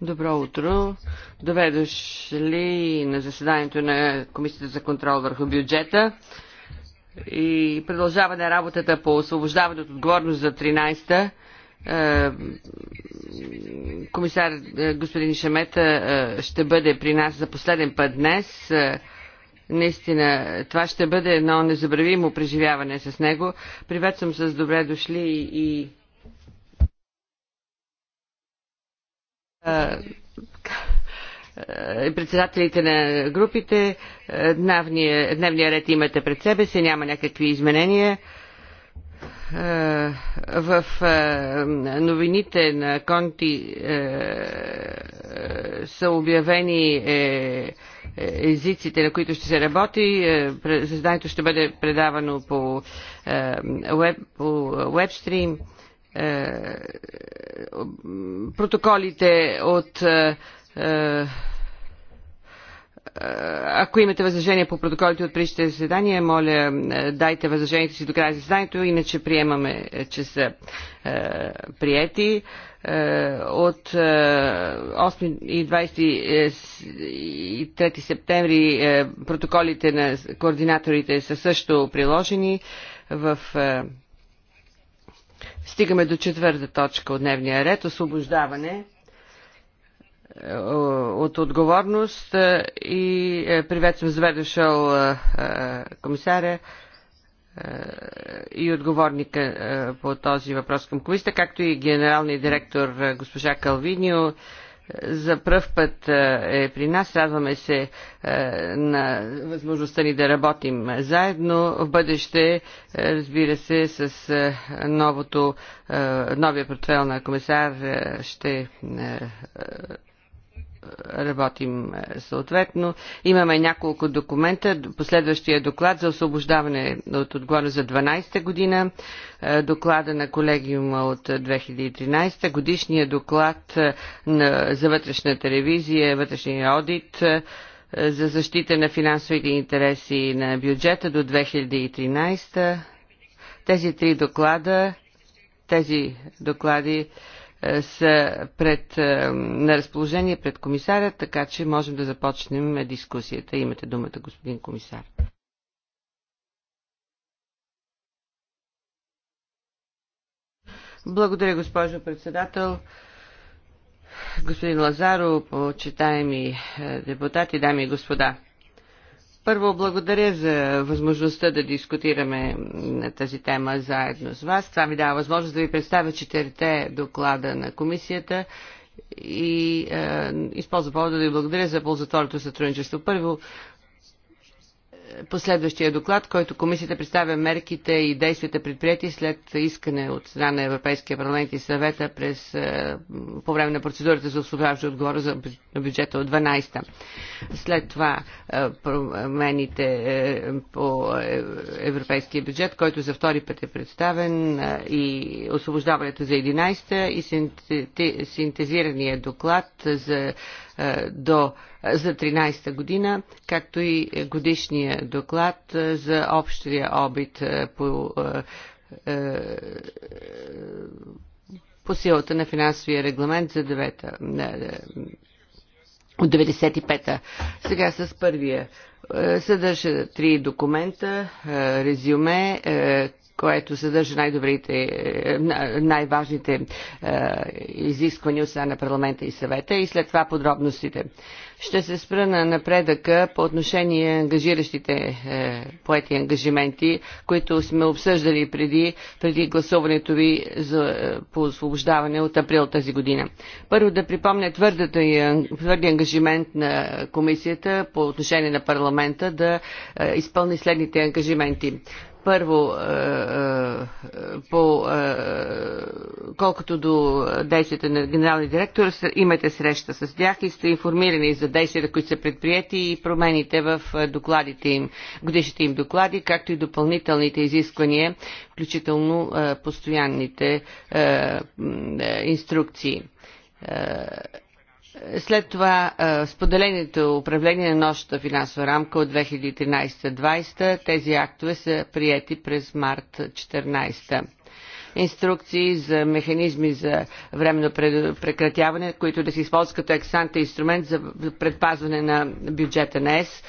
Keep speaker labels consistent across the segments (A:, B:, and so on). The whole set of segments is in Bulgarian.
A: Добро утро! Добре дошли на заседанието на Комисията за контрол върху бюджета и продължаване работата по освобождаване от отговорност за 13-та. Е, комисар е, господин Шамета е, ще бъде при нас за последен път днес наистина това ще бъде едно незабравимо преживяване с него. Приветствам с добре дошли и Е, председателите на групите. Е, дневния, дневния ред имате пред себе си, няма някакви изменения. Е, в новините на Конти са обявени езиците, на които ще се работи. Заседанието ще бъде предавано по веб, по вебстрим. Е, протоколите от е, е, ако имате възражения по протоколите от предишните заседания, моля дайте възражението си до края заседанието, иначе приемаме, че са е, приети. Е, от е, 8 и 23 септември е, протоколите на координаторите са също приложени в е, Стигаме до четвърта точка от дневния ред – освобождаване е, от отговорност е, и е, приветствам заведошъл комисаря и отговорника по този въпрос към комисията, както и генералния директор госпожа Калвинио за пръв път е, е при нас. Радваме се е, на възможността ни да работим заедно в бъдеще, е, разбира се, с новото, новия портфел на комисар ще работим е, съответно. Имаме няколко документа. Последващия доклад за освобождаване от отговорност за 12-та година, е, доклада на колегиума от 2013, годишния доклад е, за вътрешната ревизия, вътрешния аудит за защита на финансовите интереси на бюджета до 2013. Тези три доклада, тези доклади са пред, е, на разположение пред комисаря, така че можем да започнем дискусията. Имате думата, господин комисар. Благодаря, госпожо председател. Господин Лазаро, почитаеми е, депутати, дами и господа. Първо благодаря за възможността да дискутираме тази тема заедно с вас. Това ми дава възможност да ви представя четирите доклада на комисията и е, използвам повода да ви благодаря за ползотворното сътрудничество. Първо, последващия доклад, който комисията представя мерките и действията предприяти след искане от страна на Европейския парламент и съвета през, е, по време на процедурата за освобождаваща отговора за бюджета от 12-та. След това е, промените е, по европейския бюджет, който за втори път е представен и освобождаването за 11-та и синтезирания доклад за е, до, е, за 13-та година, както и годишния доклад е, за общия обид по по силата на финансовия регламент за 9 от 95-та. Сега с първия съдържа три документа, резюме, което съдържа най-добрите, е, най-важните е, изисквания от на парламента и съвета и след това подробностите. Ще се спра на напредъка по отношение ангажиращите е, поети ангажименти, които сме обсъждали преди, преди гласуването ви за, по освобождаване от април тази година. Първо да припомня твърдата и, твърди ангажимент на комисията по отношение на парламента да изпълни следните ангажименти. Първо, е, е, по, е, колкото до действията на генералния директор, имате среща с тях и сте информирани за действията, които са предприяти и промените в докладите им, годишните им доклади, както и допълнителните изисквания, включително постоянните инструкции след това споделението управление на нощната финансова рамка от 2013-2020, тези актове са приети през март 2014 инструкции за механизми за временно прекратяване, които да се използват като ексанта инструмент за предпазване на бюджета на ЕС,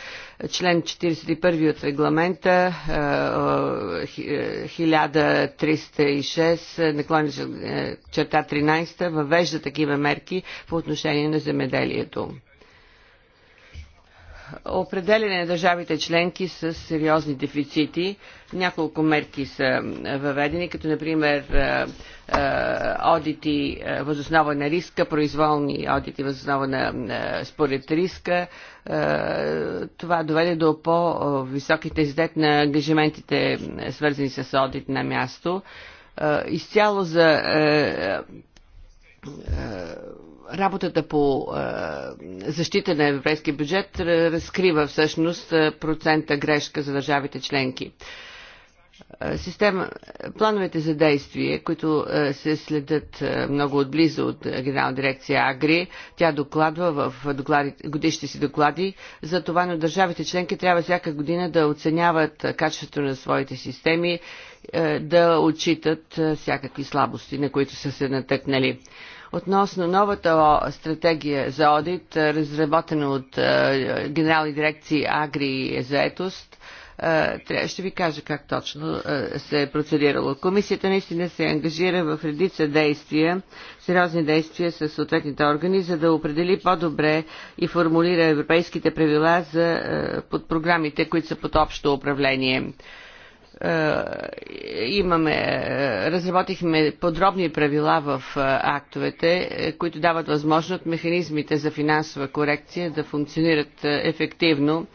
A: член 41 от регламента 1306 е, е, е, наклони черта 13 въвежда такива мерки по отношение на земеделието определене на държавите членки с сериозни дефицити. Няколко мерки са въведени, като например одити възоснова на риска, произволни одити възоснова на според риска. Това доведе до по-високи тезидет на ангажиментите, свързани с одит на място. Изцяло за работата по е, защита на европейския бюджет е, разкрива всъщност е, процента грешка за държавите членки. Система, плановете за действие, които се следят много отблизо от Генерална дирекция Агри, тя докладва в доклади, годишните си доклади за това, но държавите членки трябва всяка година да оценяват качеството на своите системи, да отчитат всякакви слабости, на които са се натъкнали относно новата стратегия за одит, е, разработена от е, генерални дирекции Агри и Заетост, е, ще ви кажа как точно се е процедирало. Комисията наистина се ангажира в редица действия, сериозни действия с съответните органи, за да определи по-добре и формулира европейските правила за, под програмите, които са под общо управление. Е, имаме, е, разработихме подробни правила в е, актовете, които дават възможност механизмите за финансова корекция да функционират ефективно,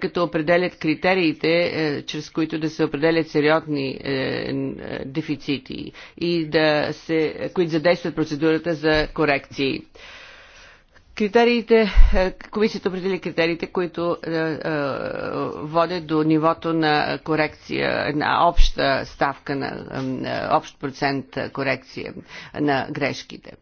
A: като определят критериите, чрез които да се определят сериозни дефицити и да се, които задействат процедурата за корекции. Критериите, е, комисията определи критериите, които е, е, водят до нивото на корекция, на обща ставка, на, е, общ процент корекция на грешките.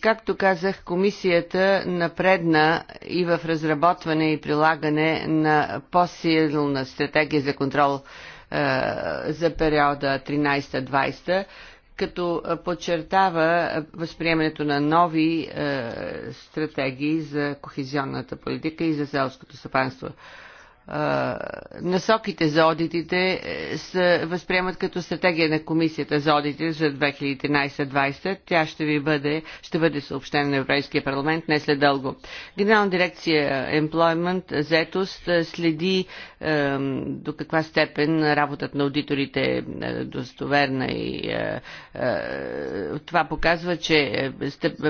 A: Както казах, комисията напредна и в разработване и прилагане на по-силна стратегия за контрол е, за периода 13-20 като подчертава възприемането на нови е, стратегии за кохезионната политика и за селското стопанство насоките за одитите е, се възприемат като стратегия на комисията за одитите за 2013-2020. Тя ще ви бъде, ще бъде съобщена на Европейския парламент не след дълго. Генерална дирекция Employment, заетост, е, следи а, до каква степен работата на аудиторите е, е достоверна и а, а, това показва, че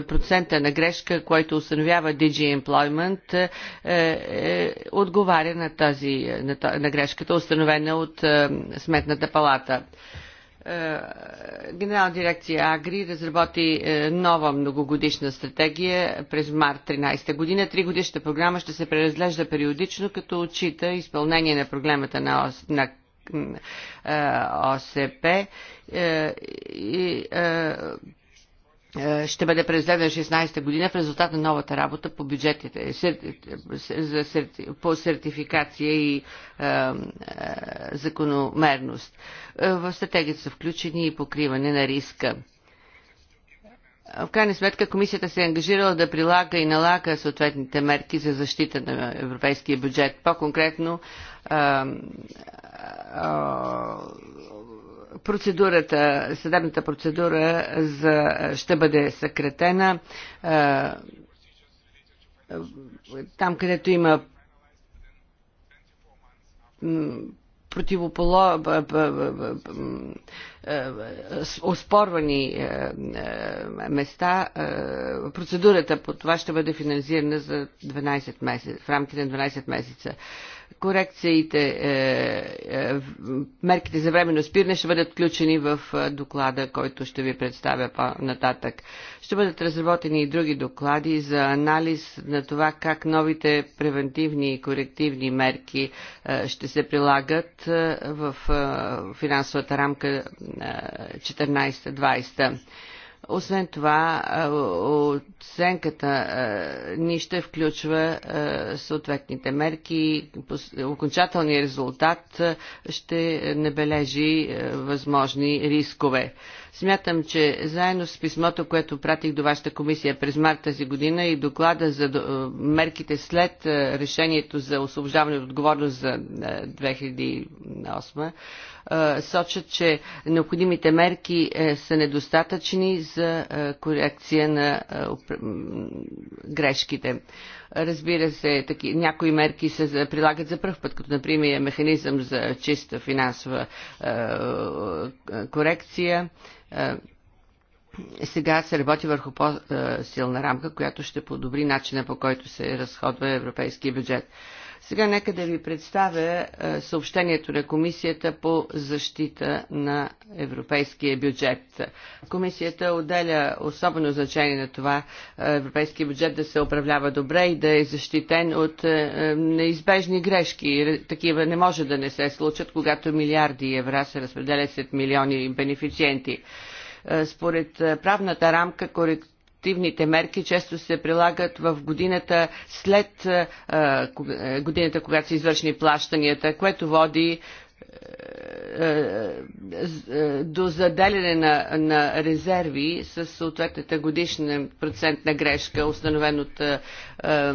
A: процента на грешка, който установява DG Employment, е, е, отговаря на тази тази, на, на грешката, установена от е, Сметната палата. Е, Генерална дирекция Агри разработи е, нова многогодишна стратегия през март 13 година. Три годишната програма ще се преразглежда периодично, като отчита изпълнение на програмата на, ОС, на е, ОСП и е, ще бъде през 2016 година в резултат на новата работа по бюджетите е, е, по сертификация и закономерност. В стратегията са включени и покриване на риска. В крайна сметка комисията се е ангажирала да прилага и налага съответните мерки за защита на европейския бюджет. По-конкретно процедурата, съдебната процедура за, ще бъде съкретена. Там, където има противополо... оспорвани е, е, места, е, процедурата по това ще бъде финализирана за 12 месеца, в рамките на 12 месеца корекциите, е, е, мерките за временно спиране ще бъдат включени в е, доклада, който ще ви представя по-нататък. Ще бъдат разработени и други доклади за анализ на това как новите превентивни и корективни мерки ще се прилагат в финансовата рамка 14-20. Освен това, оценката ни ще включва съответните мерки. Окончателният резултат ще набележи възможни рискове. Смятам, че заедно с писмото, което пратих до вашата комисия през март тази година и доклада за е, мерките след е, решението за освобождаване от отговорност за 2008, е, сочат, че необходимите мерки са недостатъчни за корекция на грешките. Разбира се, таки, някои мерки се прилагат за пръв път, като например е механизъм за чиста финансова е, е, корекция. Е, сега се работи върху по-силна е, рамка, която ще подобри начина по който се разходва европейския бюджет. Е, сега нека да ви представя е, съобщението на Комисията по защита на европейския бюджет. Комисията отделя особено значение на това е, европейския бюджет да се управлява добре и да е защитен от е, неизбежни грешки. Такива не може да не се случат, когато милиарди евра се разпределят след милиони бенефициенти според правната рамка корективните мерки често се прилагат в годината след е, годината, когато са извършени плащанията, което води е, е, до заделяне на, на резерви с съответната годишна процентна грешка, установен от е, е,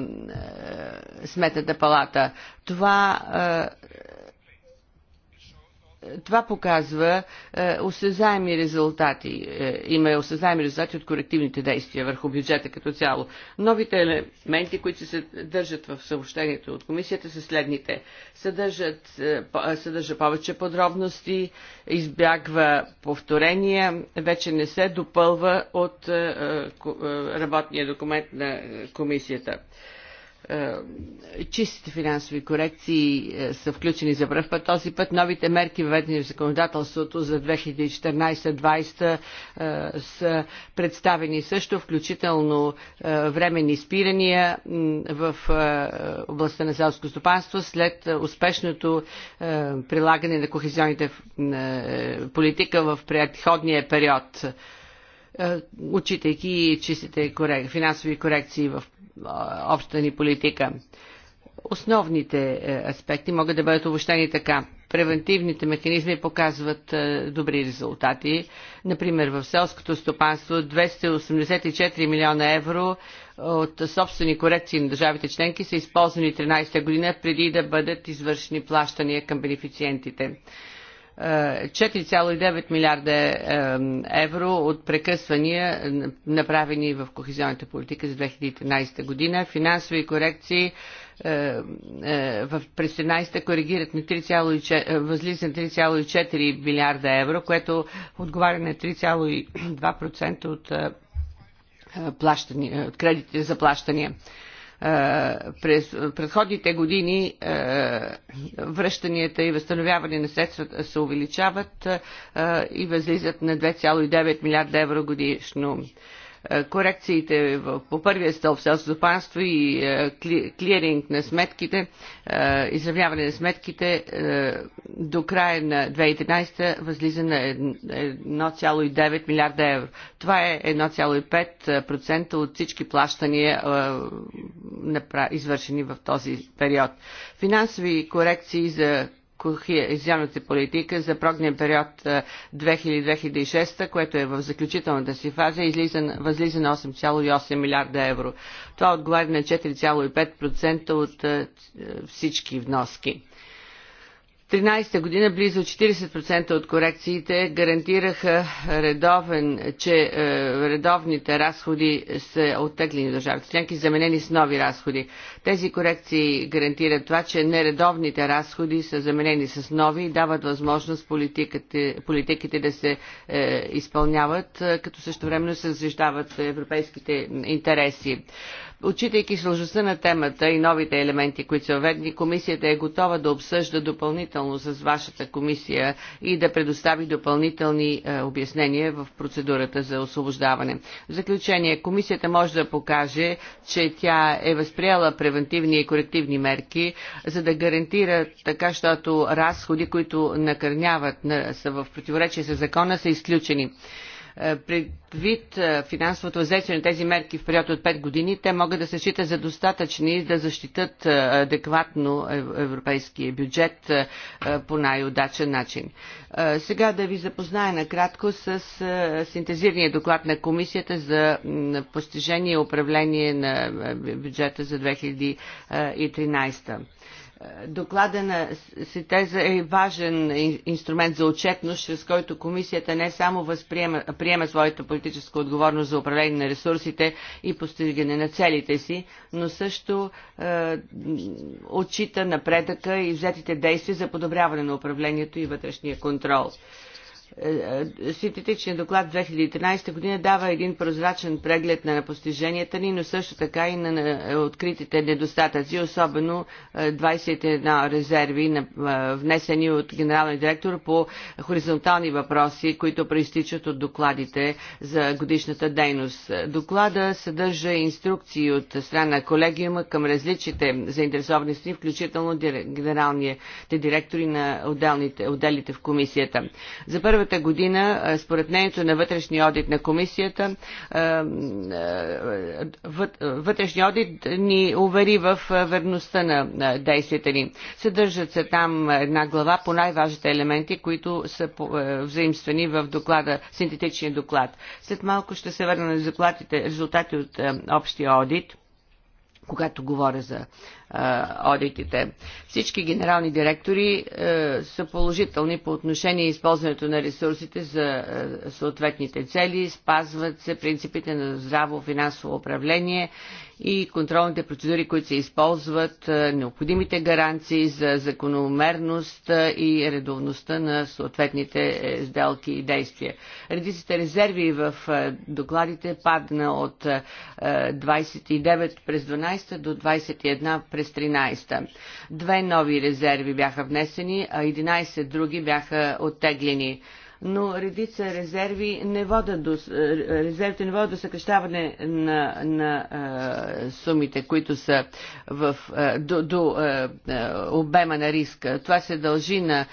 A: Сметната палата. Това е, това показва е, осезаеми резултати. Е, има има осезаеми резултати от корективните действия върху бюджета като цяло. Новите елементи, които се държат в съобщението от комисията са следните. Съдържат, е, съдържа повече подробности, избягва повторения, вече не се допълва от работния документ на комисията. Е, чистите финансови корекции е, са включени за пръв път. Този път новите мерки, въведени в законодателството за 2014-2020 е, са представени също, включително временни спирания в областта на селско стопанство след успешното прилагане на кохезионните политика в предходния период. Е, отчитайки чистите корек... финансови корекции в общата ни политика. Основните е, аспекти могат да бъдат обобщени така. Превентивните механизми показват е, добри резултати. Например, в селското стопанство 284 милиона евро от собствени корекции на държавите членки са използвани 13-та година преди да бъдат извършени плащания към бенефициентите. 4,9 милиарда е, евро от прекъсвания, направени в кохезионната политика за 2013 година. Финансови корекции е, е, в през 17-та коригират на 3,4, възлиза на 3,4 милиарда евро, което отговаря на 3,2% от плащания, от кредитите за плащания. Е, през предходните години е, връщанията и възстановяване на средствата се увеличават е, и възлизат на 2,9 милиарда евро годишно. Е, корекциите по първия стълб селско стопанство и е, клиринг на сметките, е, изравняване на сметките до края на 2013 възлиза на 1,9 милиарда евро. Това е 1,5% от всички плащания извършени в този период. Финансови корекции за кохезионната политика за прогния период 2000-2006, което е в заключителната си фаза, възлиза на 8,8 милиарда евро. Това отговаря на 4,5% от всички вноски. 2013 година близо 40% от корекциите гарантираха редовен, че е, редовните разходи са оттеглени държавите членки, заменени с нови разходи. Тези корекции гарантират това, че нередовните разходи са заменени с нови и дават възможност политиките, политиките да се е, изпълняват, е, като същевременно се защитават европейските интереси. Отчитайки сложността на темата и новите елементи, които са введени, комисията е готова да обсъжда допълнително с вашата комисия и да предостави допълнителни е, обяснения в процедурата за освобождаване. В заключение, комисията може да покаже, че тя е възприела превентивни и корективни мерки, за да гарантира така, защото разходи, които накърняват, са в противоречие с закона, са изключени. Е, предвид е, финансовото въздействие на тези мерки в период от 5 години, те могат да се считат за достатъчни да защитат е, адекватно европейския бюджет по най-удачен начин. Сега да ви запозная накратко с синтезирания доклад на Комисията за постижение и управление на бюджета за 2013. Доклада на СИТЕЗА е важен инструмент за отчетност, чрез който комисията не само възприема, приема своята политическа отговорност за управление на ресурсите и постигане на целите си, но също е, отчита напредъка и взетите действия за подобряване на управлението и вътрешния контрол. Е, е, Синтетичният доклад 2013 година дава един прозрачен преглед на постиженията ни, но също така и на откритите недостатъци, особено 21 е, резерви, внесени от генералния директор по хоризонтални въпроси, които проистичат от докладите за годишната дейност. Доклада съдържа инструкции от страна на колегиума към различните заинтересовани страни, включително генералните директори на отделните, отделите в комисията. За първа миналата година, според мнението на вътрешния одит на комисията, вътрешния одит ни увери в верността на действията ни. Съдържат се там една глава по най-важните елементи, които са взаимствени в доклада, синтетичния доклад. След малко ще се върна на резултатите, резултати от общия одит, когато говоря за одитите. Всички генерални директори е, са положителни по отношение използването на ресурсите за е, съответните цели, спазват се принципите на здраво финансово управление и контролните процедури, които се използват, е, необходимите гаранции за закономерност е, и редовността на съответните е, сделки и действия. Редиците резерви в докладите падна от 29 през 12 до 21 през 13. Две нови резерви бяха внесени, а 11 други бяха оттеглени но редица резерви не водят до, е, резервите не водят до съкрещаване на, на е, сумите, които са в, е, до, до обема на риска. Това се дължи на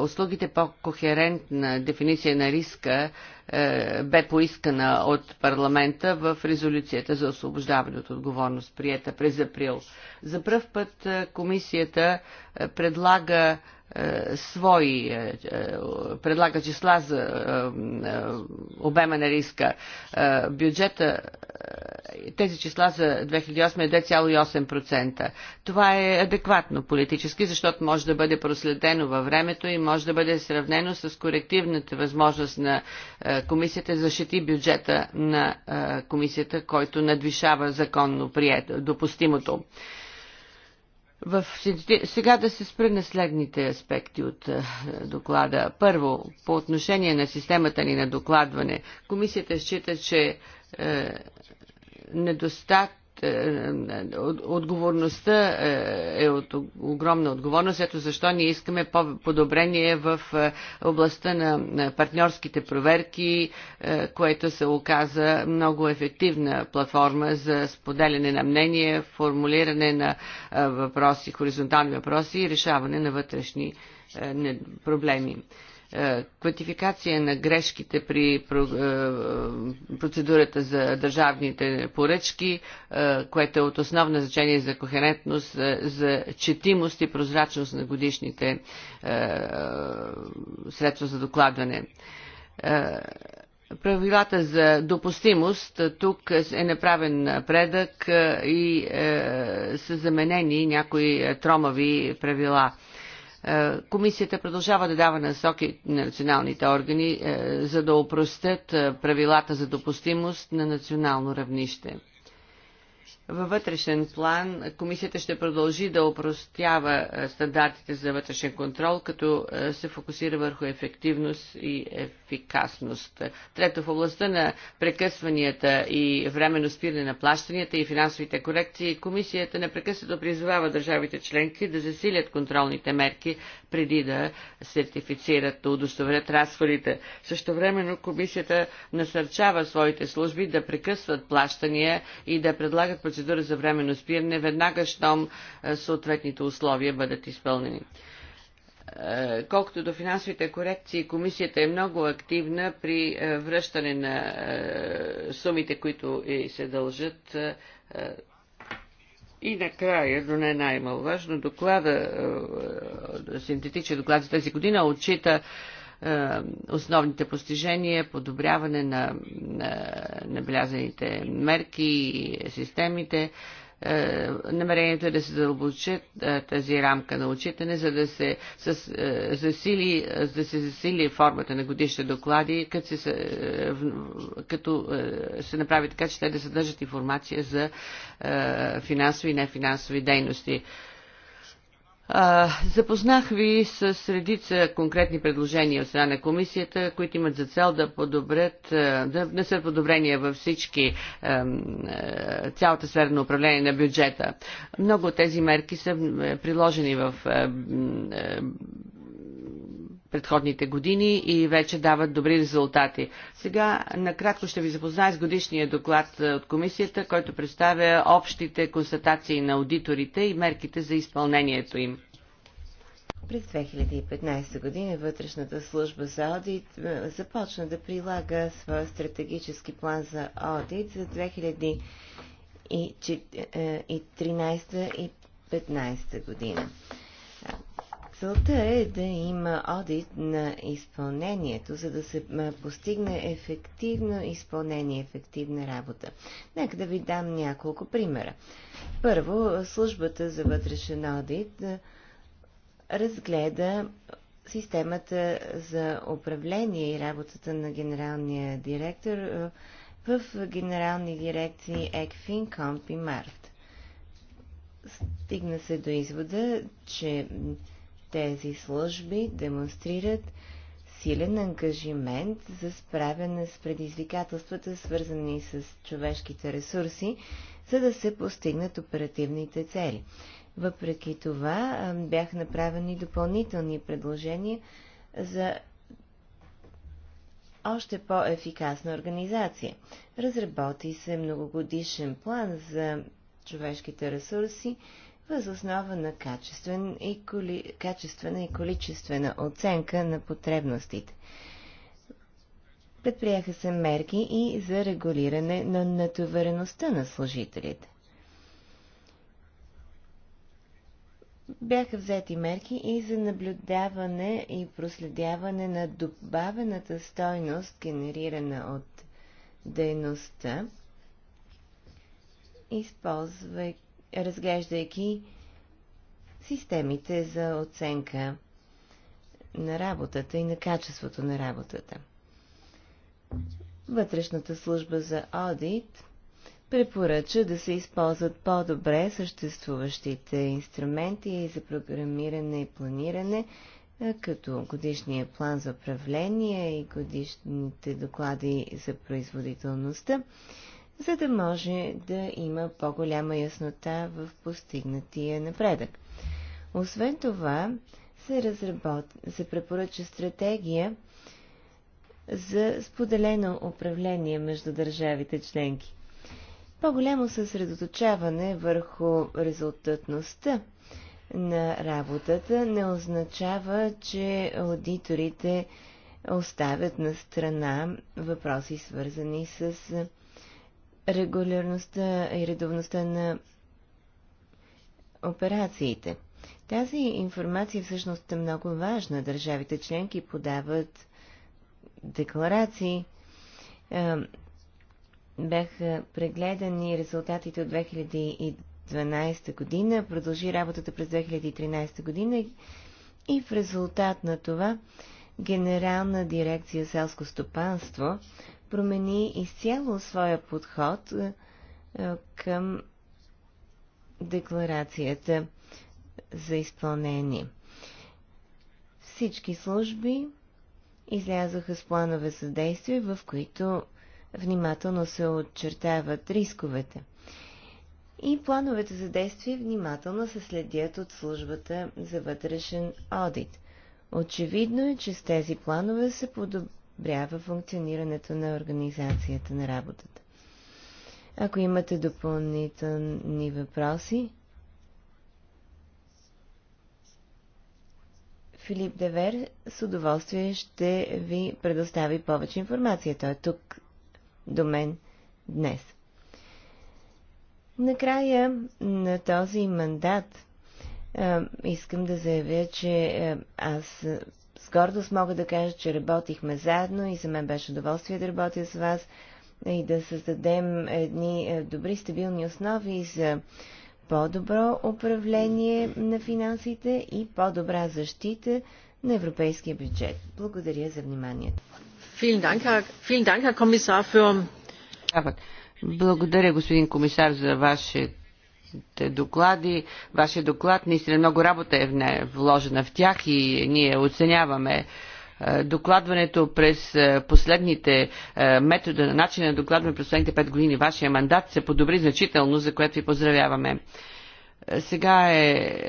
A: услугите по-кохерентна дефиниция на риска бе поискана от парламента в резолюцията за освобождаване от отговорност, приета през април. За първ път комисията предлага е, свои, е, е, предлага числа за обема на риска. Бюджета, тези числа за 2008 е 2,8%. Това е адекватно политически, защото може да бъде проследено във времето и може да бъде сравнено с корективната възможност на комисията да защити бюджета на комисията, който надвишава законно допустимото. В, сега да се спре на следните аспекти от е, доклада. Първо, по отношение на системата ни на докладване, комисията счита, че е, недостат е, отговорността е, е от огромна отговорност. Ето защо ние искаме подобрение в е, областта на партньорските проверки, което се оказа много ефективна платформа за споделяне на мнение, формулиране на въпроси, хоризонтални въпроси и решаване на вътрешни проблеми. Е, квантификация на грешките при е, процедурата за държавните поръчки, е, което е от основно значение за кохерентност, за четимост и прозрачност на годишните средства за докладване. Правилата за допустимост, тук е направен предък и са заменени някои тромави правила – е, комисията продължава да дава насоки на националните органи, е, за да опростят е, правилата за допустимост на национално равнище. Във вътрешен план комисията ще продължи да опростява е, стандартите за вътрешен контрол, като е, се фокусира върху ефективност и ефикасност. Трето, в областта на прекъсванията и временно спиране на плащанията и финансовите корекции, комисията непрекъснато призовава държавите членки да засилят контролните мерки преди да сертифицират, да удостоверят разходите. Също времено комисията насърчава своите служби да прекъсват плащания и да предлагат процедура за временно спиране веднага, щом е, съответните условия бъдат изпълнени е, колкото до финансовите корекции, комисията е много активна при е, връщане на сумите, които се дължат и накрая, но не най-маловажно, доклада, е, е, синтетичен доклад за тази година отчита е, основните постижения, подобряване на набелязаните мерки и системите, е, намерението е да се задълбочи е, тази рамка на отчитане, за да се с, е, засили, да се засили формата на годишни доклади, като се, като се направи така, че те да съдържат информация за финансови и нефинансови дейности. Запознах ви с редица конкретни предложения от страна на комисията, които имат за цел да подобрят, да внесат подобрения във всички, цялата сфера на управление на бюджета. Много от тези мерки са приложени в предходните години и вече дават добри резултати. Сега накратко ще ви запозная с годишния доклад е, от комисията, който представя общите констатации на аудиторите и мерките за изпълнението им.
B: През 2015 година вътрешната служба за аудит е, започна да прилага своя стратегически план за аудит за 2013 и 2015 е, година. Целта е да има одит на изпълнението, за да се постигне ефективно изпълнение, ефективна работа. Нека да ви дам няколко примера. Първо, службата за вътрешен одит разгледа системата за управление и работата на генералния директор в генерални дирекции ЕКФИН, КОМП и МАРТ. Стигна се до извода, че тези служби демонстрират силен ангажимент за справяне с предизвикателствата, свързани с човешките ресурси, за да се постигнат оперативните цели. Въпреки това бяха направени допълнителни предложения за още по-ефикасна организация. Разработи се многогодишен план за човешките ресурси възоснова на качествен и коли... качествена и количествена оценка на потребностите. Предприеха се мерки и за регулиране на натовареността на служителите. Бяха взети мерки и за наблюдаване и проследяване на добавената стойност, генерирана от дейността, използвайки разглеждайки системите за оценка на работата и на качеството на работата. Вътрешната служба за одит препоръча да се използват по-добре съществуващите инструменти за програмиране и планиране, като годишния план за управление и годишните доклади за производителността, за да може да има по-голяма яснота в постигнатия напредък. Освен това, се, разработ... се препоръча стратегия за споделено управление между държавите членки. По-голямо съсредоточаване върху резултатността на работата не означава, че аудиторите оставят на страна въпроси, свързани с регулярността и редовността на операциите. Тази информация всъщност е много важна. Държавите членки подават декларации. Е, бяха прегледани резултатите от 2012 година, продължи работата през 2013 година и в резултат на това Генерална дирекция селско стопанство промени изцяло своя подход е, е, към декларацията за изпълнение. Всички служби излязоха с планове за действие, в които внимателно се отчертават рисковете. И плановете за действие внимателно се следят от службата за вътрешен одит. Очевидно е, че с тези планове се подобрява подобрява функционирането на организацията на работата. Ако имате допълнителни въпроси, Филип Девер с удоволствие ще ви предостави повече информация. Той е тук до мен днес. Накрая на този мандат искам да заявя, че аз гордост мога да кажа, че работихме заедно и за мен беше удоволствие да работя с вас и да създадем едни е, добри, стабилни основи за по-добро управление на финансите и по-добра защита на европейския бюджет. Благодаря за вниманието.
A: Благодаря, господин комисар, за вашето доклади, вашия доклад, наистина много работа е вложена в тях и ние оценяваме е, докладването през е, последните е, метода, на на докладване през последните 5 години вашия мандат се подобри значително, за което ви поздравяваме. Сега е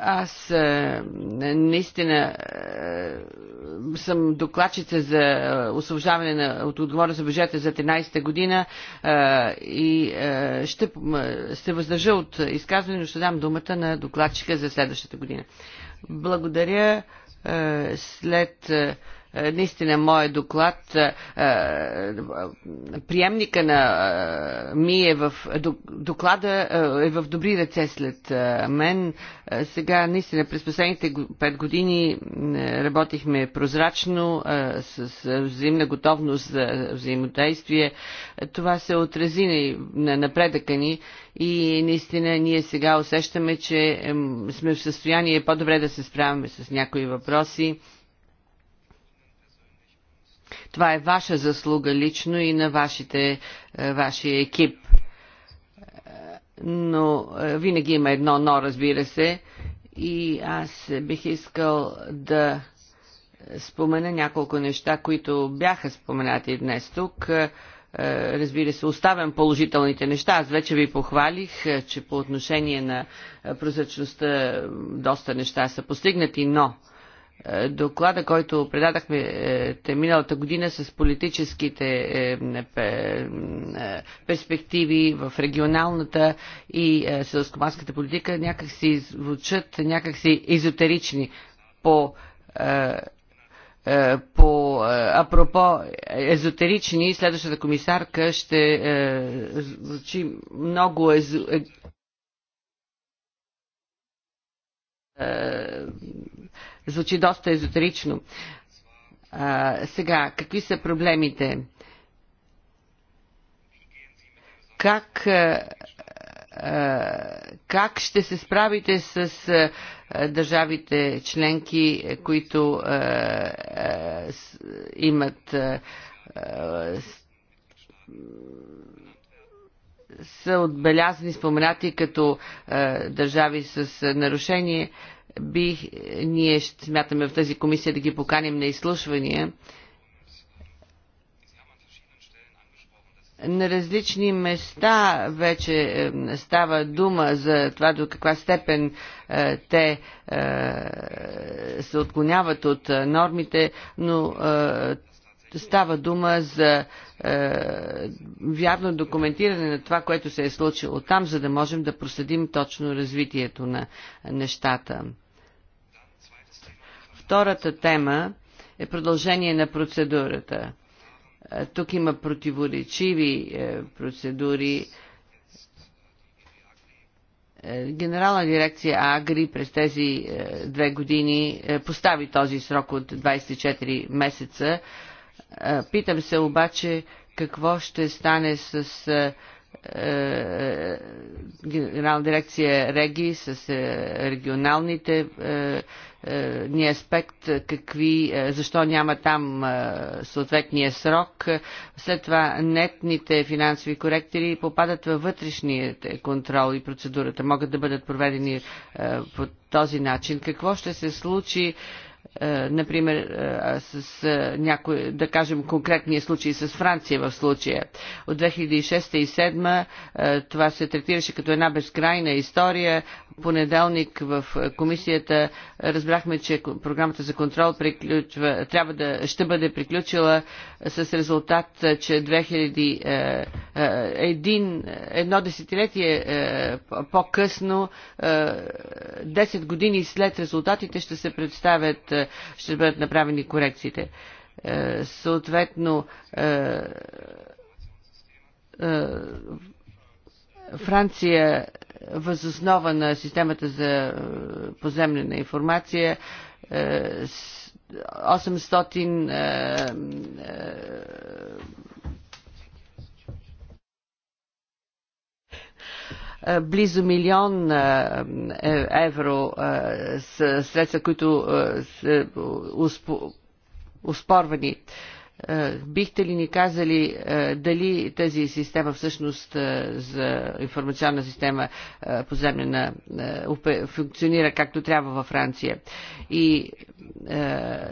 A: Аз е, наистина е, съм докладчица за е, освобождаване на, от Отговора за бюджета за 13-та година и ще се въздържа от изказване, но ще дам думата на докладчика за следващата година. Благодаря. след е, наистина моя доклад, е, е, приемника на ми е в доклада е в добри ръце след мен. Сега наистина през последните пет години работихме прозрачно, с взаимна готовност за взаимодействие. Това се отрази на напредъка ни и наистина ние сега усещаме, че сме в състояние по-добре да се справяме с някои въпроси това е ваша заслуга лично и на вашите, е, вашия екип. Е, но е, винаги има едно но, разбира се. И аз бих искал да спомена няколко неща, които бяха споменати днес тук разбира се, оставям положителните неща. Аз вече ви похвалих, че по отношение на прозрачността доста неща са постигнати, но е, доклада, който предадахме е, миналата година с политическите е, перспективи в регионалната и селскоманската политика, някак си звучат някакси езотерични по по апропо езотерични, следващата комисарка ще звучи много езо, Звучи доста езотерично. А, сега, какви са проблемите? Как, а, как ще се справите с а, държавите членки, които а, а, с, имат а, с, са отбелязани, споменати като а, държави с нарушение би, ние ще смятаме в тази комисия да ги поканим на изслушвания. На различни места вече става дума за това до каква степен е, те е, се отклоняват от е, нормите, но става дума за вярно документиране на това, което се е случило там, за да можем да проследим точно развитието на нещата. Втората тема е продължение на процедурата. Е, тук има противоречиви е, процедури. Е, Генерална дирекция Агри през тези две години постави този срок от 24 месеца. Питам се обаче какво ще стане с е, е, генерална дирекция Реги с е, регионалните ни аспект, какви, е, защо няма там съответния срок. След това нетните финансови коректори попадат във вътрешния контрол и процедурата. Могат да бъдат проведени по този начин. Какво ще се случи е, например, е, с е, някои, да кажем, конкретния случай с Франция в случая. От 2006 и 2007 това се третираше като една безкрайна история. Понеделник в комисията разбрахме, че програмата за контрол приключва, трябва да, ще бъде приключила с резултат, че 2000, един, едно десетилетие по-късно, 10 години след резултатите ще се представят е, ще бъдат направени корекциите. Е, съответно, е, Франция възоснова на системата за поземлена информация 800 Е, близо милион е, е, евро с средства, които са успорвани. Бихте ли ни казали дали тази система всъщност за информационна система поземлена функционира както трябва във Франция? И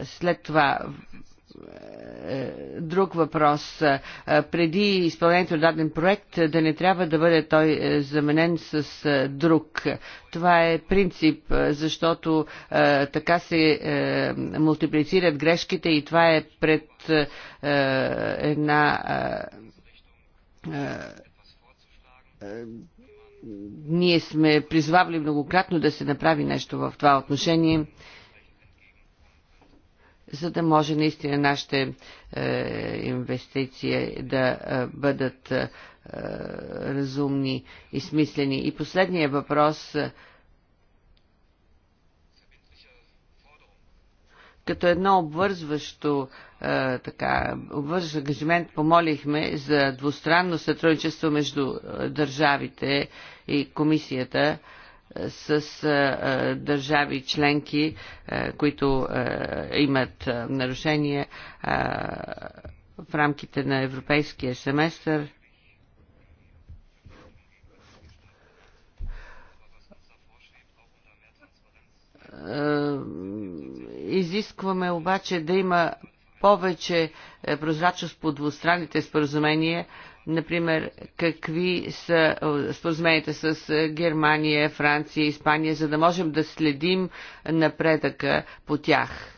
A: след това е, друг въпрос. Е, преди изпълнението на даден проект е, да не трябва да бъде той заменен с друг. Това е принцип, защото така се мултиплицират грешките и това е пред една ние сме призвавали многократно да се направи нещо в това отношение за да може наистина нашите е, инвестиции да е, бъдат е, разумни и смислени. И последния въпрос като едно обвързващо е, така, обвързващ ангажимент помолихме за двустранно сътрудничество между държавите и комисията с държави членки, които имат нарушения в рамките на европейския семестър. Изискваме обаче да има повече прозрачност по двустранните споразумения, Например, какви са споразуменията с е, Германия, Франция, Испания, за да можем да следим напредъка по тях.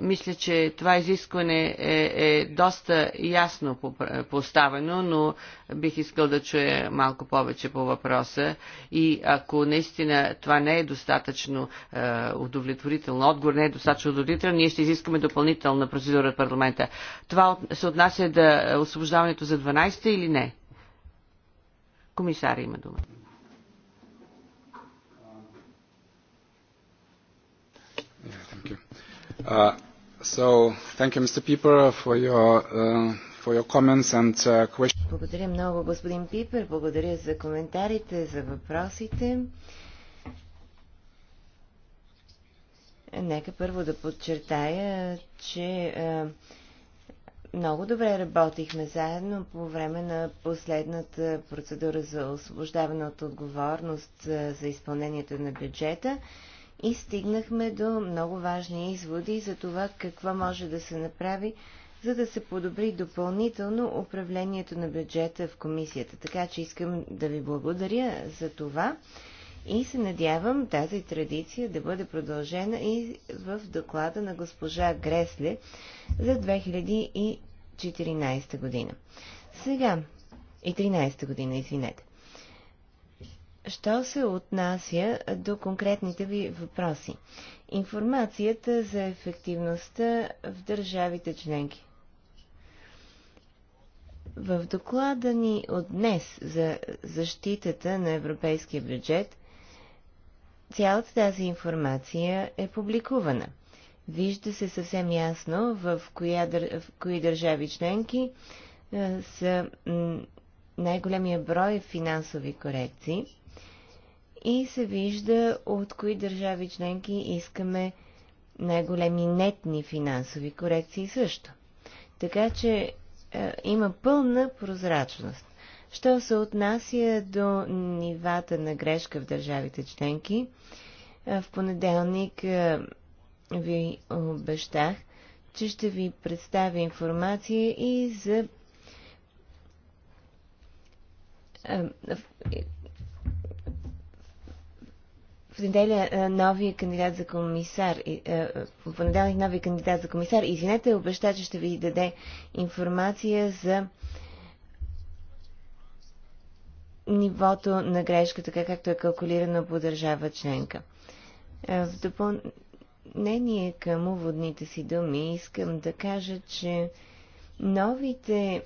A: Мисля, че това изискване е, е доста ясно поставено, но бих искал да чуя малко повече по въпроса. И ако наистина това не е достатъчно е, удовлетворително, отговор не е достатъчно удовлетворително, ние ще изискаме допълнителна процедура от парламента. Това се отнася да освобождаването за 12 или не? Комисаря има думата.
C: Uh, so, thank you, Mr. for your, uh, for your comments and uh, questions.
B: Благодаря много, господин Пипер. Благодаря за коментарите, за въпросите. Нека първо да подчертая, че е, много добре работихме заедно по време на последната процедура за освобождаване от отговорност е, за изпълнението на бюджета и стигнахме до много важни изводи за това какво може да се направи, за да се подобри допълнително управлението на бюджета в комисията. Така че искам да ви благодаря за това и се надявам тази традиция да бъде продължена и в доклада на госпожа Гресле за 2014 година. Сега, и 13 година, извинете. Що се отнася до конкретните ви въпроси? Информацията за ефективността в държавите членки. В доклада ни от днес за защитата на европейския бюджет цялата тази информация е публикувана. Вижда се съвсем ясно в, коя, в кои държави членки са най-големия брой финансови корекции и се вижда от кои държави членки искаме най-големи нетни финансови корекции също. Така че е, има пълна прозрачност. Що се отнася до нивата на грешка в държавите членки, е, в понеделник е, ви обещах, че ще ви представя информация и за е, в неделя е, новия кандидат за комисар, е, в понеделник новия кандидат за комисар, извинете, обеща, че ще ви даде информация за нивото на грешка, така както е калкулирано по държава членка. Е, в допълнение към уводните си думи искам да кажа, че новите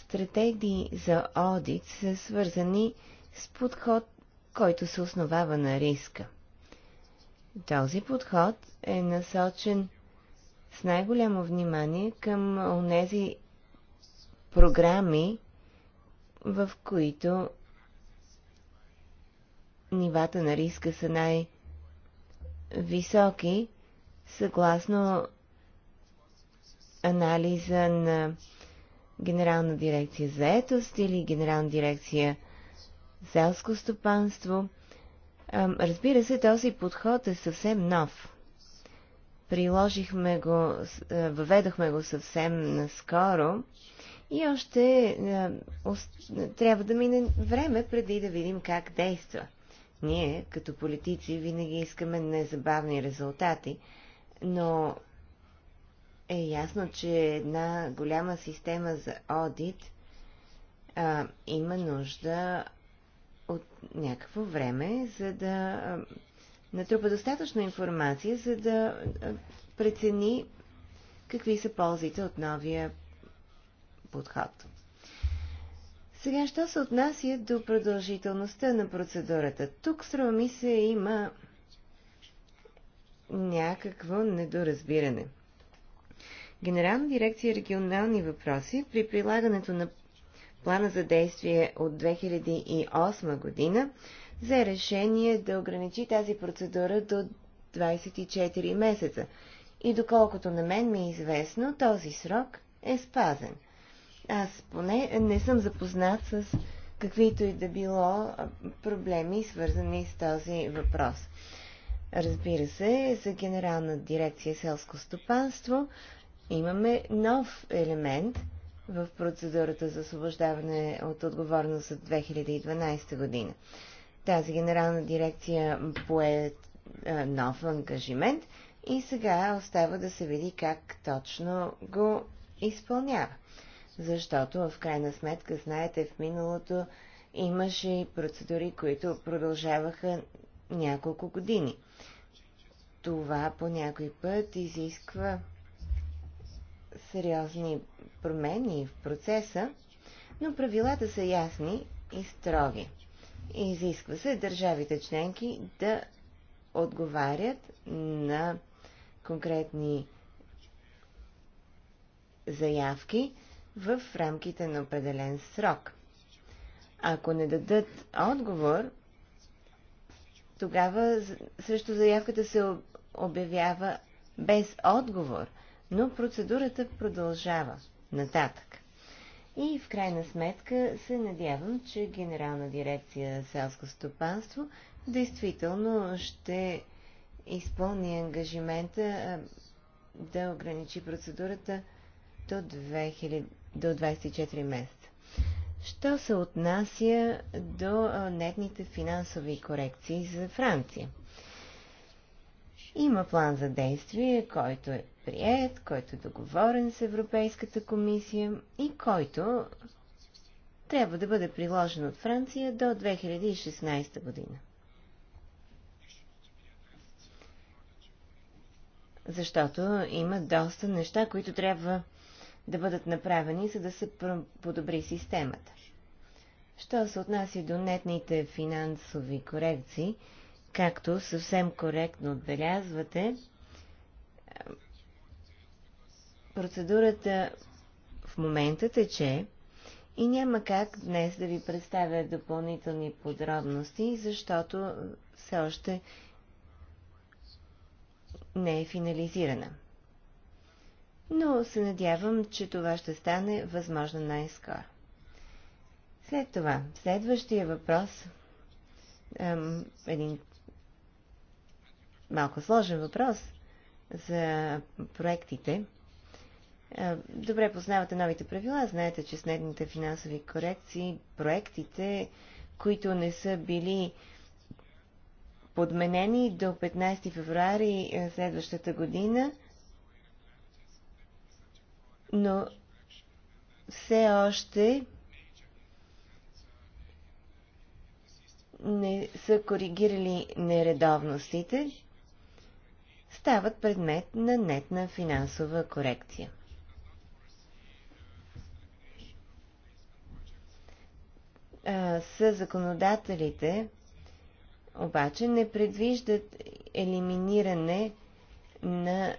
B: стратегии за одит са свързани с подход който се основава на риска. Този подход е насочен с най-голямо внимание към онези програми, в които нивата на риска са най-високи, съгласно анализа на Генерална дирекция за етост или Генерална дирекция селско стопанство. Разбира се, този подход е съвсем нов. Приложихме го, въведохме го съвсем наскоро и още трябва да мине време преди да видим как действа. Ние, като политици, винаги искаме незабавни резултати, но е ясно, че една голяма система за одит а, има нужда от някакво време, за да натрупа достатъчно информация, за да прецени какви са ползите от новия подход. Сега, що се отнася до продължителността на процедурата? Тук, струва ми се, има някакво недоразбиране. Генерална дирекция регионални въпроси при прилагането на плана за действие от 2008 година, за решение да ограничи тази процедура до 24 месеца. И доколкото на мен ми е известно, този срок е спазен. Аз поне не съм запознат с каквито и да било проблеми, свързани с този въпрос. Разбира се, за Генерална дирекция селско стопанство имаме нов елемент – в процедурата за освобождаване от отговорност от 2012 година. Тази генерална дирекция пое е, нов ангажимент и сега остава да се види как точно го изпълнява. Защото, в крайна сметка, знаете, в миналото имаше и процедури, които продължаваха няколко години. Това по някой път изисква сериозни промени в процеса, но правилата са ясни и строги. Изисква се държавите членки да отговарят на конкретни заявки в рамките на определен срок. Ако не дадат отговор, тогава срещу заявката се обявява без отговор, но процедурата продължава нататък. И в крайна сметка се надявам, че Генерална дирекция селско стопанство действително ще изпълни ангажимента да ограничи процедурата до, 2000, до 24 месеца. Що се отнася до нетните финансови корекции за Франция? Има план за действие, който е прият, който е договорен с Европейската комисия и който трябва да бъде приложен от Франция до 2016 година. Защото има доста неща, които трябва да бъдат направени, за да се подобри системата. Що се отнася до нетните финансови корекции, Както съвсем коректно отбелязвате, е, процедурата в момента тече и няма как днес да ви представя допълнителни подробности, защото все още не е финализирана. Но се надявам, че това ще стане възможно най-скоро. След това, следващия въпрос, ем, един малко сложен въпрос за проектите. Добре познавате новите правила. Знаете, че следните финансови корекции, проектите, които не са били подменени до 15 февруари следващата година, но все още не са коригирали нередовностите стават предмет на нетна финансова корекция. Със законодателите обаче не предвиждат елиминиране на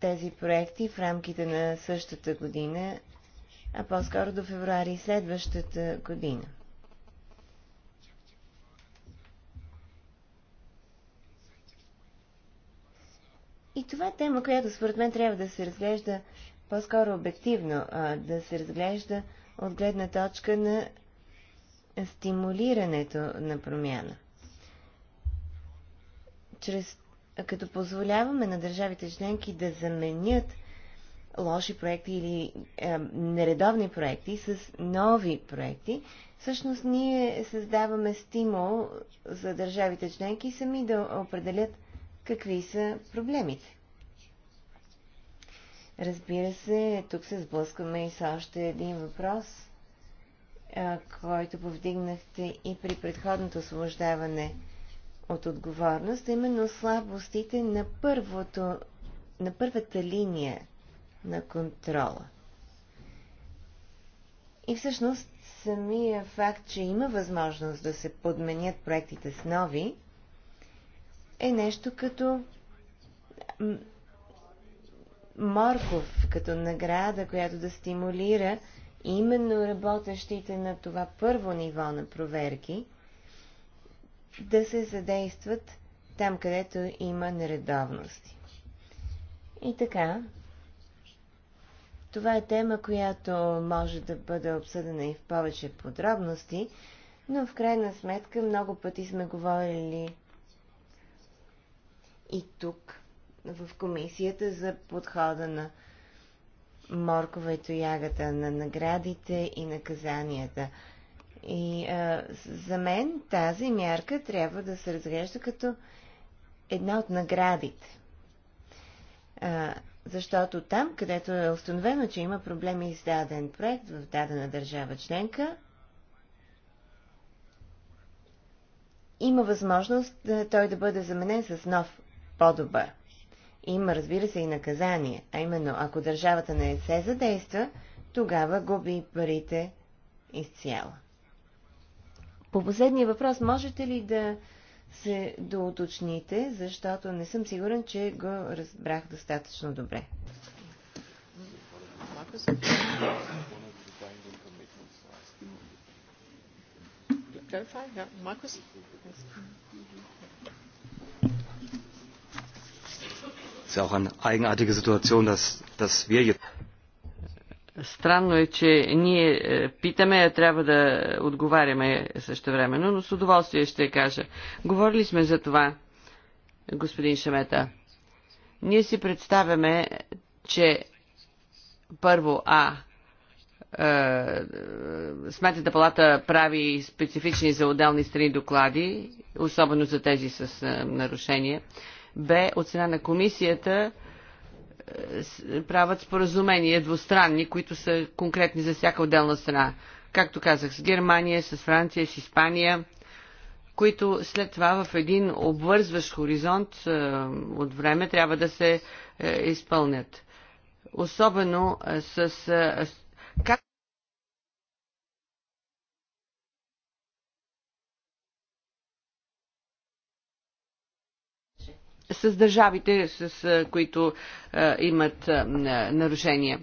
B: тези проекти в рамките на същата година, а по-скоро до февруари следващата година. И това е тема, която според мен трябва да се разглежда по-скоро обективно, а, да се разглежда от гледна точка на стимулирането на промяна. Чрез, като позволяваме на държавите членки да заменят лоши проекти или е, нередовни проекти с нови проекти, всъщност ние създаваме стимул за държавите членки сами да определят какви са проблемите. Разбира се, тук се сблъскваме и с още един въпрос, който повдигнахте и при предходното освобождаване от отговорност, именно слабостите на, първото, на първата линия на контрола. И всъщност самия факт, че има възможност да се подменят проектите с нови, е нещо като морков, като награда, която да стимулира именно работещите на това първо ниво на проверки да се задействат там, където има нередовности. И така, това е тема, която може да бъде обсъдена и в повече подробности, но в крайна сметка много пъти сме говорили и тук в комисията за подхода на морковето и на наградите и наказанията. И а, за мен тази мярка трябва да се разглежда като една от наградите. А, защото там, където е установено, че има проблеми с даден проект в дадена държава членка, има възможност да той да бъде заменен с нов по-добър. Има, разбира се, и наказание, а именно, ако държавата не се задейства, тогава губи парите изцяло. По последния въпрос, можете ли да се доуточните, защото не съм сигурен, че го разбрах достатъчно добре. Clarify, yeah. Microsoft. Yes. Ist auch eine eigenartige Situation, dass, dass wir jetzt
A: Странно е, че ние е, питаме, а трябва да отговаряме също времено, но с удоволствие ще кажа. Говорили сме за това, господин Шамета. Ние си представяме, че първо А, е, Сметната палата прави специфични за отделни страни доклади, особено за тези с е, нарушения. Б от страна на комисията е, правят споразумения двустранни, които са конкретни за всяка отделна страна. Както казах, с Германия, с Франция, с Испания, които след това в един обвързващ хоризонт е, от време трябва да се е, изпълнят. Особено с. Как с държавите, с които имат нарушения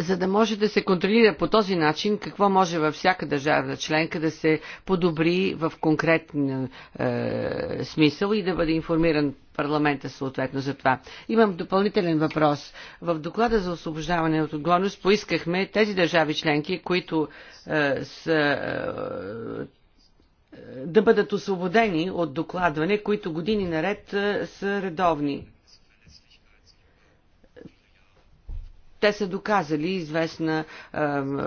A: за да може да се контролира по този начин какво може във всяка държава членка да се подобри в конкретен е, смисъл и да бъде информиран парламента съответно за това. Имам допълнителен въпрос. В доклада за освобождаване от отговорност поискахме тези държави членки, които е, са да бъдат освободени от докладване, които години наред са редовни. Те са доказали известна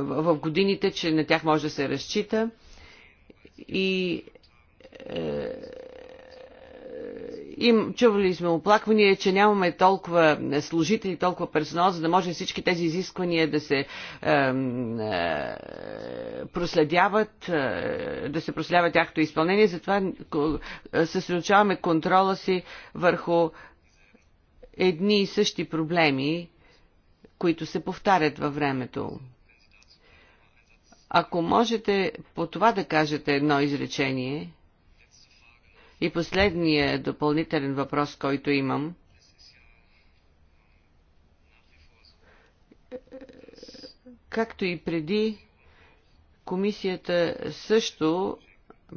A: в годините, че на тях може да се разчита и е, им, чували сме оплаквания, че нямаме толкова служители, толкова персонал, за да може всички тези изисквания да се е, е, проследяват, е, да се проследява тяхното изпълнение. Затова е, съсредоточаваме контрола си върху едни и същи проблеми, които се повтарят във времето. Ако можете по това да кажете едно изречение, и последният допълнителен въпрос, който имам. Както и преди, комисията също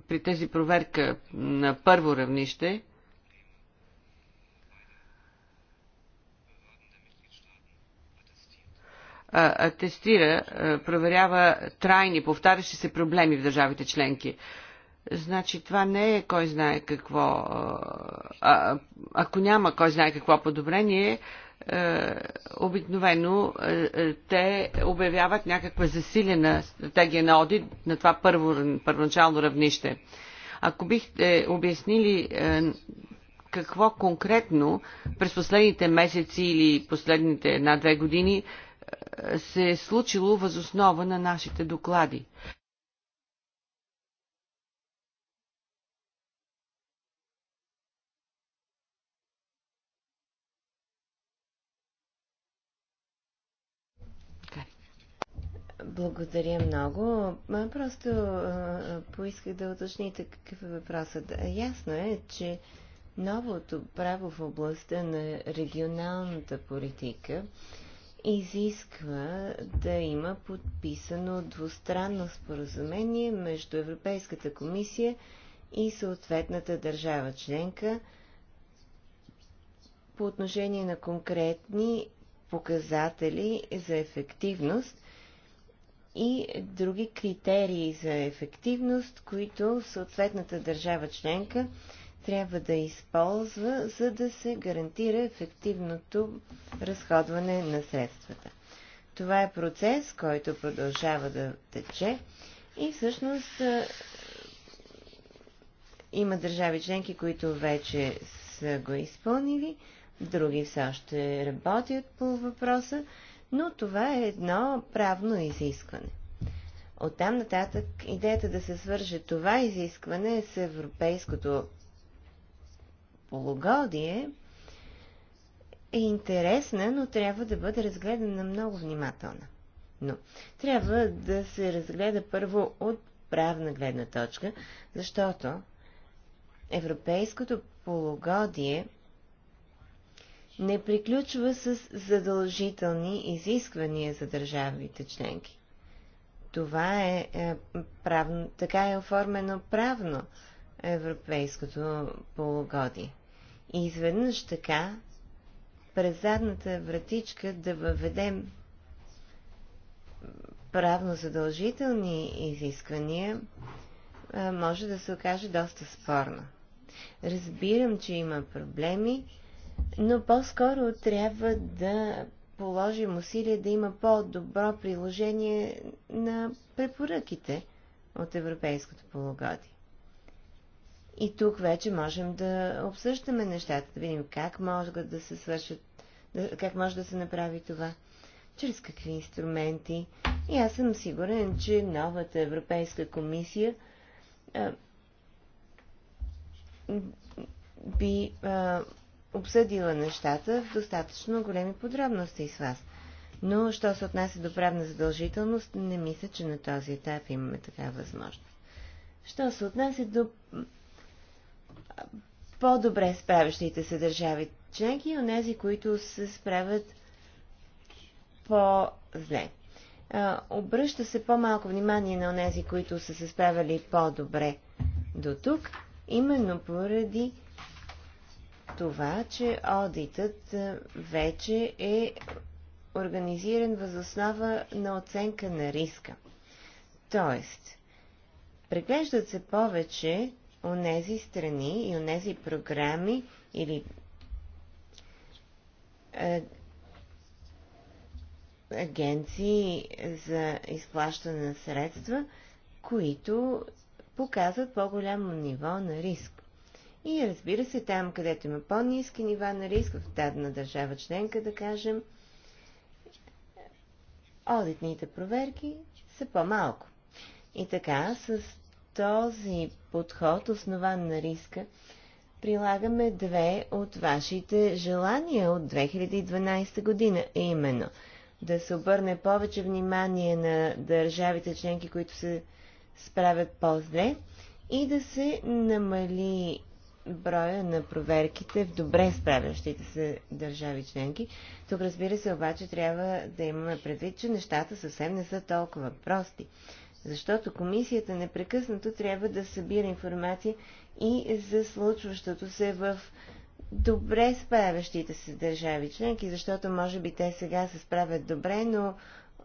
A: при тези проверка на първо равнище атестира, проверява трайни, повтарящи се проблеми в държавите членки. Значи това не е кой знае какво. А, ако няма кой знае какво подобрение, е, обикновено е, е, те обявяват някаква засилена стратегия на одит на това първо, първоначално равнище. Ако бихте обяснили какво конкретно през последните месеци или последните една-две години се е случило възоснова на нашите доклади.
B: Благодаря много. Просто поисках да уточните какъв е въпросът. Ясно е, че новото право в областта на регионалната политика изисква да има подписано двустранно споразумение между Европейската комисия и съответната държава членка по отношение на конкретни показатели за ефективност и други критерии за ефективност, които съответната държава членка трябва да използва, за да се гарантира ефективното разходване на средствата. Това е процес, който продължава да тече и всъщност има държави членки, които вече са го изпълнили, други все още работят по въпроса но това е едно правно изискване. Оттам нататък идеята да се свърже това изискване с европейското полугодие е интересна, но трябва да бъде разгледана много внимателно. Но трябва да се разгледа първо от правна гледна точка, защото европейското полугодие не приключва с задължителни изисквания за държавите членки. Това е, е правно, така е оформено правно европейското полугодие. И изведнъж така, през задната вратичка да въведем правно задължителни изисквания, е, може да се окаже доста спорно. Разбирам, че има проблеми, но по-скоро трябва да положим усилия да има по-добро приложение на препоръките от европейското полугодие. И тук вече можем да обсъждаме нещата, да видим как могат да се свършат, как може да се направи това, чрез какви инструменти. И аз съм сигурен, че новата Европейска комисия а, би а, обсъдила нещата в достатъчно големи подробности с вас. Но, що се отнася до правна задължителност, не мисля, че на този етап имаме такава възможност. Що се отнася до по-добре справящите се държави членки и онези, които се справят по-зле. Обръща се по-малко внимание на онези, които са се справили по-добре до тук, именно поради това, че одитът е, вече е организиран възоснова на оценка на риска. Тоест, преглеждат се повече онези страни и онези програми или е, агенции за изплащане на средства, които показват по-голямо ниво на риск. И разбира се, там, където има по-низки нива на риск, в дадена държава членка, да кажем, одитните проверки са по-малко. И така, с този подход, основан на риска, прилагаме две от вашите желания от 2012 година, именно да се обърне повече внимание на държавите членки, които се справят по-зле и да се намали броя на проверките в добре справящите се държави членки. Тук разбира се обаче трябва да имаме предвид, че нещата съвсем не са толкова прости. Защото комисията непрекъснато трябва да събира информация и за случващото се в добре справящите се държави членки, защото може би те сега се справят добре, но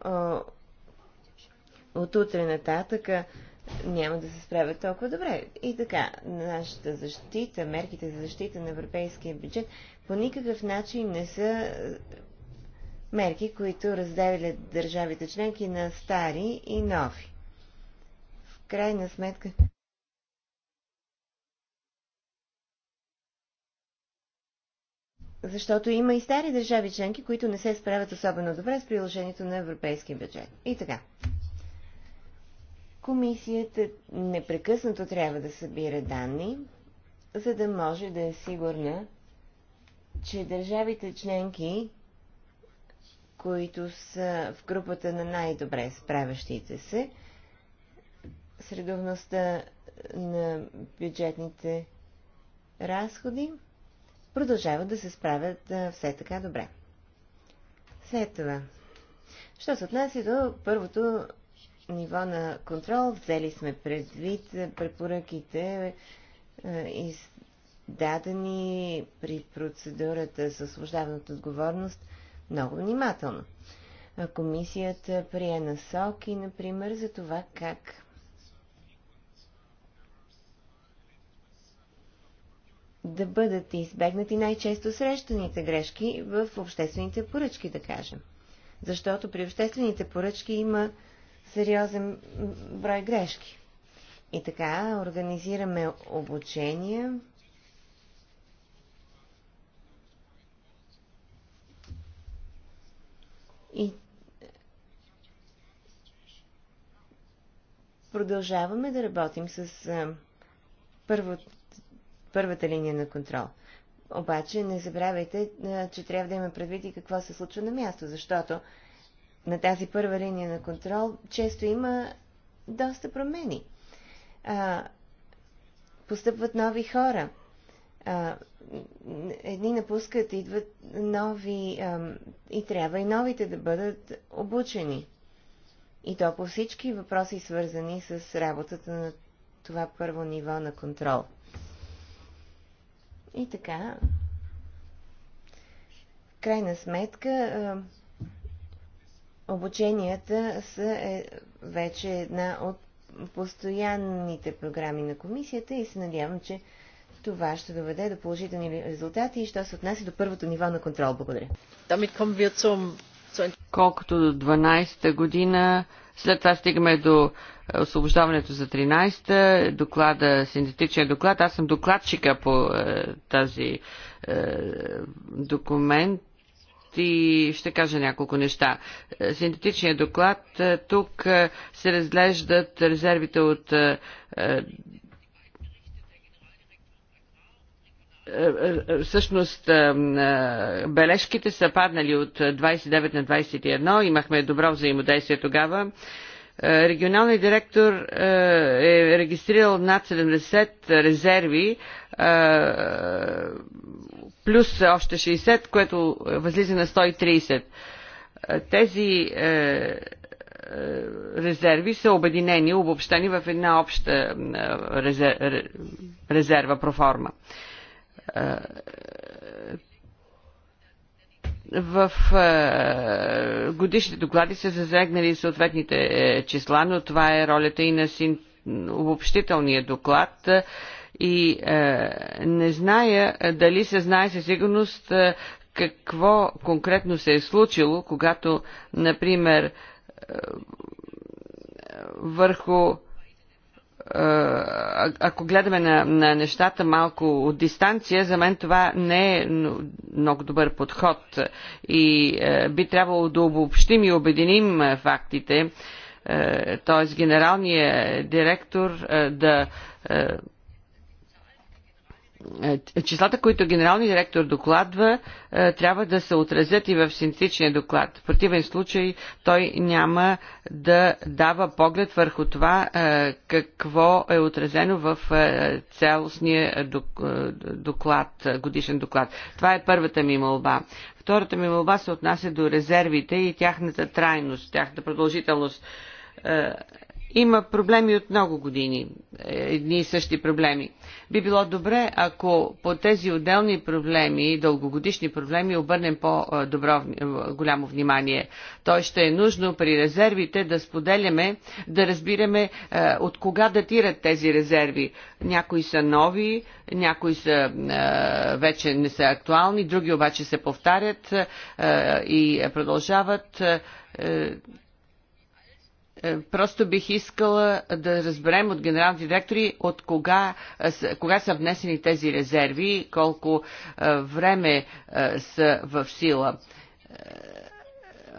B: о, от утре нататъка няма да се справят толкова добре. И така, нашата защита, мерките за защита на европейския бюджет по никакъв начин не са е, мерки, които разделят държавите членки на стари и нови. В крайна сметка. Защото има и стари държави членки, които не се справят особено добре с приложението на европейския бюджет. И така. Комисията непрекъснато трябва да събира данни, за да може да е сигурна, че държавите членки, които са в групата на най-добре справящите се, средовността на бюджетните разходи, продължават да се справят все така добре. След това, що се отнася до първото ниво на контрол взели сме предвид препоръките, е, издадени при процедурата за освобождаването от отговорност много внимателно. Комисията прие насоки, например, за това как да бъдат избегнати най-често срещаните грешки в обществените поръчки, да кажем. Защото при обществените поръчки има сериозен брой грешки. И така, организираме обучения. И продължаваме да работим с а, първо, първата линия на контрол. Обаче не забравяйте, а, че трябва да има предвид и какво се случва на място, защото на тази първа линия на контрол често има доста промени. А, постъпват нови хора. А, едни напускат, идват нови а, и трябва и новите да бъдат обучени. И то по всички въпроси, свързани с работата на това първо ниво на контрол. И така, крайна сметка, а, обученията са е, вече една от постоянните програми на комисията и се надявам, че това ще доведе до положителни резултати и ще се отнася до първото ниво на контрол. Благодаря.
A: Колкото до 12-та година, след това стигаме до освобождаването за 13-та, доклада, синтетичния доклад. Аз съм докладчика по е, тази е, документ и ще кажа няколко неща. Синтетичният доклад е, тук е, се разглеждат резервите от е, всъщност бележките са паднали от 29 на 21. Имахме добро взаимодействие тогава. Регионалният директор е, е регистрирал над 70 резерви, е, плюс още 60, което възлиза на 130. Тези е, резерви са обединени, обобщени в една обща резерва проформа в е, годишните доклади са зазегнали съответните е, числа, но това е ролята и на син, обобщителния доклад. и е, не зная е, дали се знае със сигурност е, какво конкретно се е случило, когато, например, е, върху ако гледаме на, на нещата малко от дистанция, за мен това не е много добър подход и е, би трябвало да обобщим и обединим е, фактите, т.е. генералният директор е, да е, числата, които генералният директор докладва, е, трябва да се отразят и в синтетичния доклад. В противен случай той няма да дава поглед върху това е, какво е отразено в цялостния доклад, годишен доклад. Това е първата ми молба. Втората ми молба се отнася до резервите и тяхната трайност, тяхната продължителност има проблеми от много години, е, едни и същи проблеми. Би било добре, ако по тези отделни проблеми, дългогодишни проблеми, обърнем по-добро е, голямо внимание. Той ще е нужно при резервите да споделяме, да разбираме е, от кога датират тези резерви. Някои са нови, някои са, вече не са актуални, други обаче се повтарят и продължават е, просто бих искала да разберем от генералните директори от кога, е, кога са внесени тези резерви, колко е, време са в сила.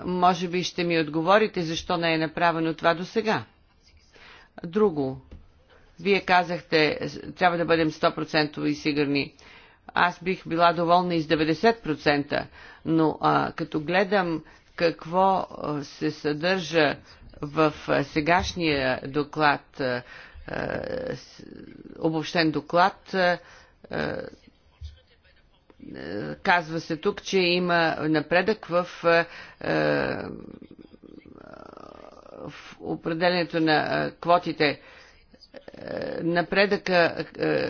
A: Може би ще ми отговорите защо не е направено това до сега. Друго. Вие казахте, трябва да бъдем 100% сигурни. Аз бих била доволна и с 90%, но а, като гледам какво се съдържа в сегашния доклад, обобщен доклад, казва се тук, че има напредък в, в определенето на квотите. Напредъка,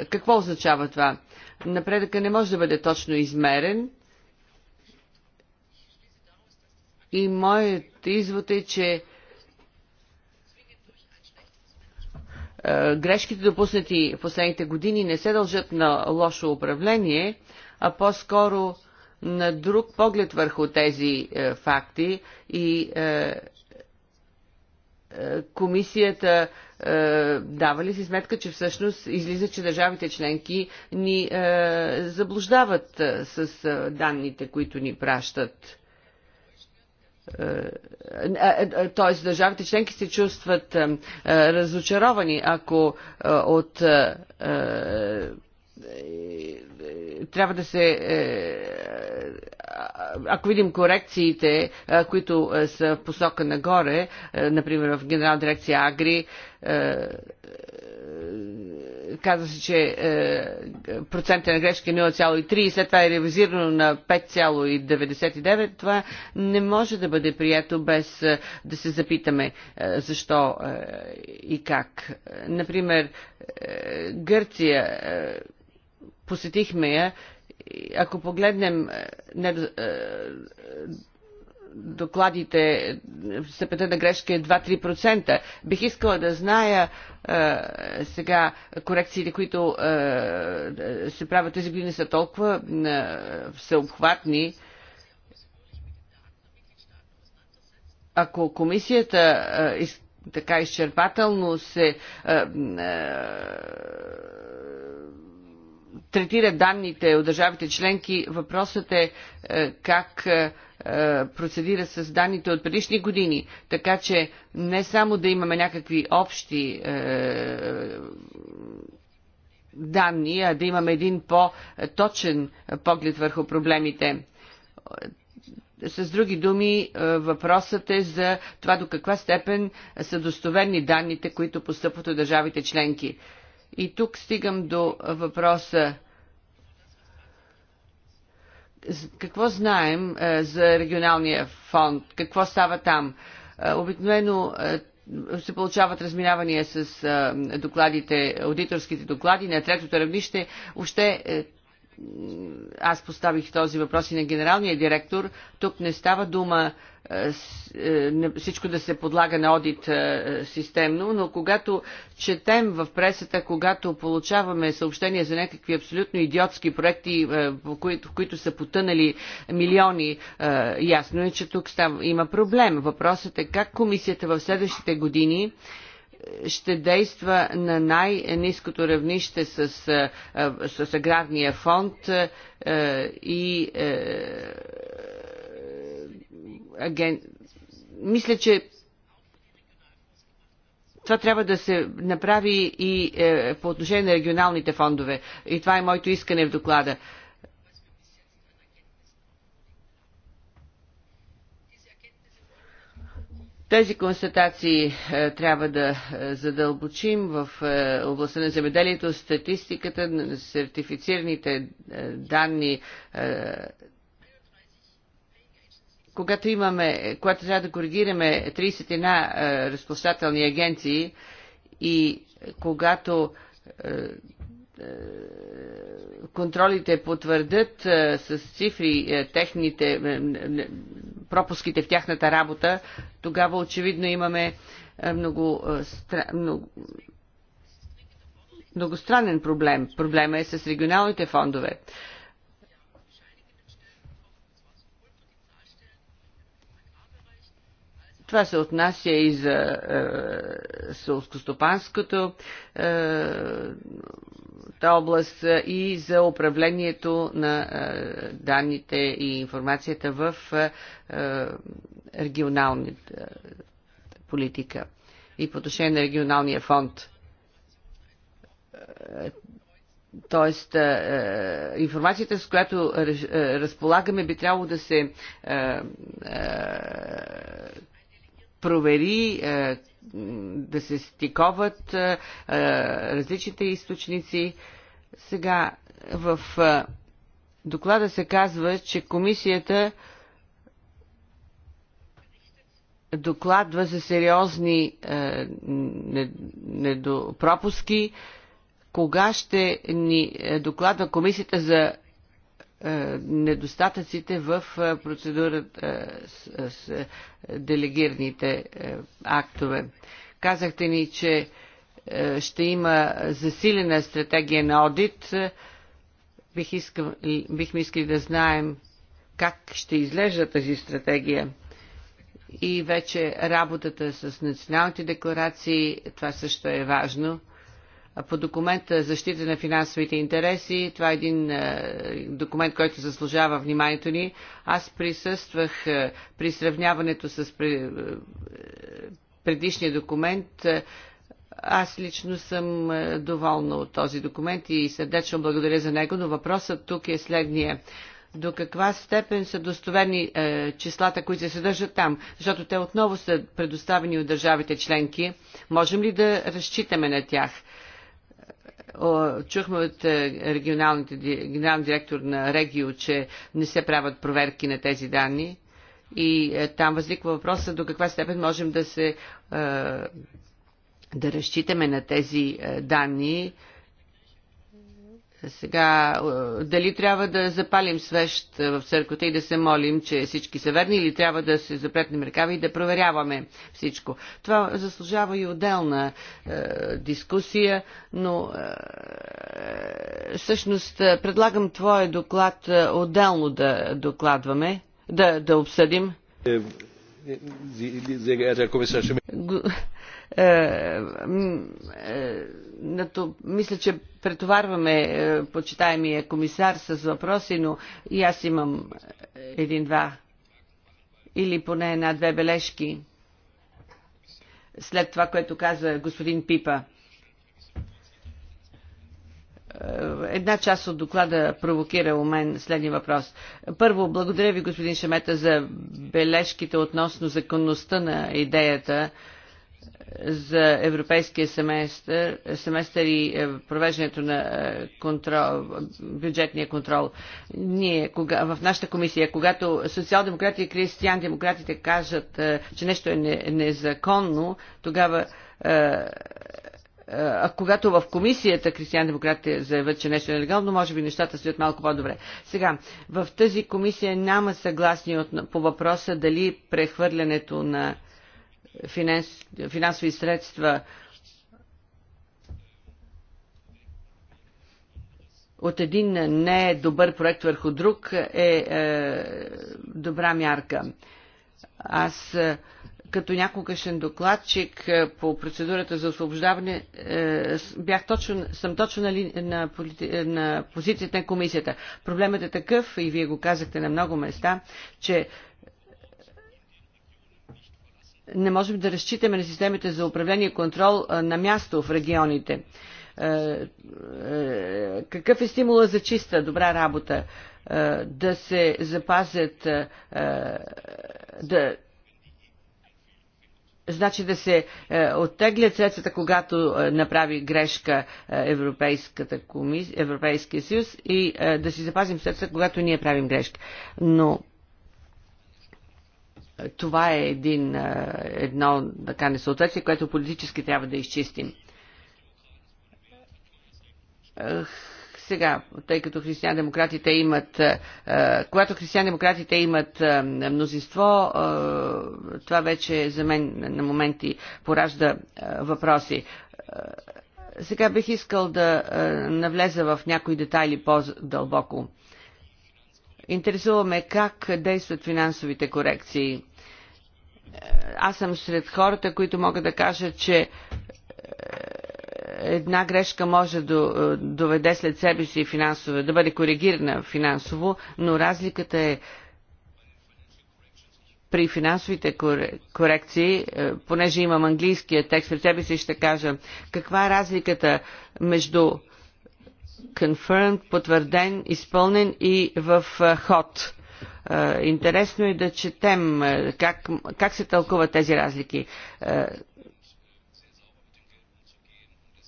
A: какво означава това? Напредъка не може да бъде точно измерен. И моят извод е, че Е, грешките, допуснати в последните години, не се дължат на лошо управление, а по-скоро на друг поглед върху тези е, факти и е, комисията дава ли си сметка, че всъщност излиза, че държавите членки ни заблуждават с данните, които ни пращат? т.е. държавите членки се чувстват е, разочаровани, ако е, от е, трябва да се ако видим корекциите, които са в посока нагоре, например в Генерална дирекция Агри, казва се, че е, процента на грешки е 0,3 и след това е ревизирано на 5,99, това не може да бъде прието без е, да се запитаме е, защо и как. Например, Гърция, посетихме я, ако погледнем не, докладите, степента на грешка е 2-3%. Бих искала да зная е, сега корекциите, които е, се правят тези години са толкова е, всеобхватни. Ако комисията е, из, така изчерпателно се е, е, третира данните от държавите членки, въпросът е, е как е, е, процедира с данните от предишни години. Така че не само да имаме някакви общи е, данни, а да имаме един по-точен поглед върху проблемите. С други думи, е, въпросът е за това до каква степен са достоверни данните, които постъпват от държавите членки. И тук стигам до въпроса какво знаем е, за регионалния фонд? Какво става там? Е, обикновено е, се получават разминавания с докладите, аудиторските доклади на третото равнище. Още аз поставих този въпрос и на генералния директор. Тук не става дума е, е, всичко да се подлага на одит е, системно, но когато четем в пресата, когато получаваме съобщения за някакви абсолютно идиотски проекти, в които, в които са потънали милиони, ясно е, че тук става, има проблем. Въпросът е как комисията в следващите години ще действа на най-низкото равнище с, с аграрния фонд и аген... мисля, че това трябва да се направи и е, по отношение на регионалните фондове. И това е моето искане в доклада. Тези констатации е, трябва да е, задълбочим в е, областта на земеделието, статистиката, сертифицираните е, данни. Е, когато имаме, когато трябва да коригираме 31 е, разплащателни агенции и когато контролите потвърдят е, с цифри е, техните, е, пропуските в тяхната работа, тогава очевидно имаме много, много многостранен проблем. Проблема е с регионалните фондове. Това се отнася и за е, сълскостопанското е, област е, и за управлението на е, данните и информацията в е, е регионалната е, политика и по отношение на регионалния фонд. Тоест, информацията, с която разполагаме, би трябвало да се провери, е, да се стиковат е, е, различните източници. Сега в доклада се казва, че комисията докладва за сериозни пропуски. Кога ще ни докладва комисията за е, недостатъците в е, процедурата е, с делегираните актове. Казахте ни, че ще има засилена стратегия на одит. Бих искал, бихме искали да знаем как ще изглежда тази стратегия и вече работата с националните декларации, това също е важно – по документа Защита на финансовите интереси. Това е един е, документ, който заслужава вниманието ни. Аз присъствах е, при сравняването с е, предишния документ. Аз лично съм доволна от този документ и сърдечно благодаря за него, но въпросът тук е следния. До каква степен са достоверни е, числата, които се съдържат там? Защото те отново са предоставени от държавите членки. Можем ли да разчитаме на тях? Чухме от е, регионалните, генерален директор на Регио, че не се правят проверки на тези данни. И е, там възниква въпроса до каква степен можем да се е, да разчитаме на тези данни сега, дали трябва да запалим свещ в църквата и да се молим, че всички са верни, или трябва да се запретнем ръкави и да проверяваме всичко. Това заслужава и отделна е, дискусия, но е, всъщност предлагам твоя доклад отделно да докладваме, да, да обсъдим.
B: е, е, е, е,
A: е, нато, мисля, че претоварваме е, почитаемия комисар с въпроси, но и аз имам един-два или поне една-две бележки след това, което каза господин Пипа. Е, една част от доклада провокира у мен следния въпрос. Първо, благодаря ви, господин Шемета, за бележките относно законността на идеята за европейския семестър, семестър и е, провеждането на е, контрол, бюджетния контрол. Ние, кога, в нашата комисия, когато социал-демократи и християн-демократите кажат, е, че нещо е незаконно, тогава а когато в комисията християн-демократите заявят, че нещо е нелегално, може би нещата стоят малко по-добре. Сега, в тази комисия няма съгласни по въпроса дали прехвърлянето на финанс, финансови средства от един не добър проект върху друг е, е добра мярка. Аз е, като някогашен докладчик е, по процедурата за освобождаване е, бях точно, съм точно на, ли, на, на позицията на комисията. Проблемът е такъв, и вие го казахте на много места, че не можем да разчитаме на системите за управление и контрол на място в регионите. Е, е, какъв е стимула за чиста, добра работа? Е, да се запазят, да значи да се е, оттеглят средствата, когато е, направи грешка е, Европейската комисия, Европейския съюз и е, да си запазим средствата, когато ние правим грешка. Но това е един, едно така несъответствие, което политически трябва да изчистим. Сега, тъй като християн-демократите имат, когато християн-демократите имат мнозинство, това вече за мен на моменти поражда въпроси. Сега бих искал да навлеза в някои детайли по-дълбоко. Интересуваме как действат финансовите корекции. Е, аз съм сред хората, които могат да кажат, че е, една грешка може да е, доведе след себе си финансово, да бъде коригирана финансово, но разликата е при финансовите корекции, понеже имам английския текст пред себе си, ще кажа каква е разликата между confirmed, потвърден, изпълнен и в ход е, интересно е да четем е, как, как се тълкуват тези разлики. Е,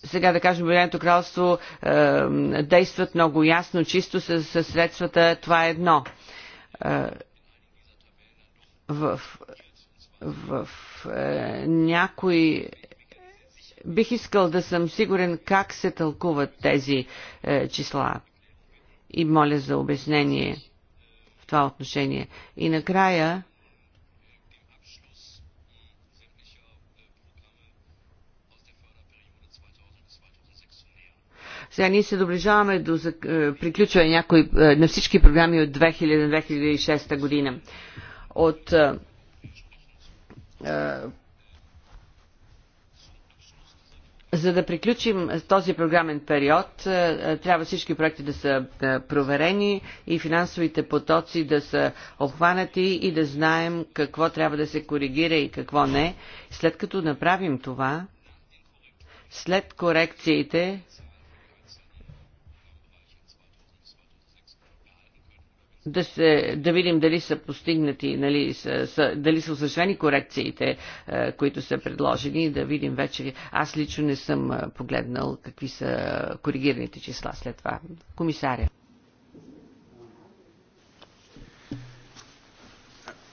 A: сега да кажем, Обединеното кралство действат много ясно, чисто с, с средствата. Това е едно. В, в, в някои бих искал да съм сигурен как се тълкуват тези е, числа. И моля за обяснение това отношение. И накрая Сега ние се доближаваме до е, приключване някои, е, на всички програми от 2000-2006 година. От е, За да приключим този програмен период, е, е, трябва всички проекти да са е, проверени и финансовите потоци да са обхванати и да знаем какво трябва да се коригира и какво не. След като направим това, след корекциите да, се, да видим дали са постигнати, нали, са, са, дали са осъществени корекциите, е, които са предложени, да видим вече. Аз лично не съм е, погледнал какви са коригираните числа след това. Комисаря.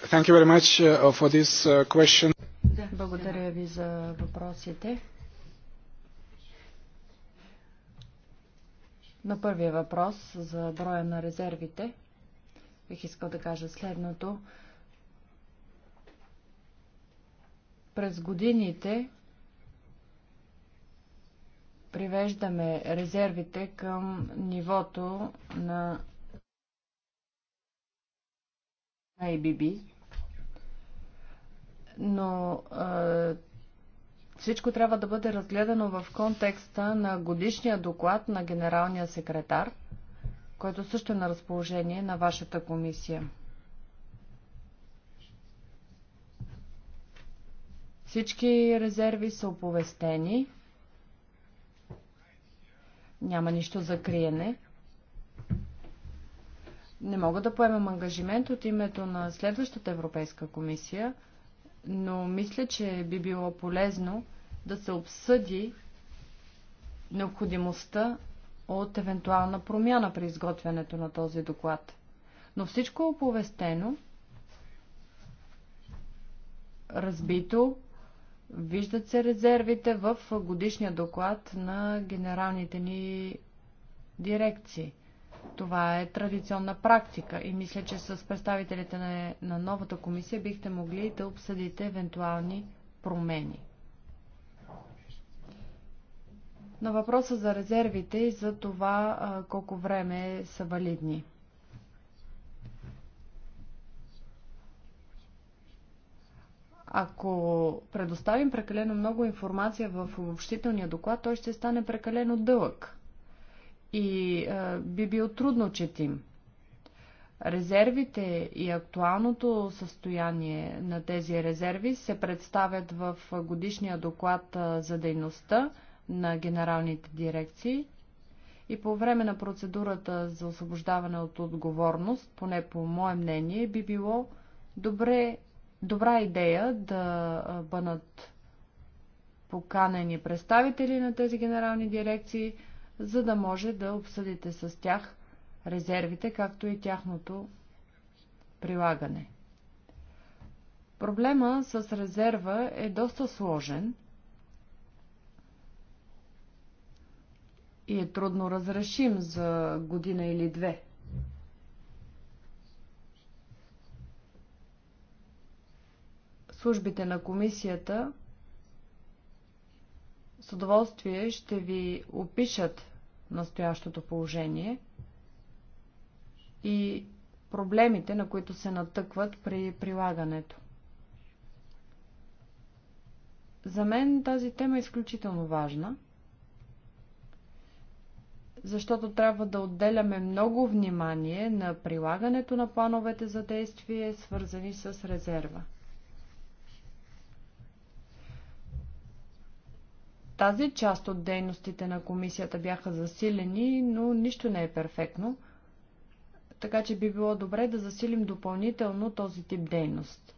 C: Thank you very much е, for this е, question. благодаря ви за въпросите. На първия въпрос за броя на резервите бих искал да кажа следното. През годините привеждаме резервите към нивото на ABB, но е, всичко трябва да бъде разгледано в контекста на годишния доклад на генералния секретар – което също е на разположение на вашата комисия. Всички резерви са оповестени. Няма нищо за криене. Не мога да поемам ангажимент от името на следващата Европейска комисия, но мисля, че би било полезно да се обсъди необходимостта от евентуална промяна при изготвянето на този доклад. Но всичко е оповестено, разбито, виждат се резервите в годишния доклад на генералните ни дирекции. Това е традиционна практика и мисля, че с представителите на, на новата комисия бихте могли да обсъдите евентуални промени. на въпроса за резервите и за това колко време са валидни. Ако предоставим прекалено много информация в обобщителния доклад, той ще стане прекалено дълъг и а, би бил трудно четим. Резервите и актуалното състояние на тези резерви се представят в годишния доклад за дейността на генералните дирекции и по време на процедурата за освобождаване от отговорност, поне по мое мнение, би било добре, добра идея да бъдат поканени представители на тези генерални дирекции, за да може да обсъдите с тях резервите, както и тяхното прилагане. Проблема с резерва е доста сложен – и е трудно разрешим за година или две. Службите на комисията с удоволствие ще ви опишат настоящото положение и проблемите, на които се натъкват при прилагането. За мен тази тема е изключително важна – защото трябва да отделяме много внимание на прилагането на плановете за действие, свързани с резерва. Тази част от дейностите на комисията бяха засилени, но нищо не е перфектно, така че би било добре да засилим допълнително този тип дейност.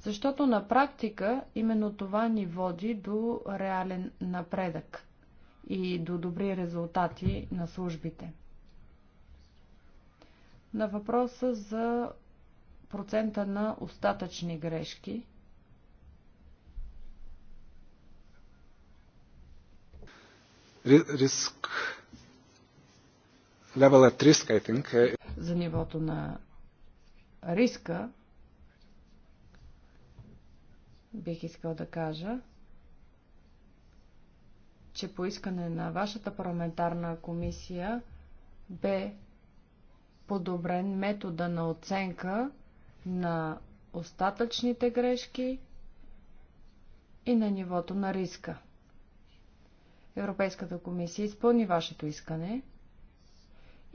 C: Защото на практика именно това ни води до реален напредък – и до добри резултати на службите. На въпроса за процента на остатъчни грешки. Риск. Level at risk, I think. Е- за нивото на риска бих искал да кажа, че по искане на вашата парламентарна комисия бе подобрен метода на оценка на остатъчните грешки и на нивото на риска. Европейската комисия изпълни вашето искане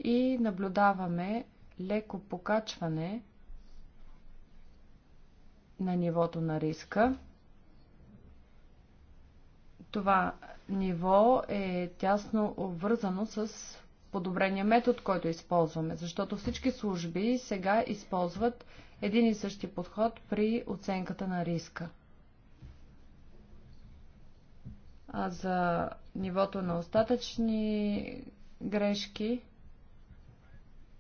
C: и наблюдаваме леко покачване на нивото на риска. Това ниво е тясно обвързано с подобрения метод, който използваме, защото всички служби сега използват един и същи подход при оценката на риска. А за нивото на остатъчни грешки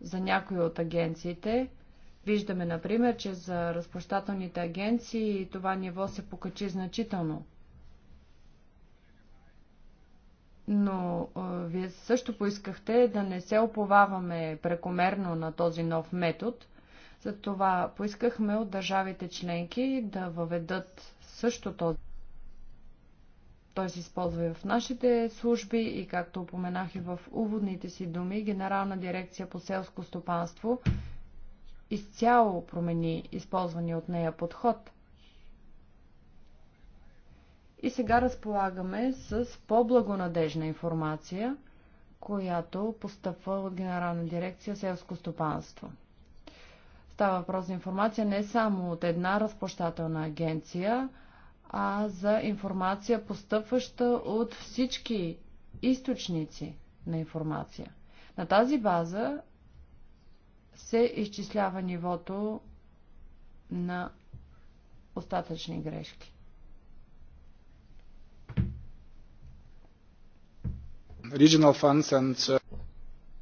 C: за някои от агенциите, виждаме, например, че за разплащателните агенции това ниво се покачи значително. но а, вие също поискахте да не се оповаваме прекомерно на този нов метод. Затова поискахме от държавите членки да въведат също този. Той се използва и в нашите служби и, както упоменах и в уводните си думи, Генерална дирекция по селско стопанство изцяло промени използвания от нея подход – и сега разполагаме с по-благонадежна информация, която постъпва от Генерална дирекция селско стопанство. Става въпрос за информация не само от една разплащателна агенция, а за информация постъпваща от всички източници на информация. На тази база се изчислява нивото на остатъчни грешки.
B: regional funds and uh,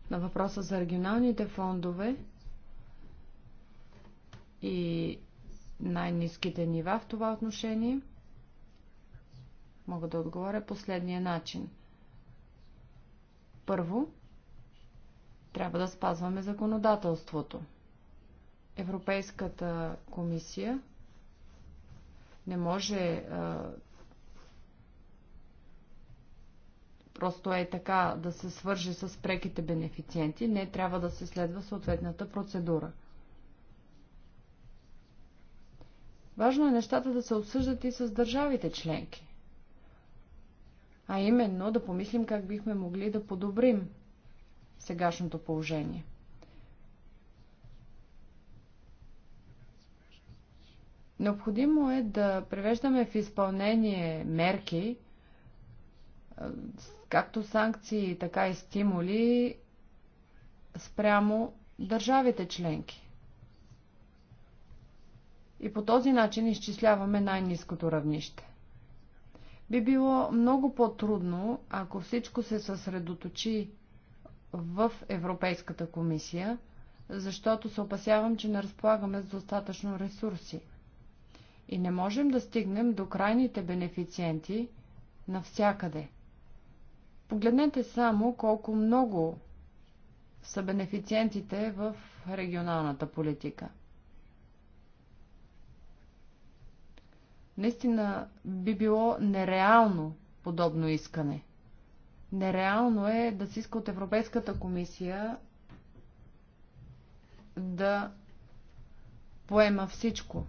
C: на въпроса за регионалните фондове и най-низките нива в това отношение, мога да отговоря последния начин. Първо, трябва да спазваме законодателството. Европейската комисия не може просто е така да се свържи с преките бенефициенти, не трябва да се следва съответната процедура. Важно е нещата да се обсъждат и с държавите членки. А именно да помислим как бихме могли да подобрим сегашното положение. Необходимо е да превеждаме в изпълнение мерки, както санкции, така и стимули спрямо държавите членки. И по този начин изчисляваме най-низкото равнище. Би било много по-трудно, ако всичко се съсредоточи в Европейската комисия, защото се опасявам, че не разполагаме с достатъчно ресурси. И не можем да стигнем до крайните бенефициенти навсякъде – Погледнете само колко много са бенефициентите в регионалната политика. Наистина би било нереално подобно искане. Нереално е да се иска от Европейската комисия да поема всичко.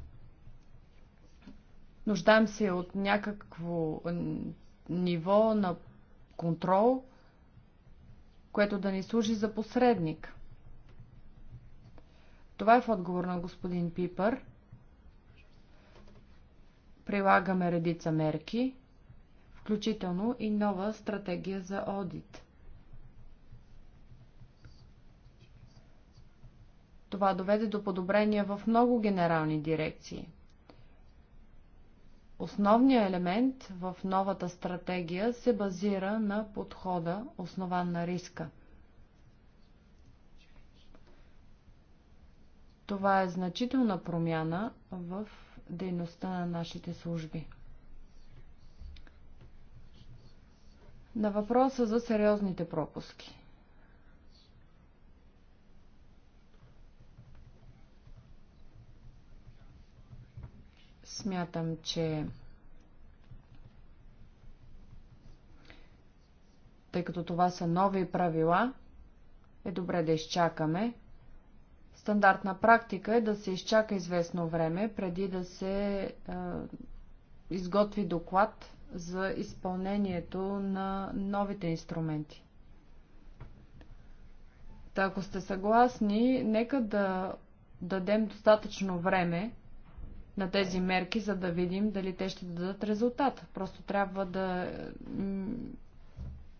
C: Нуждаем се от някакво ниво на контрол, което да ни служи за посредник. Това е в отговор на господин Пипър. Прилагаме редица мерки, включително и нова стратегия за одит. Това доведе до подобрения в много генерални дирекции – Основният елемент в новата стратегия се базира на подхода, основан на риска. Това е значителна промяна в дейността на нашите служби. На въпроса за сериозните пропуски. Смятам, че тъй като това са нови правила, е добре да изчакаме. Стандартна практика е да се изчака известно време, преди да се е, изготви доклад за изпълнението на новите инструменти. Та, ако сте съгласни, нека да дадем достатъчно време на тези мерки, за да видим дали те ще дадат резултат. Просто трябва да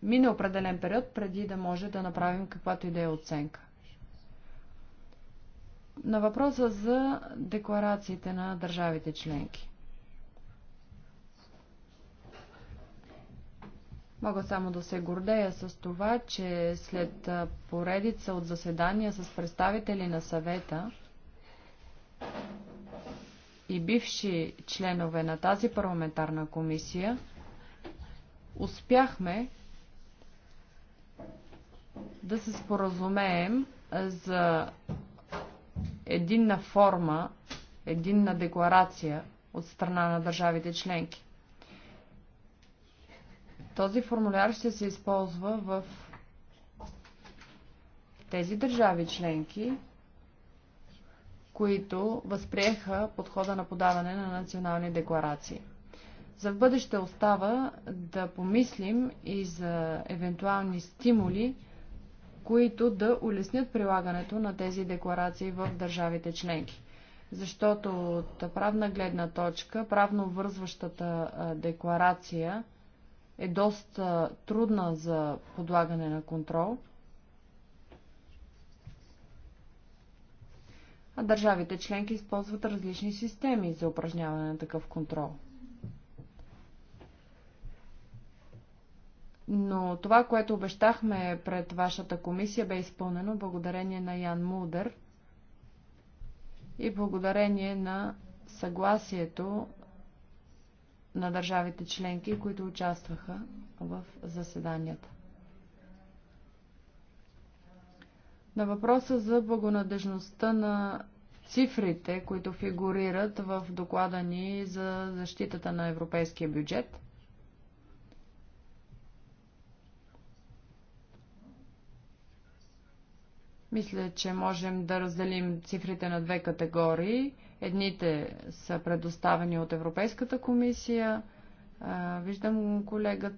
C: мине определен период, преди да може да направим каквато и да е оценка. На въпроса за декларациите на държавите членки. Мога само да се гордея с това, че след поредица от заседания с представители на съвета, и бивши членове на тази парламентарна комисия успяхме да се споразумеем за единна форма, единна декларация от страна на държавите членки. Този формуляр ще се използва в тези държави членки, които възприеха подхода на подаване на национални декларации. За в бъдеще остава да помислим и за евентуални стимули, които да улеснят прилагането на тези декларации в държавите членки. Защото от правна гледна точка, правно вързващата декларация е доста трудна за подлагане на контрол – а държавите членки използват различни системи за упражняване на такъв контрол. Но това, което обещахме пред вашата комисия, бе изпълнено благодарение на Ян Мудър и благодарение на съгласието на държавите членки, които участваха в заседанията. На въпроса за благонадежността на цифрите, които фигурират в доклада ни за защитата на европейския бюджет. Мисля, че можем да разделим цифрите на две категории. Едните са предоставени от Европейската комисия. Виждам колегата,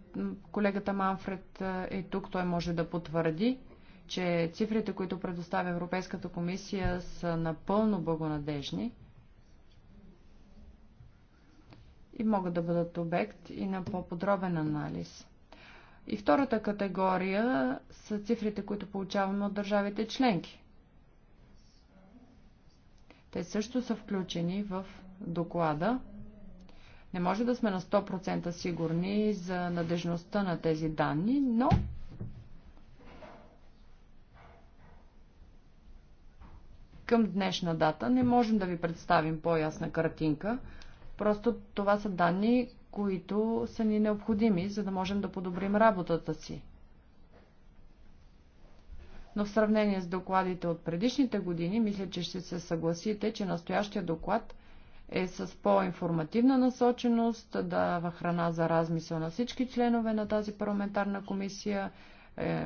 C: колегата Манфред е тук, той може да потвърди че цифрите, които предоставя Европейската комисия, са напълно благонадежни и могат да бъдат обект и на по-подробен анализ. И втората категория са цифрите, които получаваме от държавите членки. Те също са включени в доклада. Не може да сме на 100% сигурни за надежността на тези данни, но към днешна дата не можем да ви представим по-ясна картинка. Просто това са данни, които са ни необходими, за да можем да подобрим работата си. Но в сравнение с докладите от предишните години, мисля, че ще се съгласите, че настоящия доклад е с по-информативна насоченост, дава храна за размисъл на всички членове на тази парламентарна комисия е,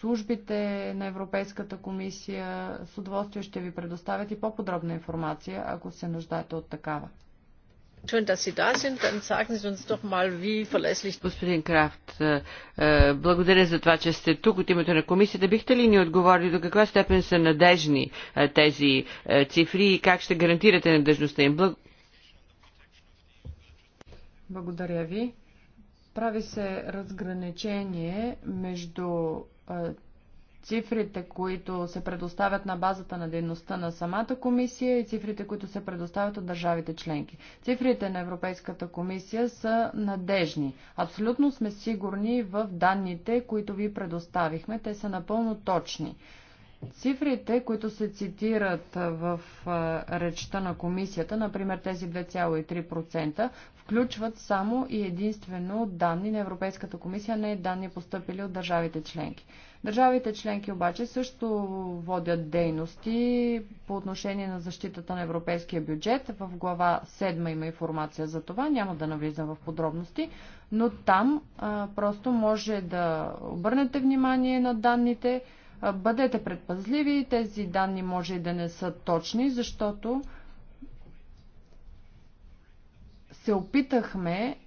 C: службите на Европейската комисия с удоволствие ще ви предоставят и по-подробна информация, ако се нуждаете от такава.
A: Господин Крафт, е, е, благодаря за това, че сте тук от името на комисията. Бихте ли ни отговорили до каква степен са надежни тези цифри и как ще гарантирате надежността им?
C: Благодаря ви. Прави се разграничение между цифрите, които се предоставят на базата на дейността на самата комисия и цифрите, които се предоставят от държавите членки. Цифрите на Европейската комисия са надежни. Абсолютно сме сигурни в данните, които ви предоставихме. Те са напълно точни. Цифрите, които се цитират в речта на комисията, например тези 2,3%, включват само и единствено данни на Европейската комисия, не данни поступили от държавите членки. Държавите членки обаче също водят дейности по отношение на защитата на европейския бюджет. В глава 7 има информация за това, няма да навлизам в подробности, но там а, просто може да обърнете внимание на данните, Бъдете предпазливи, тези данни може и да не са точни, защото се опитахме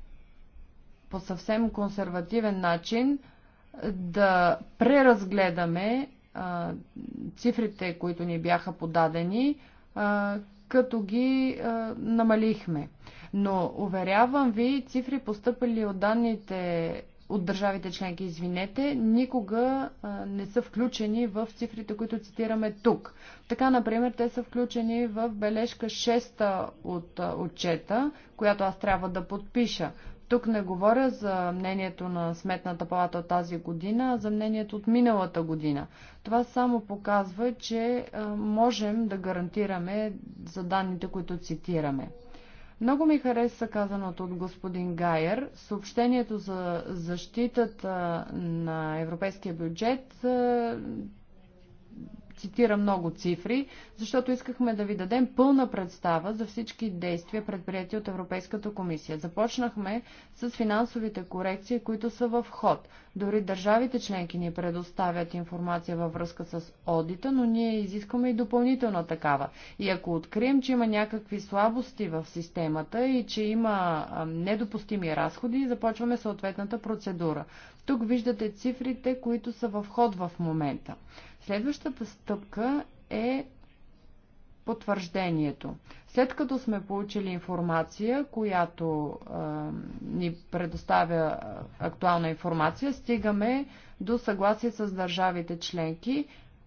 C: по съвсем консервативен начин да преразгледаме а, цифрите, които ни бяха подадени, а, като ги а, намалихме. Но, уверявам ви, цифри постъпили от данните от държавите членки, извинете, никога не са включени в цифрите, които цитираме тук. Така, например, те са включени в бележка 6 от отчета, която аз трябва да подпиша. Тук не говоря за мнението на Сметната палата от тази година, а за мнението от миналата година. Това само показва, че можем да гарантираме за данните, които цитираме. Много ми хареса казаното от господин Гайер. Съобщението за защитата на европейския бюджет е, цитира много цифри, защото искахме да ви дадем пълна представа за всички действия, предприяти от Европейската комисия. Започнахме с финансовите корекции, които са в ход. Дори държавите членки ни предоставят информация във връзка с одита, но ние изискваме и допълнителна такава. И ако открием, че има някакви слабости в системата и че има недопустими разходи, започваме съответната процедура. Тук виждате цифрите, които са в ход в момента. Следващата стъпка е потвърждението. След като сме получили информация, която е, ни предоставя актуална информация, стигаме до съгласие с държавите членки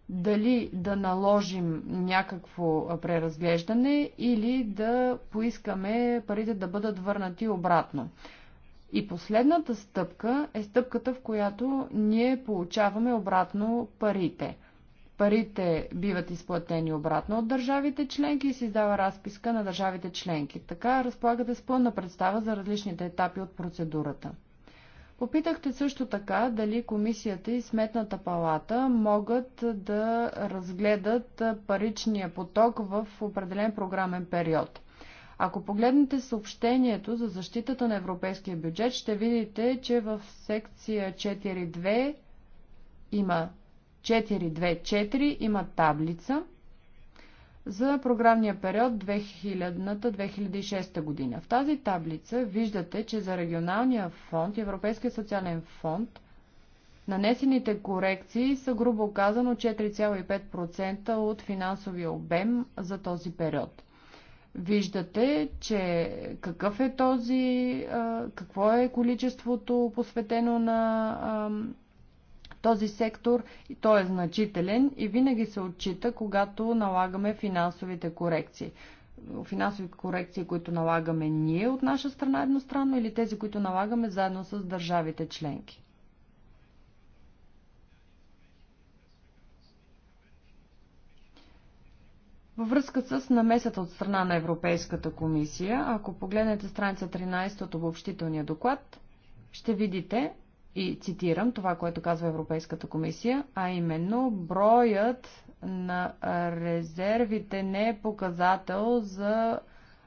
C: дали да наложим някакво преразглеждане или да поискаме парите да бъдат върнати обратно. И последната стъпка е стъпката, в която ние получаваме обратно парите – парите биват изплатени обратно от държавите членки и се издава разписка на държавите членки. Така разполагате с пълна представа за различните етапи от процедурата. Попитахте също така дали комисията и сметната палата могат да разгледат паричния поток в определен програмен период. Ако погледнете съобщението за защитата на европейския бюджет, ще видите, че в секция 4.2 има 424 има таблица за програмния период 2000-2006 година. В тази таблица виждате, че за регионалния фонд, Европейския социален фонд, нанесените корекции са грубо казано 4,5% от финансовия обем за този период. Виждате, че какъв е този, какво е количеството посветено на този сектор и той е значителен и винаги се отчита, когато налагаме финансовите корекции. Финансовите корекции, които налагаме ние от наша страна едностранно или тези, които налагаме заедно с държавите членки. Във връзка с намесата от страна на Европейската комисия, ако погледнете страница 13 от обобщителния доклад, ще видите, и цитирам това, което казва Европейската комисия, а именно броят на резервите не е показател за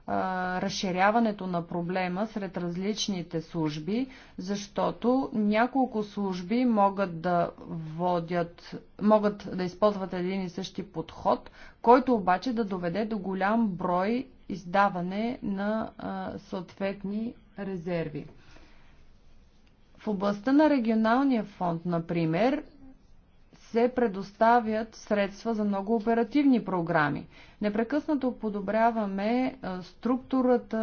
C: а, разширяването на проблема сред различните служби, защото няколко служби могат да водят, могат да използват един и същи подход, който обаче да доведе до голям брой издаване на а, съответни резерви. В областта на регионалния фонд, например, се предоставят средства за много оперативни програми. Непрекъснато подобряваме структурата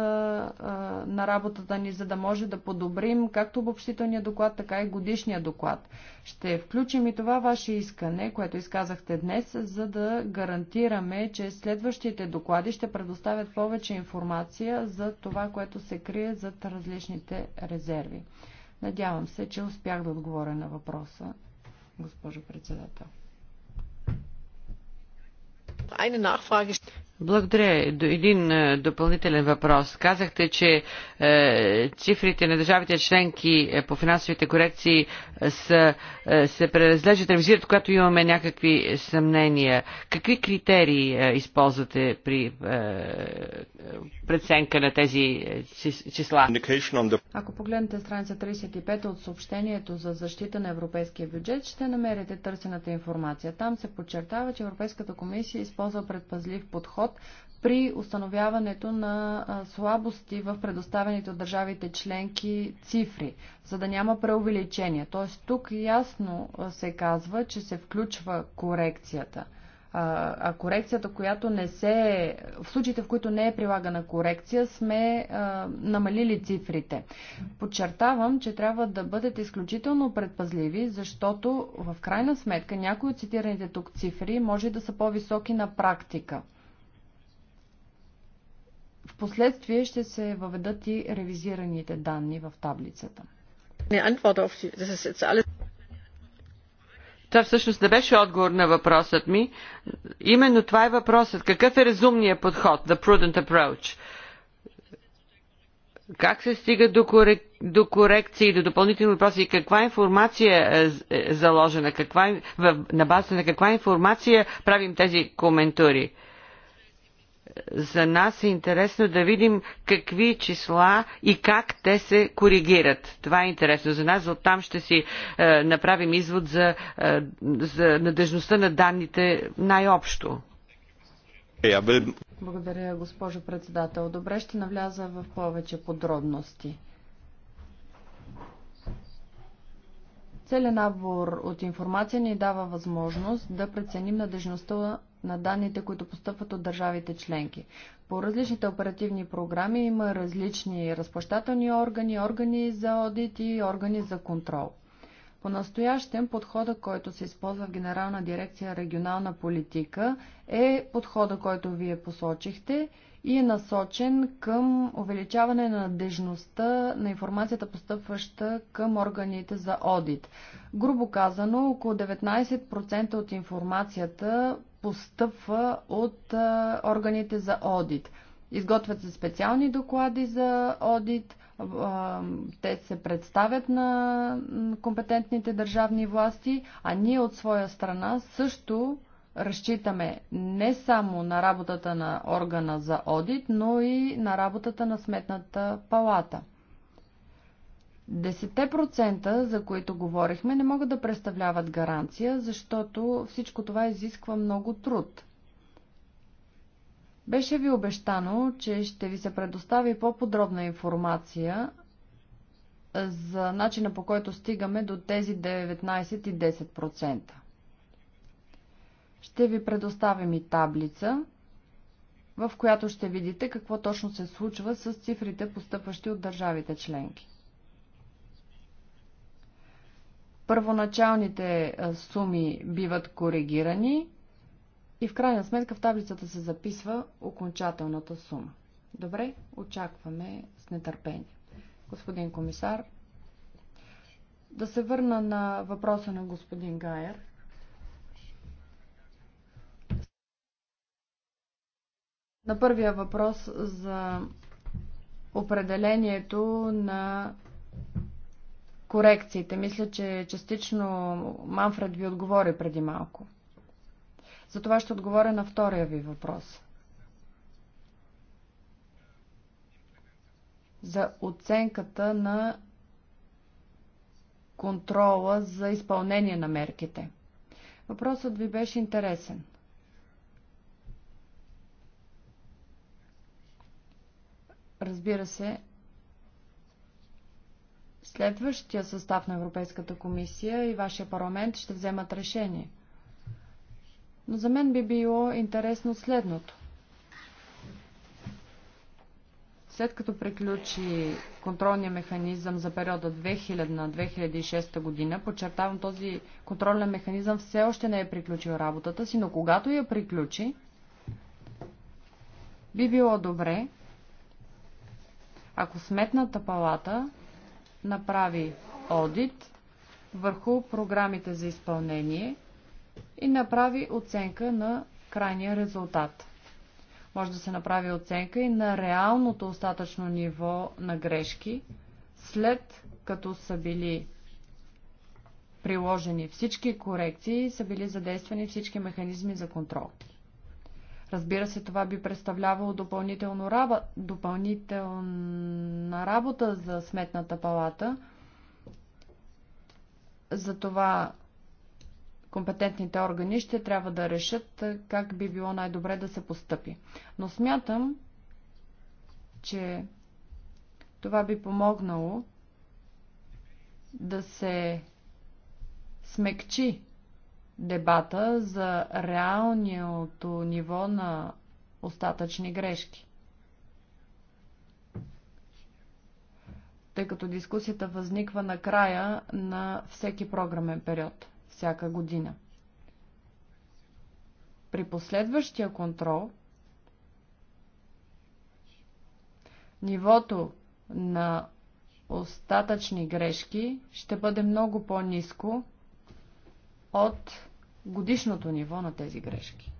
C: на работата ни, за да може да подобрим както обобщителния доклад, така и годишния доклад. Ще включим и това ваше искане, което изказахте днес, за да гарантираме, че следващите доклади ще предоставят повече информация за това, което се крие зад различните резерви. Надявам се, че успях да отговоря на въпроса, госпожо председател.
A: Благодаря. Един е, допълнителен въпрос. Казахте, че е, цифрите на държавите членки е, по финансовите корекции е, са, е, се преразглеждат, ревизират, когато имаме някакви съмнения. Какви критерии е, използвате при преценка на тези числа?
C: Ако погледнете страница 35 от съобщението за защита на европейския бюджет, ще намерите търсената информация. Там се подчертава, че Европейската комисия използва предпазлив подход подход при установяването на слабости в предоставените от държавите членки цифри, за да няма преувеличение. Т.е. тук ясно се казва, че се включва корекцията. А корекцията, която не се. В случаите, в които не е прилагана корекция, сме а, намалили цифрите. Подчертавам, че трябва да бъдете изключително предпазливи, защото в крайна сметка някои от цитираните тук цифри може да са по-високи на практика. Впоследствие последствие ще се въведат и ревизираните данни в таблицата.
A: Това всъщност не беше отговор на въпросът ми. Именно това е въпросът. Какъв е разумният подход, the prudent approach? Как се стига до, корек... до корекции, до допълнителни въпроси и каква информация е, е заложена, каква... на базата на каква информация правим тези коментари? за нас е интересно да видим какви числа и как те се коригират. Това е интересно за нас. Оттам ще си е, направим извод за, е, за надежността на данните най-общо.
C: Благодаря, госпожо председател. Добре, ще навляза в повече подробности. Целият набор от информация ни дава възможност да преценим надежността на данните, които постъпват от държавите членки. По различните оперативни програми има различни разплащателни органи, органи за одит и органи за контрол. По-настоящем подхода, който се използва в Генерална дирекция регионална политика е подхода, който вие посочихте и е насочен към увеличаване на надежността на информацията, постъпваща към органите за одит. Грубо казано, около 19% от информацията постъпва от органите за одит. Изготвят се специални доклади за одит, те се представят на компетентните държавни власти, а ние от своя страна също разчитаме не само на работата на органа за одит, но и на работата на сметната палата. 10% за които говорихме, не могат да представляват гаранция, защото всичко това изисква много труд. Беше ви обещано, че ще ви се предостави по-подробна информация за начина по който стигаме до тези 19 и 10%. Ще ви предоставим и таблица, в която ще видите какво точно се случва с цифрите, постъпващи от държавите членки. Първоначалните суми биват коригирани и в крайна сметка в таблицата се записва окончателната сума. Добре, очакваме с нетърпение. Господин комисар, да се върна на въпроса на господин Гайер – На първия въпрос за определението на корекциите. Мисля, че частично Манфред ви отговори преди малко. За това ще отговоря на втория ви въпрос. За оценката на контрола за изпълнение на мерките. Въпросът ви беше интересен – Разбира се, следващия състав на Европейската комисия и вашия парламент ще вземат решение. Но за мен би било интересно следното. След като приключи контролния механизъм за периода 2000-2006 година, подчертавам, този контролен механизъм все още не е приключил работата си, но когато я приключи, би било добре ако сметната палата направи одит върху програмите за изпълнение и направи оценка на крайния резултат. Може да се направи оценка и на реалното остатъчно ниво на грешки, след като са били приложени всички корекции и са били задействани всички механизми за контрол. Разбира се, това би представлявало допълнително раба, допълнителна работа за Сметната палата. Затова компетентните органи ще трябва да решат как би било най-добре да се постъпи. Но смятам, че това би помогнало да се смекчи дебата за реалното ниво на остатъчни грешки. Тъй като дискусията възниква на края на всеки програмен период, всяка година. При последващия контрол нивото на остатъчни грешки ще бъде много по-низко от годишното ниво на тези грешки.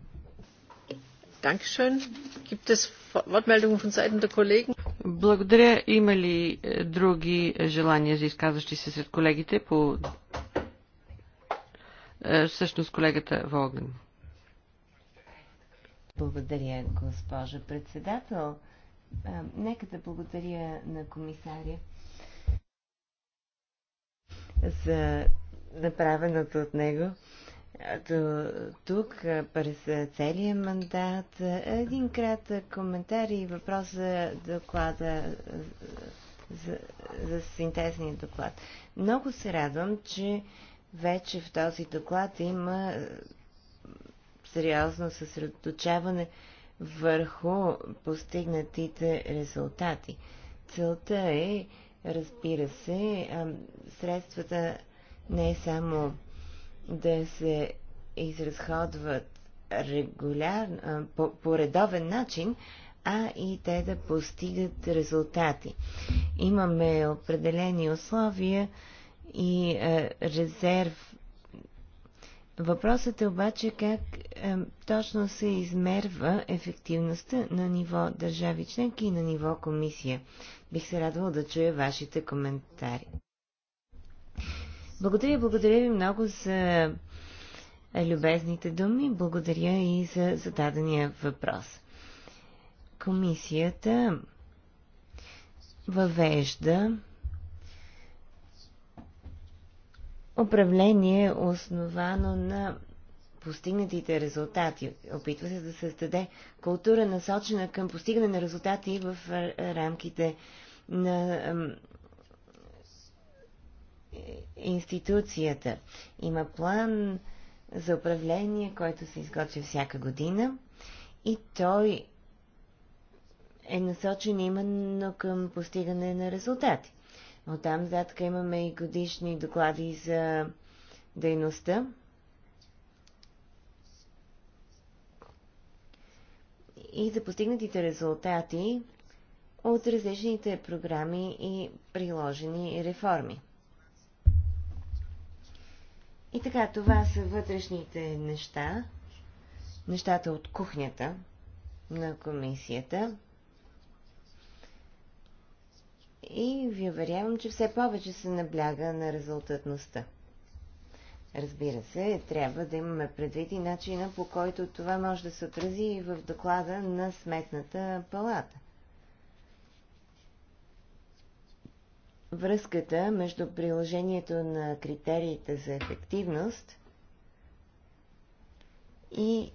A: Благодаря. Има ли е, други желания за изказващи се сред колегите по е, всъщност колегата Волган?
B: Благодаря, госпожа председател. Е, нека да благодаря на комисаря за направеното от него до тук през целия мандат. Един кратък коментар и въпрос за доклада, за, за синтезния доклад. Много се радвам, че вече в този доклад има сериозно съсредоточаване върху постигнатите резултати. Целта е, разбира се, средствата не е само да се изразходват регулярно, по, по редовен начин, а и те да постигат резултати. Имаме определени условия и а, резерв. Въпросът е обаче как а, точно се измерва ефективността на ниво държави членки и на ниво комисия. Бих се радвала да чуя вашите коментари. Благодаря, благодаря ви много за любезните думи. Благодаря и за зададения въпрос. Комисията въвежда управление основано на постигнатите резултати. Опитва се да създаде култура насочена към постигане на резултати в рамките на институцията. Има план за управление, който се изготвя всяка година и той е насочен именно към постигане на резултати. От там задка имаме и годишни доклади за дейността. И за постигнатите резултати от различните програми и приложени реформи. И така, това са вътрешните неща, нещата от кухнята на комисията. И ви уверявам, че все повече се набляга на резултатността. Разбира се, трябва да имаме предвид и начина по който това може да се отрази и в доклада на Сметната палата. връзката между приложението на критериите за ефективност и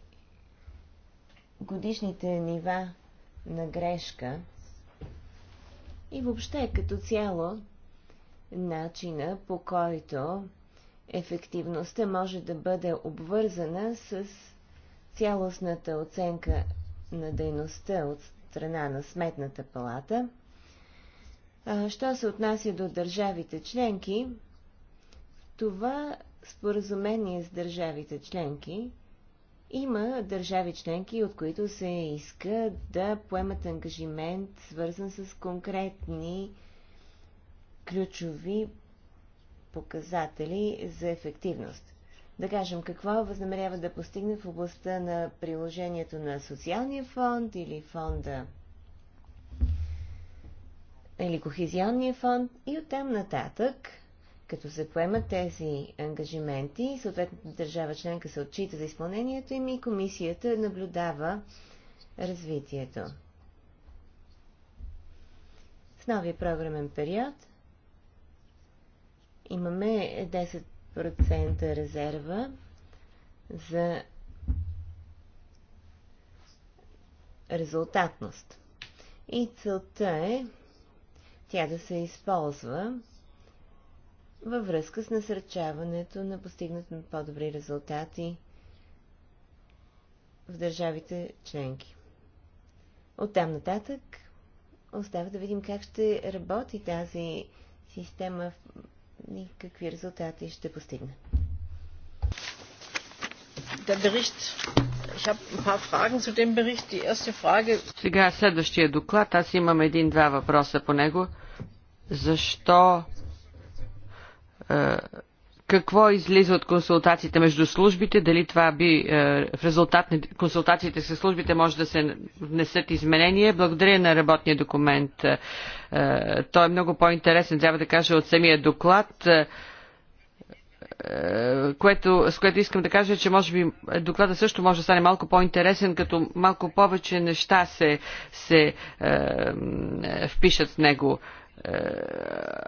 B: годишните нива на грешка и въобще като цяло начина по който ефективността може да бъде обвързана с цялостната оценка на дейността от страна на Сметната палата – Що се отнася до държавите членки, това споразумение с държавите членки има държави членки, от които се иска да поемат ангажимент, свързан с конкретни ключови показатели за ефективност. Да кажем какво възнамерява да постигне в областта на приложението на социалния фонд или фонда или Кохезионния фонд и оттам нататък, като се поемат тези ангажименти, съответната държава членка се отчита за изпълнението им и комисията наблюдава развитието. В новия програмен период имаме 10% резерва за резултатност. И целта е тя да се използва във връзка с насърчаването на постигнат на по-добри резултати в държавите членки. От там нататък остава да видим как ще работи тази система и какви резултати ще постигне.
A: Сега следващия доклад. Аз имам един-два въпроса по него. Защо е, какво излиза от консултациите между службите, дали това би е, в резултат на консултациите с службите може да се внесат изменения. Благодаря на работния документ. Е, той е много по-интересен, трябва да кажа, от самия доклад. Е, което, с което искам да кажа, че може би доклада също може да стане малко по-интересен, като малко повече неща се, се е, впишат в него. Е,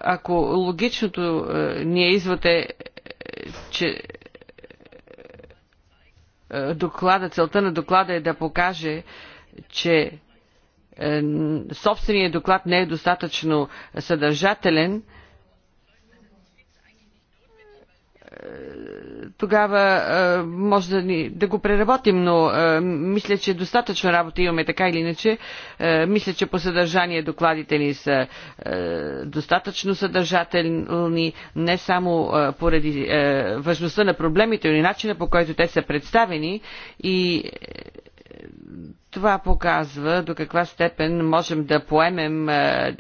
A: ако логичното е, ни е извод е, че е, доклада, целта на доклада е да покаже, че е, собственият доклад не е достатъчно съдържателен, е, тогава е, може да, ни, да го преработим, но е, мисля, че достатъчно работа имаме така или иначе. Е, мисля, че по съдържание докладите ни са достатъчно съдържателни, не само поради важността на проблемите, но и начина по който те са представени и това показва до каква степен можем да поемем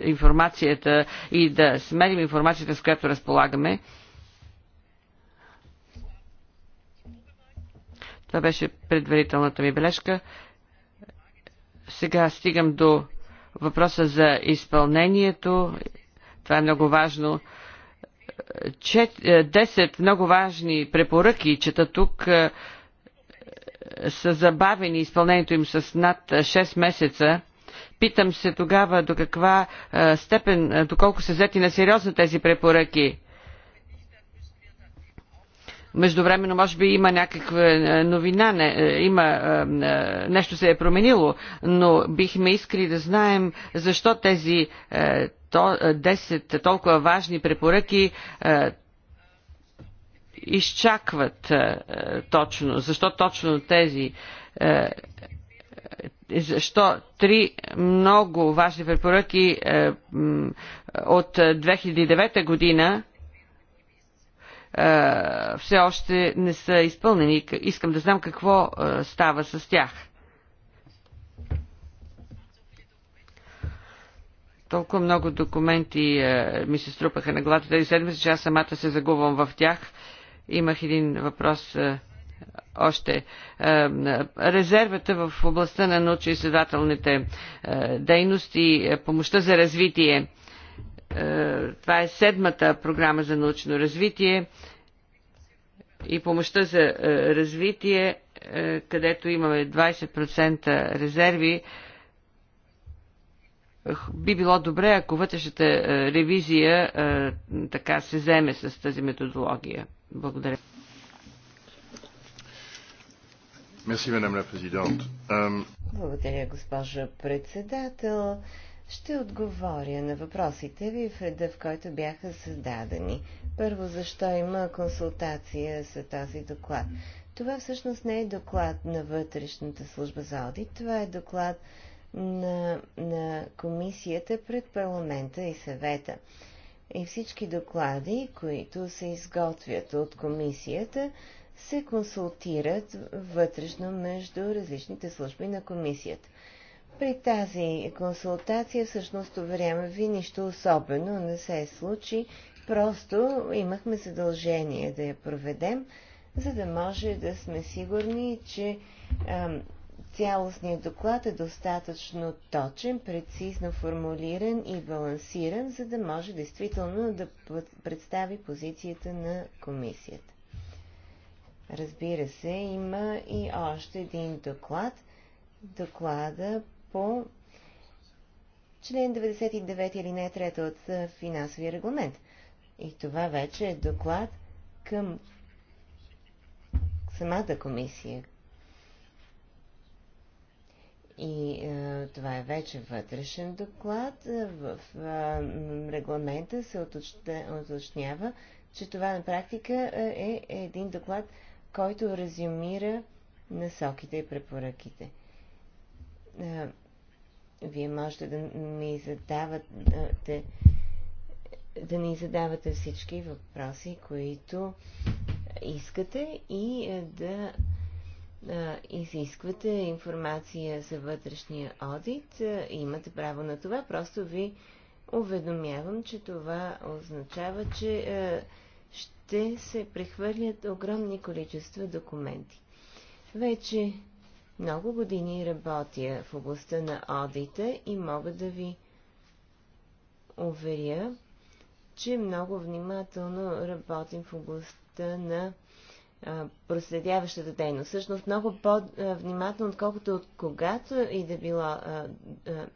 A: информацията и да смерим информацията, с която разполагаме. Това беше предварителната ми бележка. Сега стигам до въпроса за изпълнението. Това е много важно. Е, десет много важни препоръки чета тук е, са забавени изпълнението им с над 6 месеца. Питам се тогава до каква е, степен, доколко са взети на сериозно тези препоръки. Междувременно, може би, има някаква е, новина, не, е, има, е, нещо се е променило, но бихме искали да знаем защо тези 10 толкова важни препоръки изчакват точно, защо точно тези защо три много важни препоръки от 2009 година е, все още не са изпълнени. Искам да знам какво е, става с тях. Толкова много документи е, ми се струпаха на главата тази седмица, че аз самата се загубвам в тях. Имах един въпрос още резервата в областта на научно-изследователните дейности, помощта за развитие. Това е седмата програма за научно развитие и помощта за е, развитие, е, където имаме 20% резерви. Би било добре, ако вътрешната е, ревизия така се вземе с тази методология. Благодаря.
B: Благодаря, госпожа председател. Ще отговоря на въпросите ви в реда, в който бяха създадени. Първо, защо има консултация за този доклад? Това всъщност не е доклад на вътрешната служба за одит, това е доклад на, на комисията пред парламента и съвета. И всички доклади, които се изготвят от комисията, се консултират вътрешно между различните служби на комисията. При тази консултация всъщност, време ви, нищо особено не се е случи. Просто имахме задължение да я проведем, за да може да сме сигурни, че а, цялостният доклад е достатъчно точен, прецизно формулиран и балансиран, за да може действително да представи позицията на комисията. Разбира се, има и още един доклад – доклада по член 99 или не трета от финансовия регламент. И това вече е доклад към самата комисия. И е, това е вече вътрешен доклад. В е, регламента се уточнява, че това на практика е, е един доклад, който резюмира насоките и препоръките. Е, вие можете да ми задавате да ни задавате всички въпроси, които искате и е, да е, изисквате информация за вътрешния одит. Е, имате право на това. Просто ви уведомявам, че това означава, че ще се прехвърлят огромни количества документи. Вече много години работя в областта на одита и мога да ви уверя, че много внимателно работим в областта на а, проследяващата дейност. Всъщност много по-внимателно, отколкото от когато и да било а, а,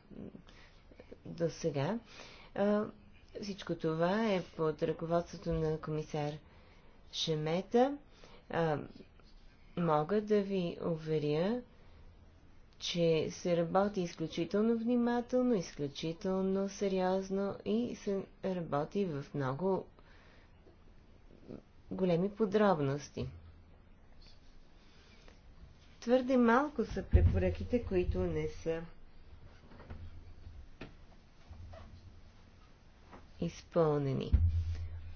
B: до сега. А, всичко това е под ръководството на комисар Шемета. А, мога да ви уверя, че се работи изключително внимателно, изключително сериозно и се работи в много големи подробности. Твърде малко са препоръките, които не са изпълнени.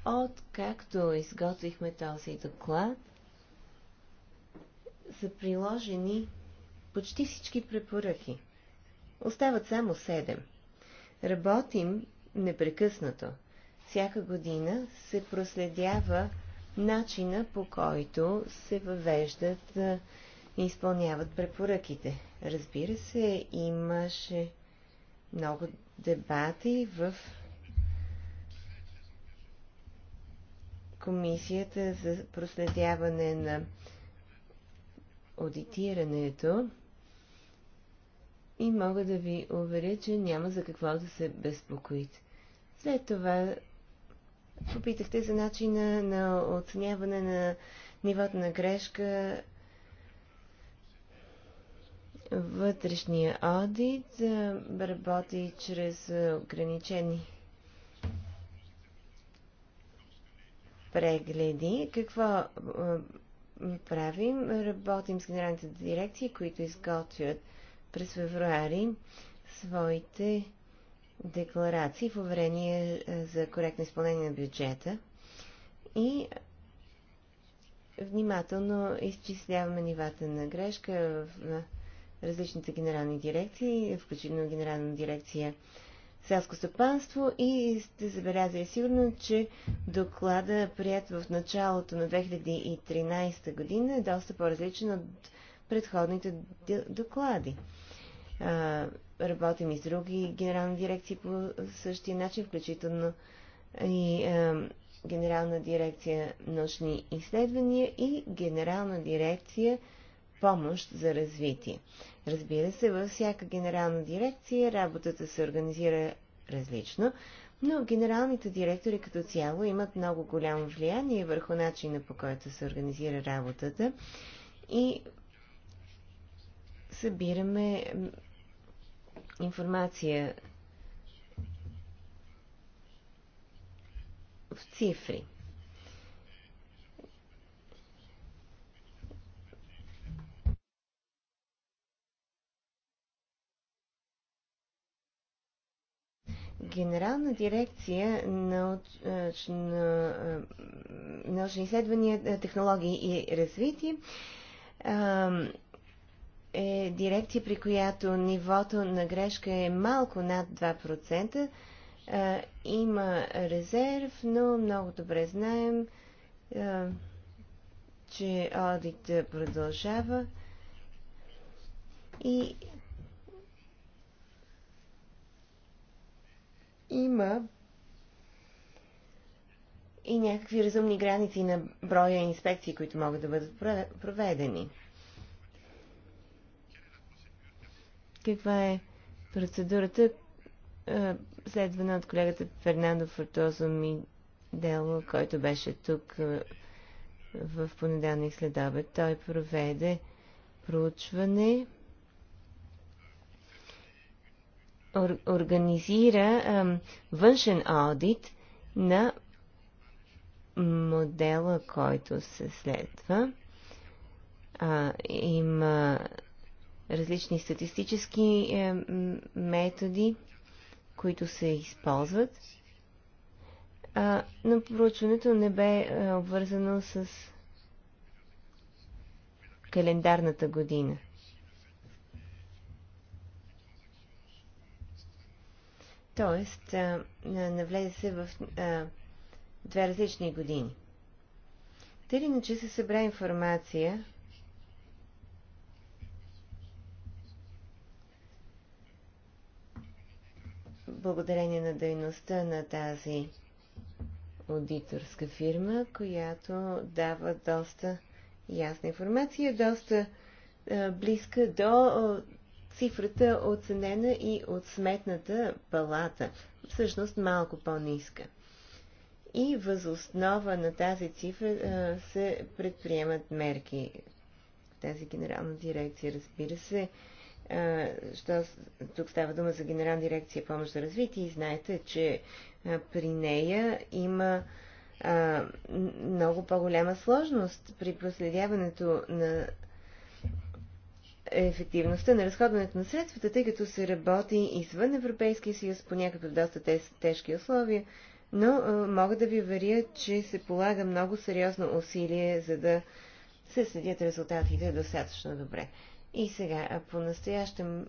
B: От както изготвихме този доклад, са приложени почти всички препоръки. Остават само 7. Работим непрекъснато. Всяка година се проследява начина по който се въвеждат и изпълняват препоръките. Разбира се, имаше много дебати в Комисията за проследяване на аудитирането и мога да ви уверя, че няма за какво да се безпокоите. След това попитахте за начина на оценяване на нивото на грешка вътрешния одит работи чрез ограничени прегледи. Какво правим? Работим с генералните дирекции, които изготвят през февруари своите декларации в уверение е, за коректно изпълнение на бюджета и внимателно изчисляваме нивата на грешка в различните генерални дирекции, включително генерална дирекция селско стопанство и сте забелязали сигурно, че доклада, прият в началото на 2013 година, е доста по-различен от предходните доклади. Работим и с други генерални дирекции по същия начин, включително и Генерална дирекция научни изследвания и Генерална дирекция помощ за развитие. Разбира се, във всяка генерална дирекция работата се организира различно, но генералните директори като цяло имат много голямо влияние върху начина по който се организира работата и събираме информация в цифри. Генерална дирекция на научни изследвания, технологии и развитие е дирекция, при която нивото на грешка е малко над 2%. Е, има резерв, но много добре знаем, е, че одит продължава и има и някакви разумни граници на броя инспекции, които могат да бъдат проведени. каква е процедурата, следвана от колегата Фернандо Фортозо Мидело, който беше тук в понеделник след обед. Той проведе проучване, организира външен аудит на модела, който се следва. А, има различни статистически е, методи, които се използват. Но проучването не бе е, обвързано с календарната година. Тоест, е, навлезе се в две различни години. Тъй иначе се събра информация благодарение на дейността на тази аудиторска фирма, която дава доста ясна информация, доста близка до цифрата оценена и от сметната палата, всъщност малко по-ниска. И възоснова на тази цифра се предприемат мерки. Тази генерална дирекция, разбира се, що, тук става дума за Генерална дирекция помощ за развитие и знаете, че при нея има а, много по-голяма сложност при проследяването на ефективността на разходването на средствата, тъй като се работи извън Европейския съюз по някакви доста тежки условия, но а, мога да ви уверя, че се полага много сериозно усилие, за да се следят резултатите достатъчно добре. И сега, по-настоящем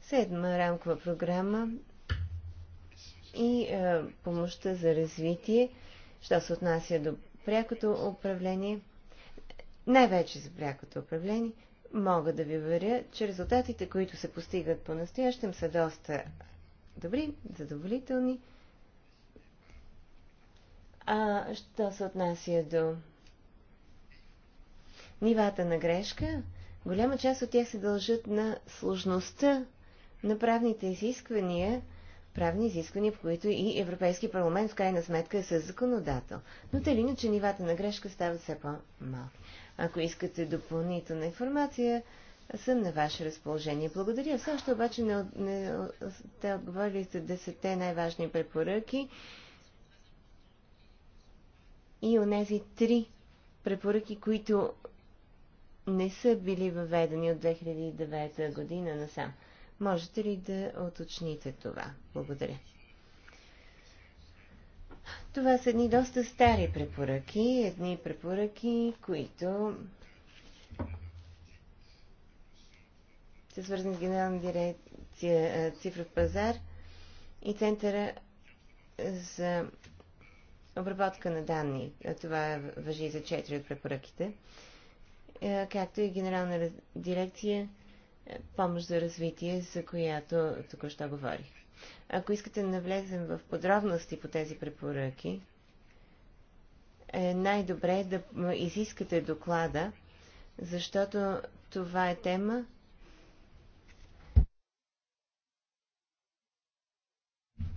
B: седма рамкова програма и а, помощта за развитие, що се отнася до прякото управление, най-вече за прякото управление, мога да ви уверя, че резултатите, които се постигат по-настоящем, са доста добри, задоволителни. А що се отнася до нивата на грешка, голяма част от тях се дължат на сложността на правните изисквания, правни изисквания, по които и Европейски парламент в крайна сметка е със законодател. Но те иначе нивата на грешка стават все по-малки. Ако искате допълнителна информация, съм на ваше разположение. Благодаря. Все още обаче не, не сте отговорили за десетте най-важни препоръки и у нези три препоръки, които не са били въведени от 2009 година насам. Можете ли да оточните това? Благодаря. Това са едни доста стари препоръки, едни препоръки, които са свързани с Генерална дирекция Цифров пазар и Центъра за обработка на данни. Това въжи за четири от препоръките. Е, както и Генерална дирекция е, помощ за развитие, за която току-що говорих. Ако искате да навлезем в подробности по тези препоръки, е най-добре да изискате доклада, защото това е тема,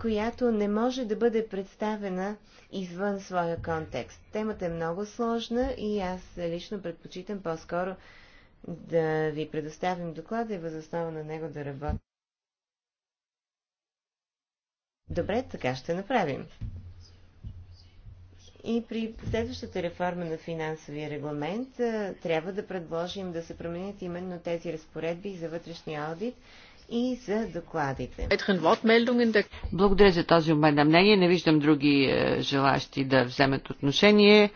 B: която не може да бъде представена извън своя контекст. Темата е много сложна и аз лично предпочитам по-скоро да ви предоставим доклада и възоснова на него да работим. Добре, така ще направим. И при следващата реформа на финансовия регламент трябва да предложим да се променят именно тези разпоредби за вътрешния аудит, и за докладите.
A: Благодаря за този обмен на мнение. Не виждам други е, желащи да вземат отношение.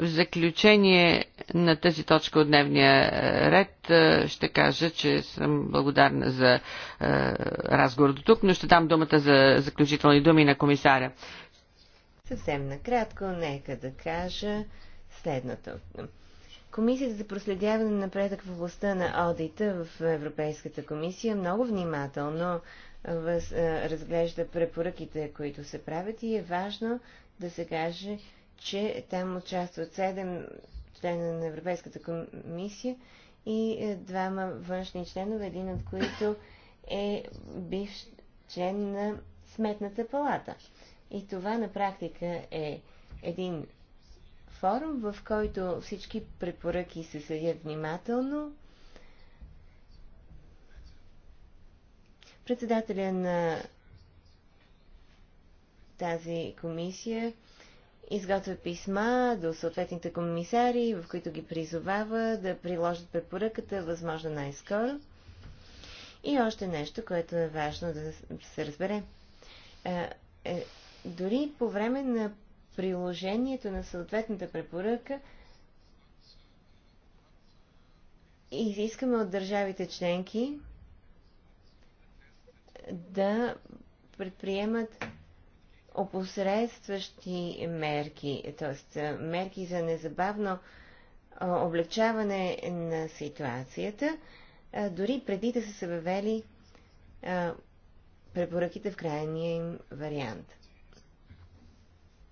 A: В заключение на тази точка от дневния е, ред е, ще кажа, че съм благодарна за разговор до тук, но ще дам думата за заключителни думи на комисаря.
B: Съвсем накратко, нека да кажа следното. Комисията за проследяване на напредък в областта на Аудита в Европейската комисия много внимателно въз, разглежда препоръките, които се правят и е важно да се каже, че там участват 7 члена на Европейската комисия и е, двама външни членове, един от които е бивш член на Сметната палата. И това на практика е един форум, в който всички препоръки се съдят внимателно. Председателя на тази комисия изготвя писма до съответните комисари, в които ги призовава да приложат препоръката възможно най-скоро. И още нещо, което е важно да се разбере. Е, е, дори по време на приложението на съответната препоръка и изискаме от държавите членки да предприемат опосредстващи мерки, т.е. мерки за незабавно облегчаване на ситуацията, дори преди да са се въвели препоръките в крайния им вариант.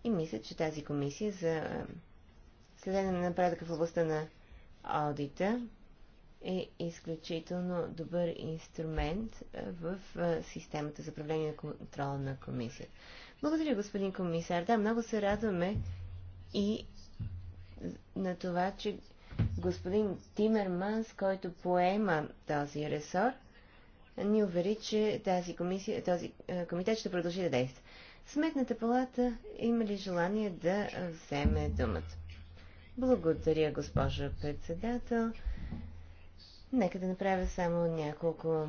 B: И мисля, че тази комисия за е, следене на напредъка в областта на аудита е изключително добър инструмент е, в е, системата за управление на контрол на комисията. Благодаря, господин комисар. Да, много се радваме и на това, че господин Тимерманс, който поема този ресор, ни увери, че тази комисия, този комитет ще продължи да действа. Сметната палата има ли желание да вземе думата? Благодаря, госпожо председател. Нека да направя само няколко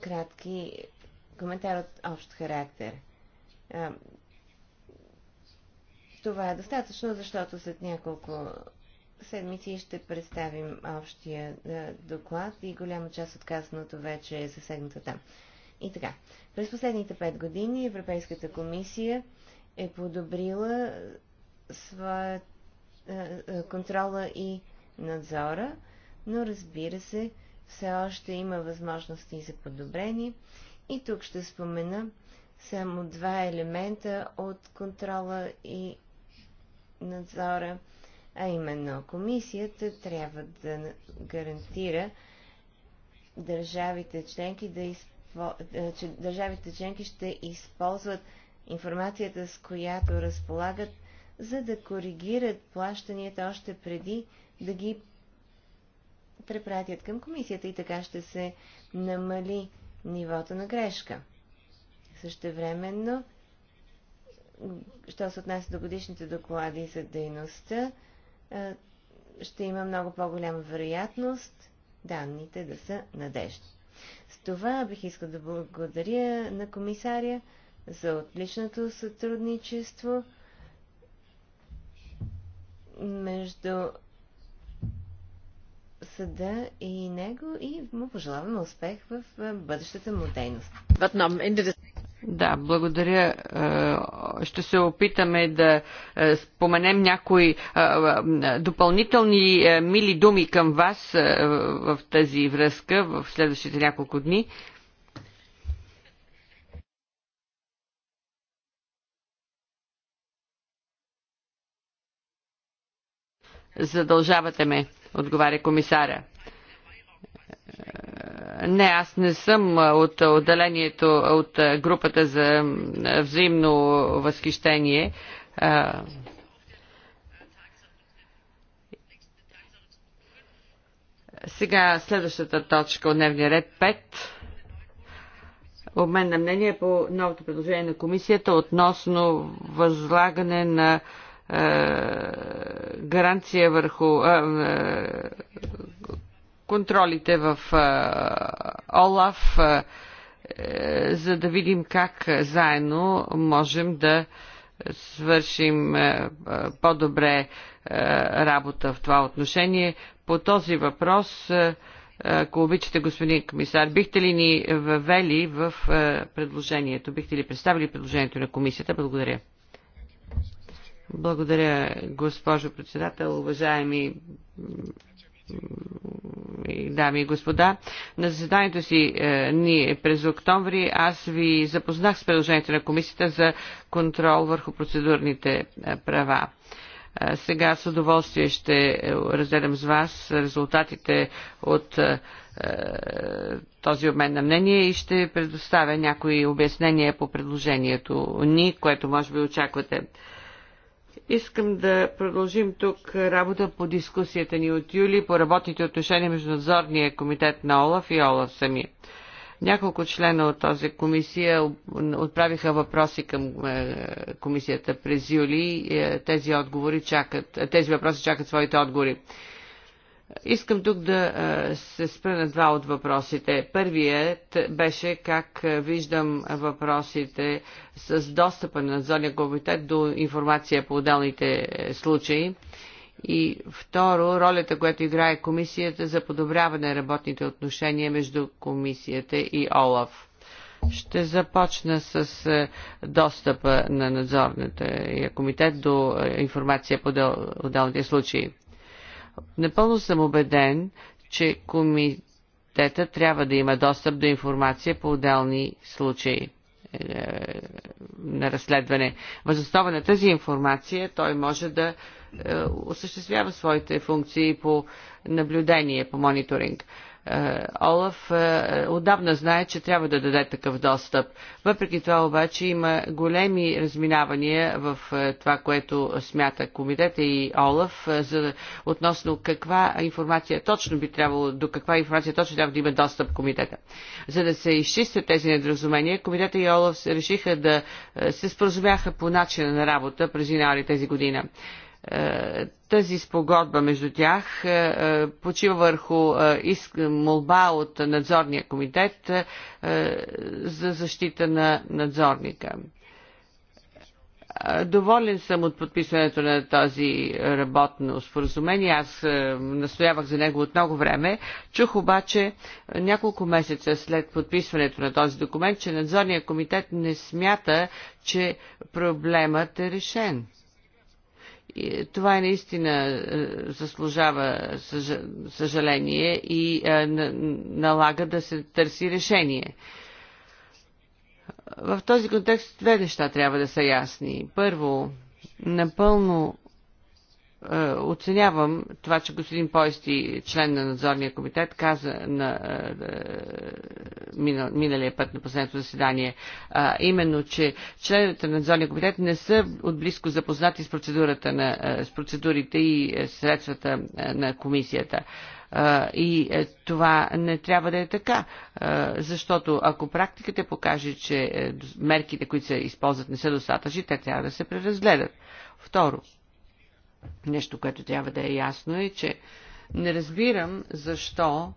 B: кратки коментар от общ характер. Това е достатъчно, защото след няколко седмици ще представим общия доклад и голяма част от казаното вече е засегната там. И така, през последните пет години Европейската комисия е подобрила е, своя е, е, контрола и надзора, но разбира се, все още има възможности за подобрение. И тук ще спомена само два елемента от контрола и надзора, а именно комисията трябва да гарантира държавите членки да изпълняват е, че държавите членки ще използват информацията, с която разполагат, за да коригират плащанията още преди да ги препратят към комисията и така ще се намали нивото на грешка. Същевременно, що се отнася до годишните доклади за дейността, е, ще има много по-голяма вероятност данните да са надежни. С това бих искал да благодаря на комисаря за отличното сътрудничество между съда и него и му пожелавам успех в бъдещата му дейност.
A: Да, благодаря. Е, ще се опитаме да е, споменем някои е, допълнителни мили думи към вас в тази връзка в следващите няколко дни. Задължавате ме, отговаря комисара. Не, аз не съм от отделението, от групата за взаимно възхищение. Сега следващата точка от дневния ред 5. Обмен на мнение по новото предложение на комисията относно възлагане на гаранция върху контролите в ОЛАФ, е, за да видим как заедно можем да свършим по-добре работа в това отношение. По този въпрос, ако обичате, господин комисар, бихте ли ни въвели в предложението? Бихте ли представили предложението на комисията? Благодаря. Благодаря, госпожо председател, уважаеми дами и господа. На заседанието си е, ние през октомври аз ви запознах с предложението на комисията за контрол върху процедурните е, права. Е, сега с удоволствие ще е, разделям с вас резултатите от е, е, този обмен на мнение и ще предоставя някои обяснения по предложението ни, което може би очаквате. Искам да продължим тук работа по дискусията ни от юли по работните отношения между надзорния комитет на ОЛАФ и ОЛАФ самия. Няколко члена от тази комисия отправиха въпроси към е, комисията през юли. Е, тези, отговори чакат, е, тези въпроси чакат своите отговори. Искам тук да се спра на два от въпросите. Първият беше как виждам въпросите с достъпа на надзорния комитет до информация по отделните е, случаи. И второ, ролята, която играе комисията за подобряване на работните отношения между комисията и ОЛАФ. Ще започна с е, достъпа на надзорната е, комитет до информация по отделните случаи Напълно съм убеден, че комитета трябва да има достъп до информация по отделни случаи е, на разследване. Възоснова на тази информация той може да е, осъществява своите функции по наблюдение, по мониторинг. Е, Олаф е, отдавна знае, че трябва да даде такъв достъп. Въпреки това обаче има големи разминавания в е, това, което смята комитета и Олаф за, относно каква информация точно би трябвало, до каква информация точно трябва да има достъп комитета. За да се изчистят тези недоразумения, комитета и Олаф решиха да се споразумяха по начина на работа през януари тези година. Е, тази спогодба между тях е, е, почива върху молба от надзорния комитет за защита на надзорника. Доволен съм от подписването на този работно споразумение. Аз настоявах за него от много време. Чух обаче няколко месеца след подписването на този документ, че надзорният комитет не смята, че проблемът е решен това е наистина е, заслужава съжаление и е, налага да се търси решение. В този контекст две неща трябва да са ясни. Първо, напълно е, оценявам това, че господин Пойсти, член на надзорния комитет, каза на е, е, миналия път на последното заседание, именно, че членовете на надзорния комитет не са отблизко запознати с, процедурата на, с процедурите и средствата на комисията. И това не трябва да е така, защото ако практиката покаже, че мерките, които се използват, не са достатъчни, те трябва да се преразгледат. Второ, Нещо, което трябва да е ясно е, че не разбирам защо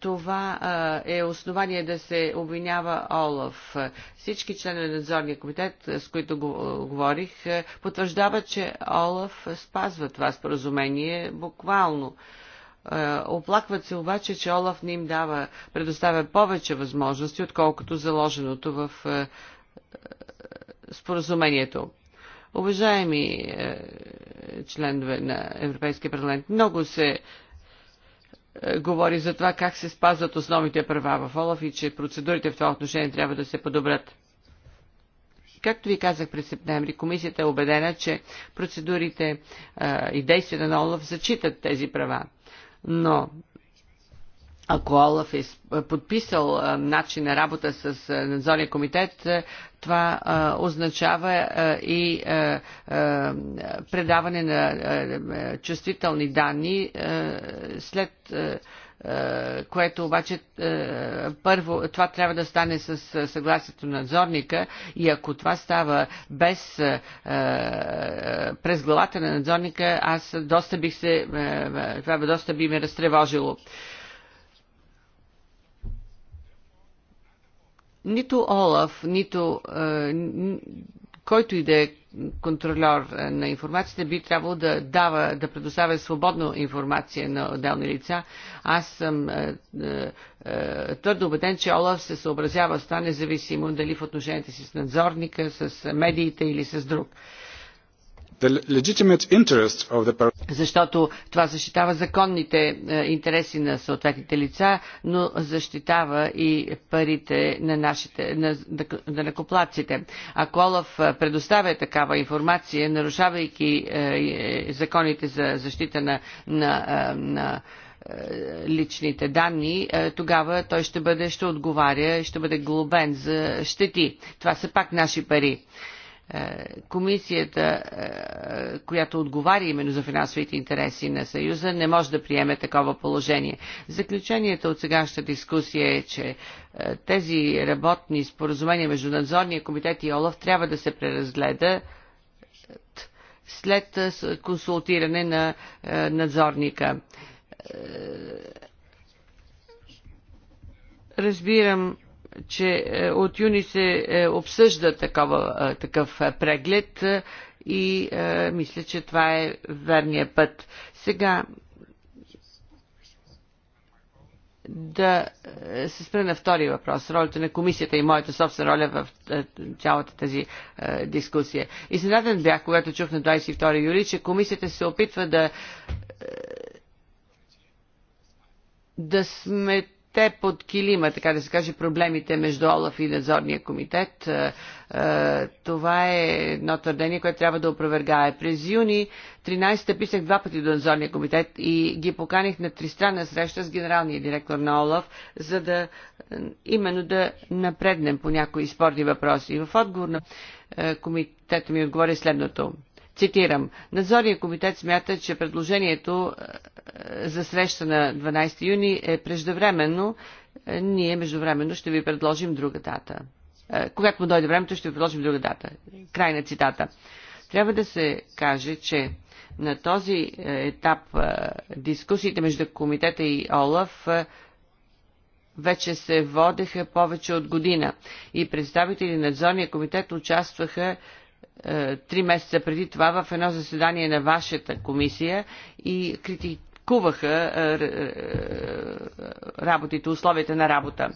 A: това а, е основание да се обвинява Олаф. Всички члена на надзорния комитет, с които го, говорих, потвърждават, че Олаф спазва това споразумение буквално. оплакват се обаче, че Олаф не им дава, предоставя повече възможности, отколкото заложеното в споразумението. Уважаеми е, членове на Европейския парламент, много се е, говори за това как се спазват основните права в Олаф и че процедурите в това отношение трябва да се подобрят. Както ви казах през септември, комисията е убедена, че процедурите е, и действията на Олаф зачитат тези права. Но ако Олаф е, е подписал начин на работа с надзорния комитет, това а, означава а, и а, предаване на а, чувствителни данни а, след а, което обаче първо това трябва да стане с съгласието на надзорника и ако това става без през главата на надзорника, аз доста бих се, това доста би ме разтревожило. нито Олаф, нито е, който и да е контролер е, на информацията би трябвало да дава, да предоставя свободно информация на отделни лица. Аз съм е, е, е, твърдо убеден, че Олаф се съобразява с това, независимо дали в отношенията си с надзорника, с медиите или с друг. Е, защото това защитава законните е, интереси на съответните лица, но защитава и парите на нашите, на, на накоплаците. Ако Олаф е, предоставя такава информация, нарушавайки е, законите за защита на, на, на личните данни, тогава той ще бъде, ще отговаря и ще бъде глобен за щети. Това са пак наши пари комисията, е, която отговаря именно за финансовите интереси на Съюза, не може да приеме такова положение. Заключението от сегашната дискусия е, че е, тези работни споразумения между надзорния комитет и ОЛАФ трябва да се преразгледа след е, консултиране на надзорника. Разбирам че е, от юни се е, обсъжда такова, е, такъв преглед и мисля, че това е верния път. Сега да се спра на втори въпрос. Ролята на комисията и моята собствена роля в цялата тази дискусия. дискусия. Изненадан бях, когато чух на 22 юли, че комисията се опитва да да сме те под килима, така да се каже, проблемите между Олаф и надзорния комитет. Е, е, това е едно твърдение, което трябва да опровергае. През юни 13-та писах два пъти до надзорния комитет и ги поканих на тристранна среща с генералния директор на Олаф, за да е, именно да напреднем по някои спорни въпроси. В отговор на комитета ми отговори следното – Цитирам. Надзорният комитет смята, че предложението е, за среща на 12 юни е преждевременно. Е, ние междувременно ще ви предложим друга дата. Е, когато му дойде времето, ще ви предложим друга дата. Край на цитата. Трябва да се каже, че на този етап дискусиите между комитета и ОЛАФ вече се водеха повече от година и представители на надзорния комитет участваха е, три месеца преди това в едно заседание на вашата комисия и критикуваха е, е, работите, условията на работа.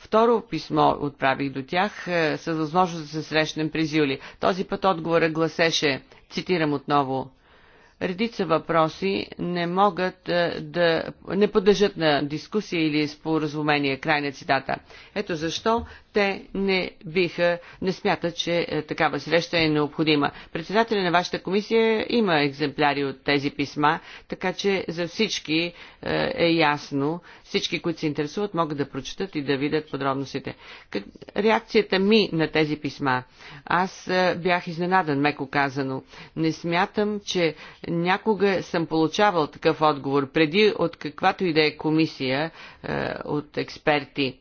A: Второ писмо отправих до тях с възможност да се срещнем през юли. Този път отговора гласеше, цитирам отново, редица въпроси не могат да не подлежат на дискусия или споразумение, край на цитата. Ето защо те не биха, не смятат, че е, такава среща е необходима. Председателя на вашата комисия има екземпляри от тези писма, така че за всички е, е ясно, всички, които се интересуват, могат да прочитат и да видят подробностите. Реакцията ми на тези писма. Аз е, бях изненадан, меко казано. Не смятам, че някога съм получавал такъв отговор преди от каквато и да е комисия от експерти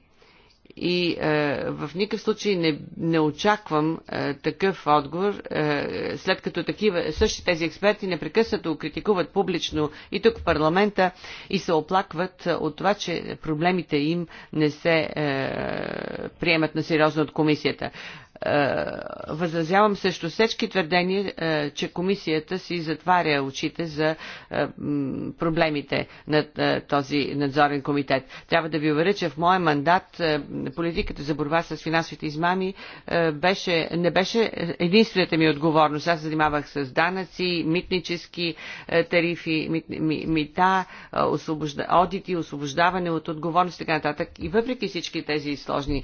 A: и е, в никакъв случай не, не очаквам е, такъв отговор, е, след като такива, същи тези експерти непрекъснато критикуват публично и тук в парламента и се оплакват е, от това, че проблемите им не се е, приемат на сериозно от комисията. Е, възразявам срещу всички твърдения, е, че комисията си затваря очите за е, проблемите на този надзорен комитет. Трябва да ви уверя, че в моя мандат политиката за борба с финансовите измами беше, не беше единствената ми отговорност. Аз занимавах с данъци, митнически тарифи, мит, мита, освобожда, одити, освобождаване от отговорност и така нататък. И въпреки всички тези сложни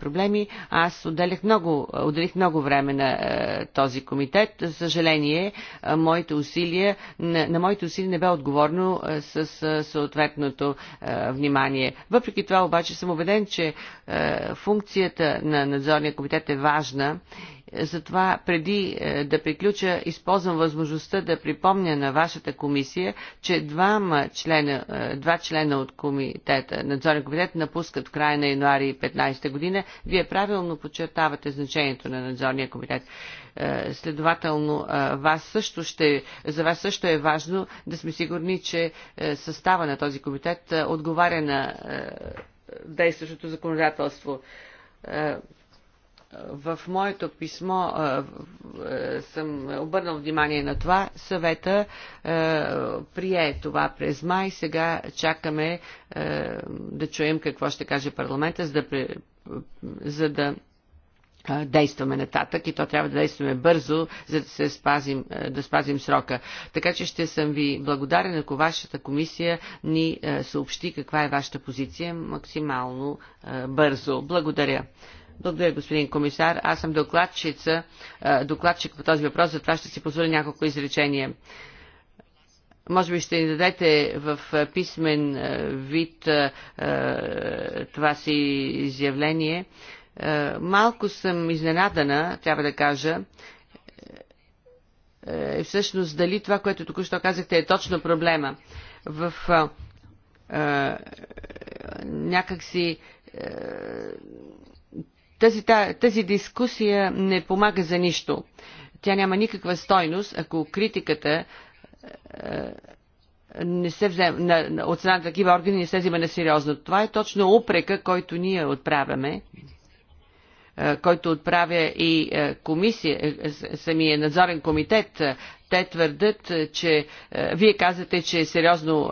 A: проблеми, аз отделям отделях много, отделих много време на е, този комитет. За съжаление, е, моите усилия, на, на моите усилия не бе отговорно е, с е, съответното е, внимание. Въпреки това обаче съм убеден, че е, функцията на надзорния комитет е важна затова преди е, да приключа, използвам възможността да припомня на вашата комисия, че двама члена, е, два члена от комитета, надзорен комитет напускат в края на януари 15 година. Вие правилно подчертавате значението на надзорния комитет. Е, следователно, вас също ще, за вас също е важно да сме сигурни, че състава на този комитет отговаря на действащото законодателство в моето писмо е, съм обърнал внимание на това. Съвета е, прие това през май. Сега чакаме е, да чуем какво ще каже парламента, за да, за да действаме нататък и то трябва да действаме бързо, за да, се спазим, да спазим срока. Така че ще съм ви благодарен, ако вашата комисия ни съобщи каква е вашата позиция максимално бързо. Благодаря. Благодаря, господин комисар. Аз съм докладчица, докладчик по този въпрос, затова ще си позволя няколко изречения. Може би ще ни дадете в писмен вид това си изявление. Малко съм изненадана, трябва да кажа, е, всъщност дали това, което току-що казахте, е точно проблема. В някакси тази, тази дискусия не помага за нищо. Тя няма никаква стойност, ако критиката е, е, не се взема, от страна на такива органи не се взема на сериозно. Това е точно упрека, който ние отправяме е, който отправя и е, комисия, е, самия надзорен комитет, те твърдят, че вие казвате, че сериозно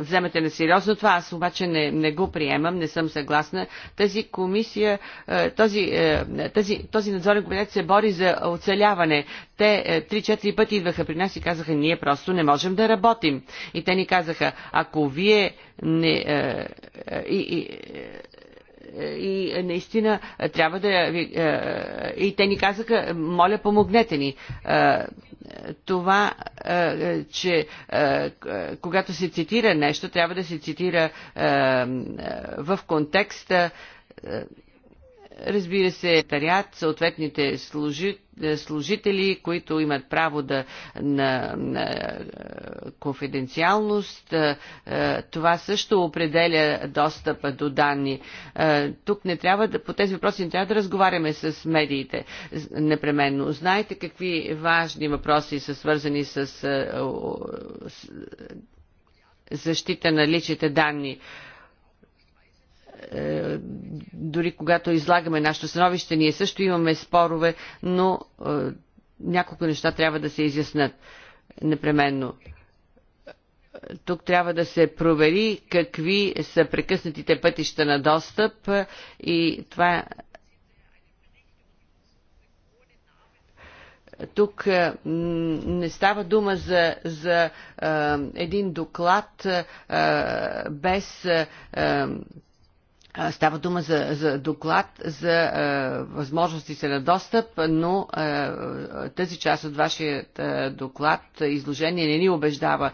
A: вземате на сериозно това, аз обаче не, не го приемам, не съм съгласна. Тази комисия, този, тази, този надзорен комитет се бори за оцеляване. Те 3-4 пъти идваха при нас и казаха, ние просто не можем да работим. И те ни казаха, ако вие не... И, и, и наистина трябва да ви... Е, и те ни казаха, моля, помогнете ни. Е, това, е, че когато се цитира нещо, трябва да се цитира в контекста Разбира се, е тарят съответните служи, е, служители, които имат право да, на, на е, конфиденциалност. Това също определя достъпа до данни. Тук не трябва да, по тези въпроси не трябва да разговаряме с медиите непременно. Знаете какви важни въпроси са свързани с, защита на личните данни. Uh, е, дори когато излагаме нашето становище, ние също имаме спорове, но е, няколко неща трябва да се изяснат непременно. Тук трябва да се провери какви са прекъснатите пътища на достъп и това тук е, не става дума за, за е, един доклад е, без е, Става дума за, за доклад за е, възможности се на достъп, но е, тази част от вашия доклад, изложение не ни убеждава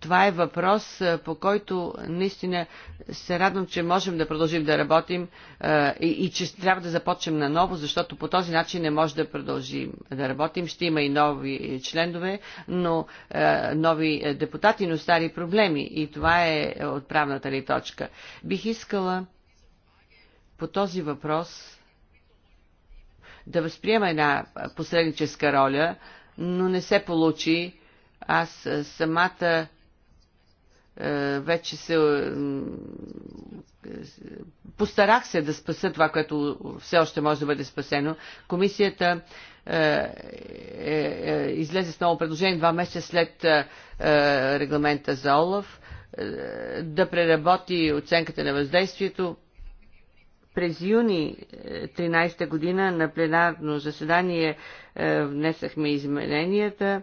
A: това е въпрос, по който наистина се радвам, че можем да продължим да работим и, и че трябва да започнем наново, защото по този начин не може да продължим да работим. Ще има и нови членове, но нови депутати, но стари проблеми. И това е отправната ли точка. Бих искала по този въпрос да възприема една посредническа роля, но не се получи. Аз самата е, вече се е, постарах се да спаса това, което все още може да бъде спасено. Комисията е, е, е, излезе с ново предложение два месеца след е, регламента за ОЛАВ да преработи оценката на въздействието. През юни 13 година на пленарно заседание внесахме измененията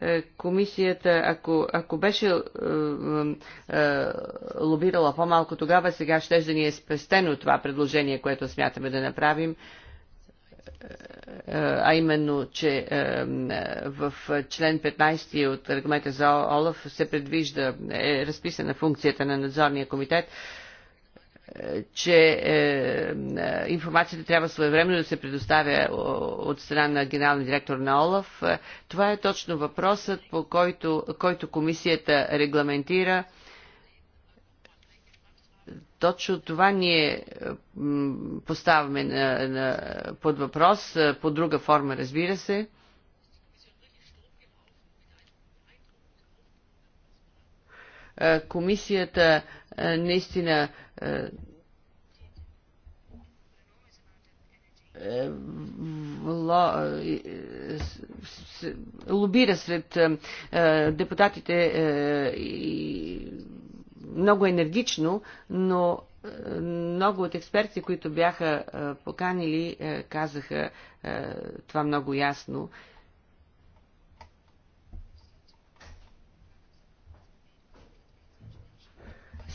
A: е, комисията, ако, ако беше е, е, е лобирала по-малко тогава, сега ще да ни е спестено това предложение, което смятаме да направим е, а именно, че в член 15 от регламента за ОЛАФ се предвижда, е разписана функцията на надзорния комитет че е, е, информацията трябва своевременно да се предоставя от страна на генералния директор на ОЛАФ. Е, това е точно въпросът, по който, който комисията регламентира. Точно това ние е, поставяме на, на, под въпрос, по друга форма, разбира се. комисията наистина лобира сред депутатите и много енергично, но много от експерти, които бяха поканили, казаха това много ясно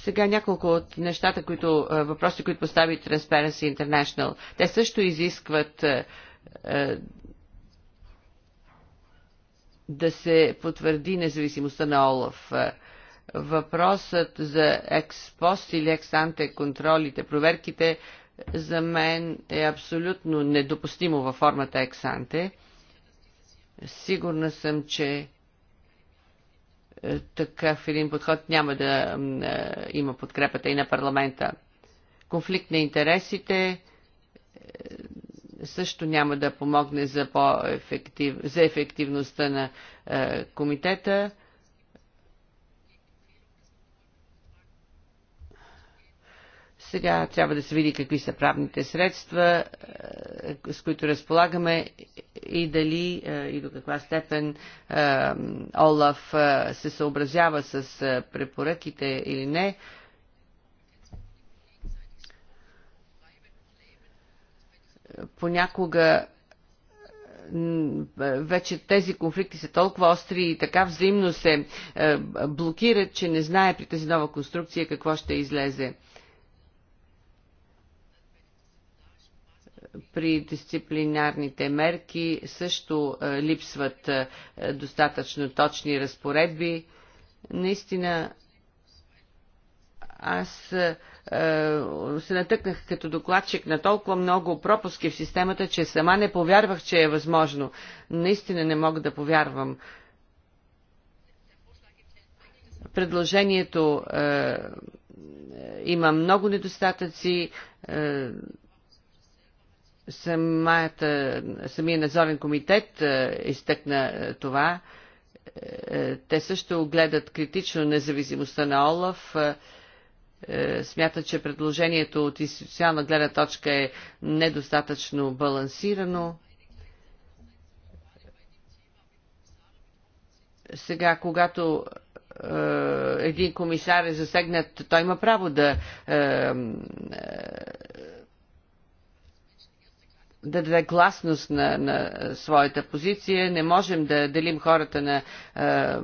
A: Сега няколко от нещата, които, е, въпроси, които постави Transparency International. Те също изискват е, е, да се потвърди независимостта на ОЛАФ. Въпросът за експост или ексанте контролите, проверките, за мен е абсолютно недопустимо във формата ексанте. Сигурна съм, че такъв един подход няма да е, има подкрепата и на парламента. Конфликт на интересите е, също няма да помогне за, по-ефектив, за ефективността на е, комитета. Сега трябва да се види какви са правните средства, е, с които разполагаме и дали е, и до каква степен е, Олаф се съобразява с препоръките или не. Понякога вече тези конфликти са толкова остри и така взаимно се блокират, че не знае при тази нова конструкция какво ще излезе. при дисциплинарните мерки също е, липсват е, достатъчно точни разпоредби. Наистина, аз е, се натъкнах като докладчик на толкова много пропуски в системата, че сама не повярвах, че е възможно. Наистина не мога да повярвам. Предложението е, има много недостатъци. Е, Самата, самия надзорен комитет е, изтъкна е, това. Е, те също гледат критично независимостта на Олаф смятат, че предложението от институционална гледна точка е недостатъчно балансирано. Сега, когато е, един комисар е засегнат, той има право да е, е, да даде гласност на, на своята позиция. Не можем да делим хората на е,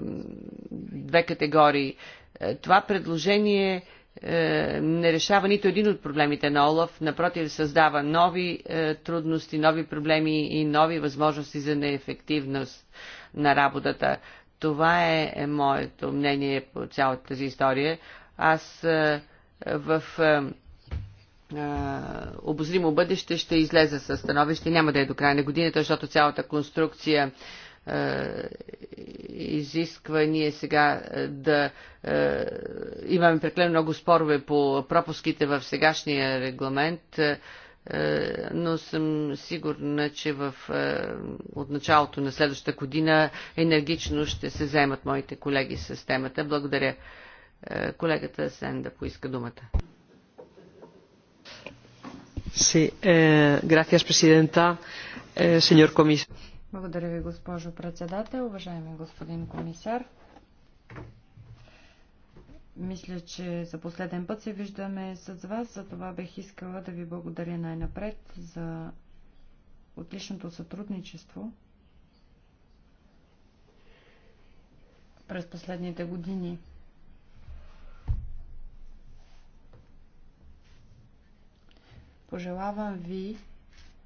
A: две категории. Е, това предложение е, не решава нито един от проблемите на Олаф, напротив създава нови е, трудности, нови проблеми и нови възможности за неефективност на работата. Това е, е моето мнение по цялата тази история. Аз е, в. Е, обозримо бъдеще ще излезе със становище. Няма да е до края на годината, защото цялата конструкция изисква ние сега да имаме преклено много спорове по пропуските в сегашния регламент, но съм сигурна, че в, от началото на следващата година енергично ще се вземат моите колеги с темата. Благодаря. Колегата Сен да поиска думата. Eh, eh,
C: благодаря ви, госпожо председател. Уважаеми господин комисар, мисля, че за последен път се виждаме с вас, за това бих искала да ви благодаря най-напред за отличното сътрудничество през последните години. Пожелавам ви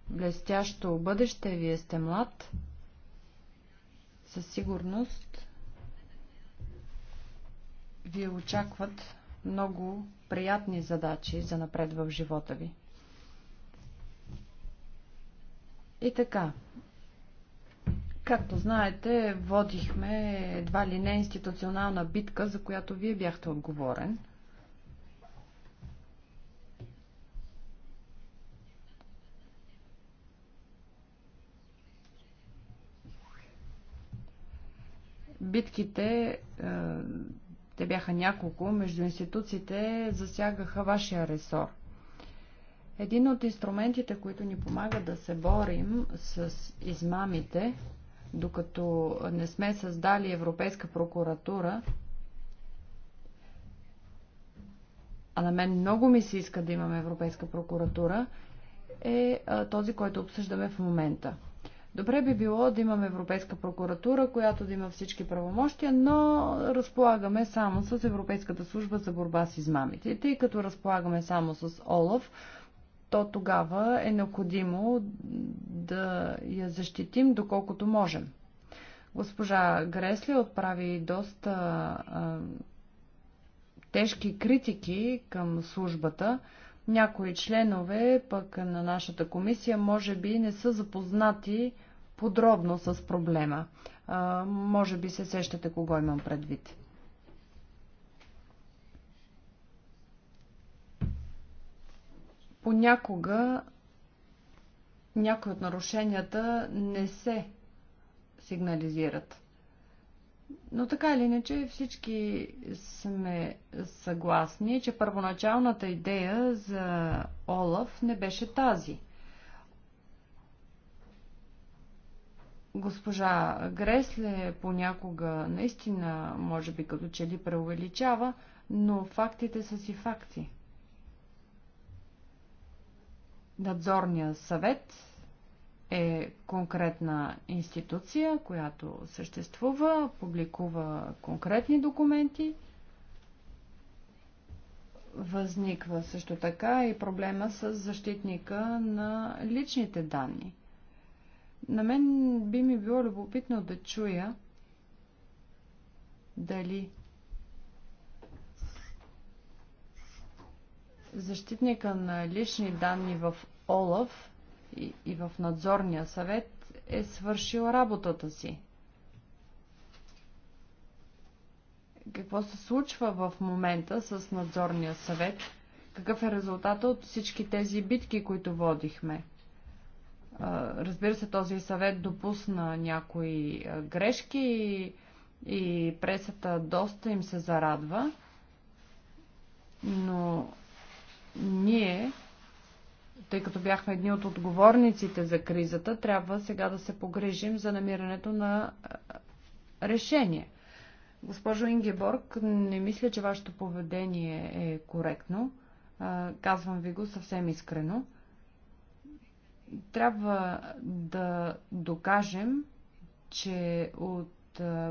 C: блестящо бъдеще. Вие сте млад. Със сигурност ви очакват много приятни задачи за напред в живота ви. И така, Както знаете, водихме едва ли не институционална битка, за която вие бяхте отговорен. битките, е, те бяха няколко, между институциите засягаха вашия ресор. Един от инструментите, които ни помага да се борим с измамите, докато не сме създали Европейска прокуратура, а на мен много ми се иска да имаме Европейска прокуратура, е, е този, който обсъждаме в момента. Добре би било да имаме Европейска прокуратура, която да има всички правомощия, но разполагаме само с Европейската служба за борба с измамите. И тъй като разполагаме само с ОЛАФ, то тогава е необходимо да я защитим доколкото можем. Госпожа Гресли отправи доста а, тежки критики към службата. Някои членове пък на нашата комисия може би не са запознати подробно с проблема. А, може би се сещате кого имам предвид. Понякога някои от нарушенията не се сигнализират. Но така или иначе всички сме съгласни, че първоначалната идея за Олаф не беше тази. Госпожа Гресле понякога наистина, може би като че ли преувеличава, но фактите са си факти. Надзорният съвет е конкретна институция, която съществува, публикува конкретни документи. Възниква също така и проблема с защитника на личните данни – на мен би ми било любопитно да чуя дали защитника на лични данни в ОЛАФ и, и в надзорния съвет е свършил работата си. Какво се случва в момента с надзорния съвет? Какъв е резултатът от всички тези битки, които водихме? Разбира се, този съвет допусна някои грешки и пресата доста им се зарадва, но ние, тъй като бяхме едни от отговорниците за кризата, трябва сега да се погрежим за намирането на решение. Госпожо Ингеборг, не мисля, че вашето поведение е коректно. Казвам ви го съвсем искрено. Трябва да докажем, че от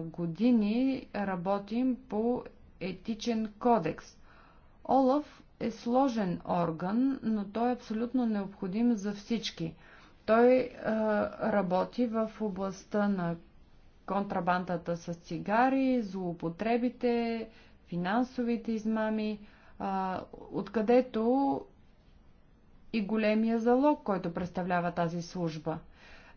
C: години работим по етичен кодекс. Олаф е сложен орган, но той е абсолютно необходим за всички. Той е, работи в областта на контрабандата с цигари, злоупотребите, финансовите измами, е, откъдето и големия залог, който представлява тази служба.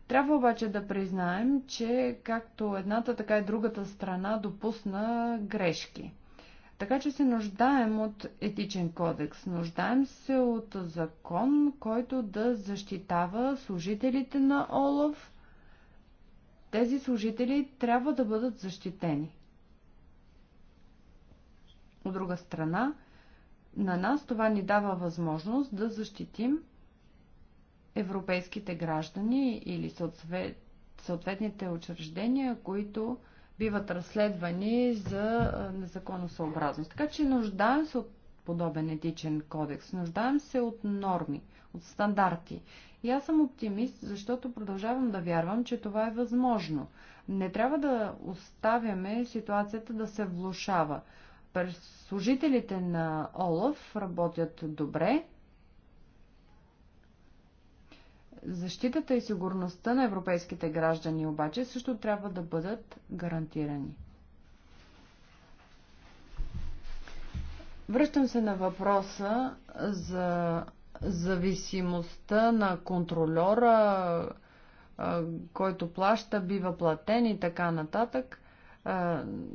C: Трябва обаче да признаем, че както едната, така и другата страна допусна грешки. Така че се нуждаем от етичен кодекс, нуждаем се от закон, който да защитава служителите на Олов. Тези служители трябва да бъдат защитени. От друга страна, на нас това ни дава възможност да защитим европейските граждани или съответните учреждения, които биват разследвани за незаконосъобразност. Така че нуждаем се от подобен етичен кодекс, нуждаем се от норми, от стандарти. И аз съм оптимист, защото продължавам да вярвам, че това е възможно. Не трябва да оставяме ситуацията да се влушава служителите на Олаф работят добре. Защитата и сигурността на европейските граждани обаче също трябва да бъдат гарантирани. Връщам се на въпроса за зависимостта на контролера, който плаща, бива платен и така нататък –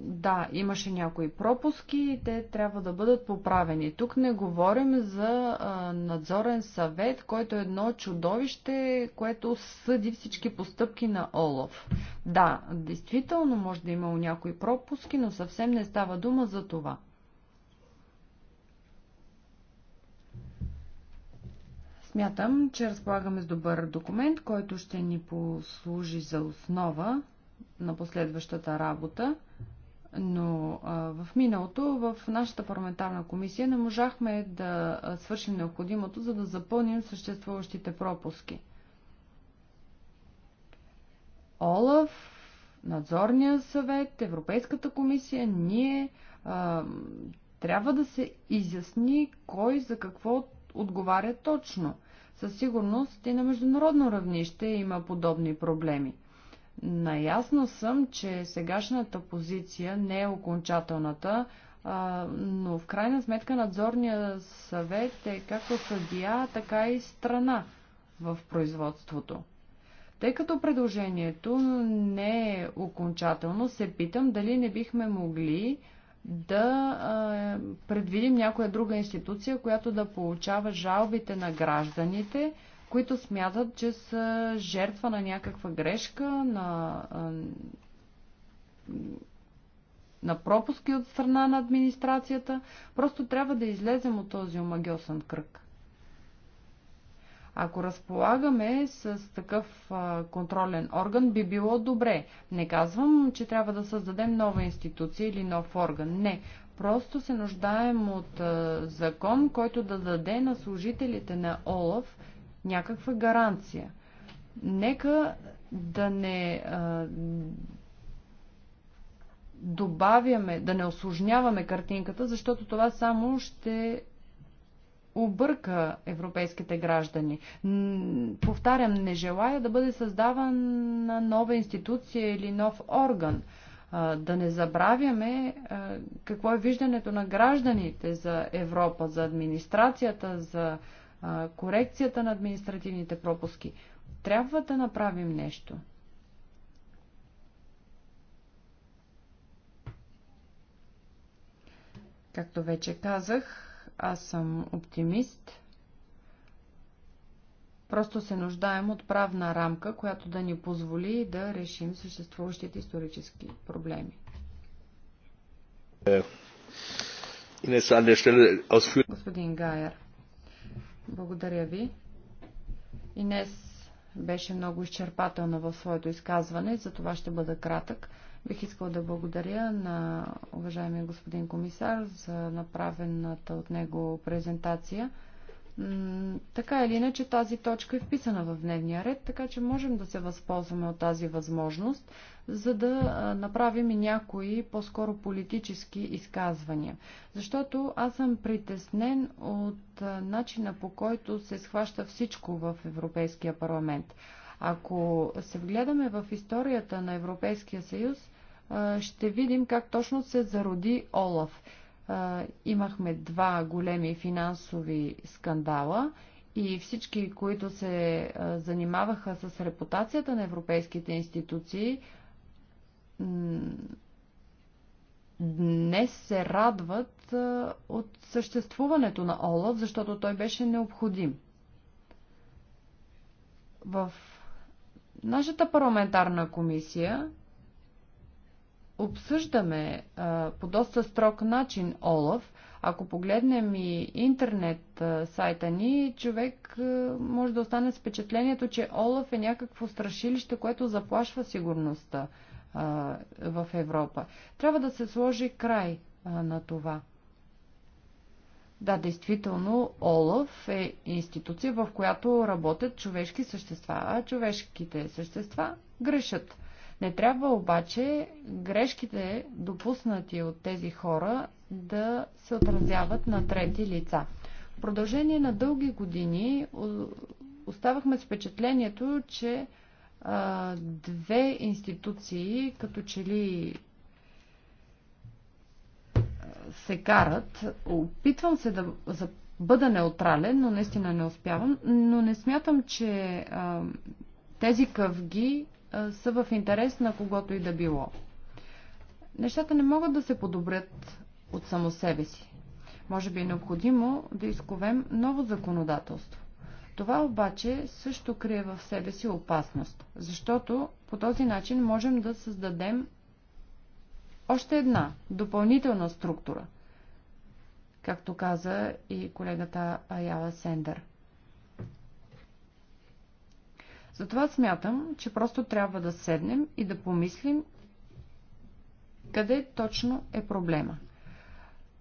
C: да, имаше някои пропуски и те трябва да бъдат поправени. Тук не говорим за надзорен съвет, който е едно чудовище, което съди всички постъпки на Олов. Да, действително може да има е имало някои пропуски, но съвсем не става дума за това. Смятам, че разполагаме с добър документ, който ще ни послужи за основа на последващата работа, но а, в миналото в нашата парламентарна комисия не можахме да свършим необходимото, за да запълним съществуващите пропуски. Олаф, Надзорния съвет, Европейската комисия, ние а, трябва да се изясни кой за какво отговаря точно. Със сигурност и на международно равнище има подобни проблеми. Наясно съм, че сегашната позиция не е окончателната, а, но в крайна сметка надзорният съвет е както съдия, така и страна в производството. Тъй като предложението не е окончателно, се питам дали не бихме могли да а, предвидим някоя друга институция, която да получава жалбите на гражданите, които смятат, че са жертва на някаква грешка, на, на пропуски от страна на администрацията. Просто трябва да излезем от този омагиосен кръг. Ако разполагаме с такъв а, контролен орган, би било добре. Не казвам, че трябва да създадем нова институция или нов орган. Не. Просто се нуждаем от а, закон, който да даде на служителите на ОЛАФ някаква гаранция. Нека да не а, добавяме, да не осложняваме картинката, защото това само ще обърка европейските граждани. Повтарям, не желая да бъде създавана нова институция или нов орган. Да не забравяме какво е виждането на гражданите за Европа, за администрацията, за корекцията на административните пропуски. Трябва да направим нещо. Както вече казах, аз съм оптимист. Просто се нуждаем от правна рамка, която да ни позволи да решим съществуващите исторически проблеми. Е, Господин Гайер. Благодаря ви. Инес беше много изчерпателна в своето изказване, за това ще бъда кратък. Бих искал да благодаря на уважаемия господин комисар за направената от него презентация така или иначе тази точка е вписана в дневния ред, така че можем да се възползваме от тази възможност, за да направим и някои по-скоро политически изказвания. Защото аз съм притеснен от начина по който се схваща всичко в Европейския парламент. Ако се вгледаме в историята на Европейския съюз, ще видим как точно се зароди Олаф имахме два големи финансови скандала и всички, които се занимаваха с репутацията на европейските институции, днес се радват от съществуването на Олаф, защото той беше необходим. В нашата парламентарна комисия обсъждаме а, по доста строг начин Олаф. Ако погледнем и интернет а, сайта ни, човек а, може да остане с впечатлението, че Олаф е някакво страшилище, което заплашва сигурността а, в Европа. Трябва да се сложи край а, на това. Да, действително, Олаф е институция, в която работят човешки същества, а човешките същества грешат. Не трябва обаче грешките, допуснати от тези хора, да се отразяват на трети лица. В продължение на дълги години оставахме с впечатлението, че а, две институции, като че ли се карат. Опитвам се да бъда неутрален, но наистина не успявам. Но не смятам, че а, тези къвги са в интерес на когото и да било. Нещата не могат да се подобрят от само себе си. Може би е необходимо да изковем ново законодателство. Това обаче също крие в себе си опасност, защото по този начин можем да създадем още една допълнителна структура, както каза и колегата Аяла Сендър. Затова смятам, че просто трябва да седнем и да помислим къде точно е проблема.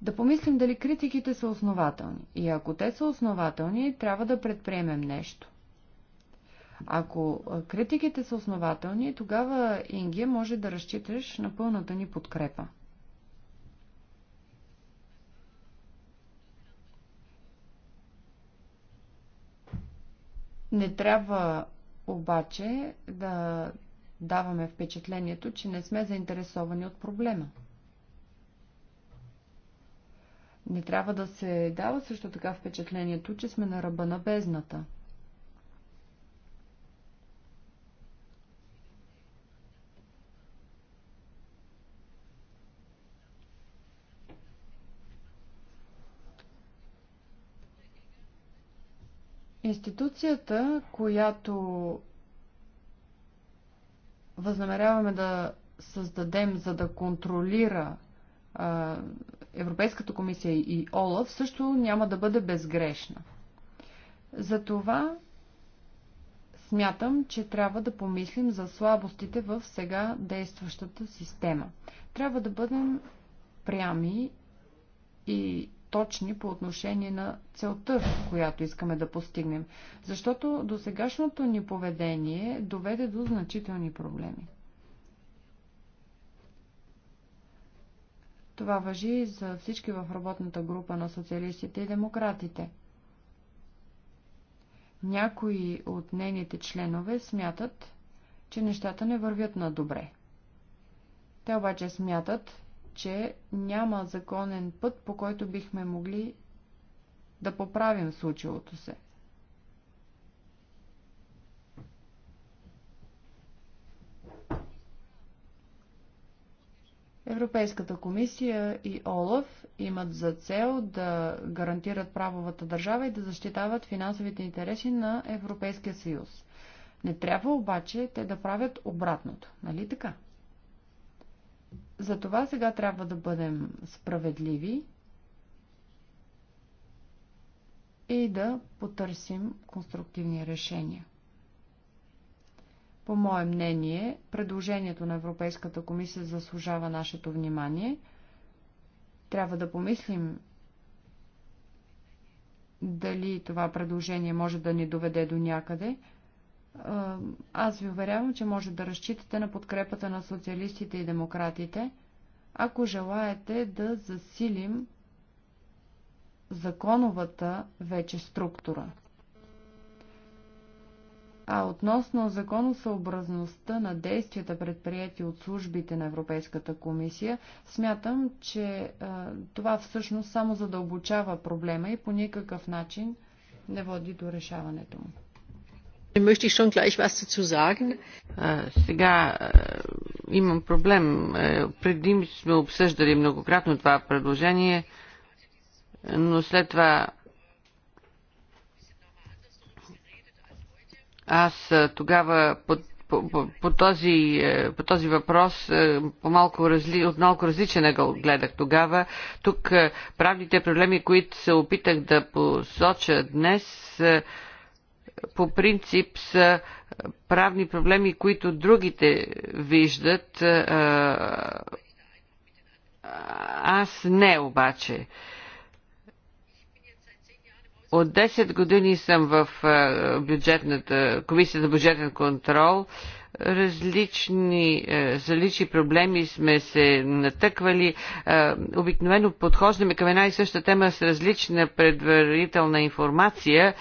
C: Да помислим дали критиките са основателни. И ако те са основателни, трябва да предприемем нещо. Ако критиките са основателни, тогава Ингия може да разчиташ на пълната ни подкрепа. Не трябва обаче да даваме впечатлението, че не сме заинтересовани от проблема. Не трябва да се дава също така впечатлението, че сме на ръба на бездната – Институцията, която възнамеряваме да създадем, за да контролира а, Европейската комисия и ОЛАФ, също няма да бъде безгрешна. Затова смятам, че трябва да помислим за слабостите в сега действащата система. Трябва да бъдем прями и точни по отношение на целта, която искаме да постигнем. Защото досегашното ни поведение доведе до значителни проблеми. Това въжи за всички в работната група на социалистите и демократите. Някои от нейните членове смятат, че нещата не вървят на добре. Те обаче смятат, че няма законен път, по който бихме могли да поправим случилото се. Европейската комисия и ОЛАФ имат за цел да гарантират правовата държава и да защитават финансовите интереси на Европейския съюз. Не трябва обаче те да правят обратното, нали така? Затова сега трябва да бъдем справедливи и да потърсим конструктивни решения. По мое мнение, предложението на Европейската комисия заслужава нашето внимание. Трябва да помислим дали това предложение може да ни доведе до някъде – аз ви уверявам, че може да разчитате на подкрепата на социалистите и демократите, ако желаете да засилим законовата вече структура. А относно законосъобразността на действията, предприяти от службите на Европейската комисия, смятам, че а, това всъщност само задълбочава проблема и по никакъв начин не води до решаването му
A: möchte ich schon gleich was dazu sagen. сега имам проблем. Преди сме обсъждали многократно това предложение, но след това аз тогава по, по, по, по, този, по този въпрос по малко разли, от малко различен го гледах тогава. Тук правните проблеми, които се опитах да посоча днес, по принцип са правни проблеми, които другите виждат. Аз не обаче. От 10 години съм в бюджетната, комисията за бюджетен контрол. Различни, различни проблеми сме се натъквали. Обикновено подхождаме към една и съща тема с различна предварителна информация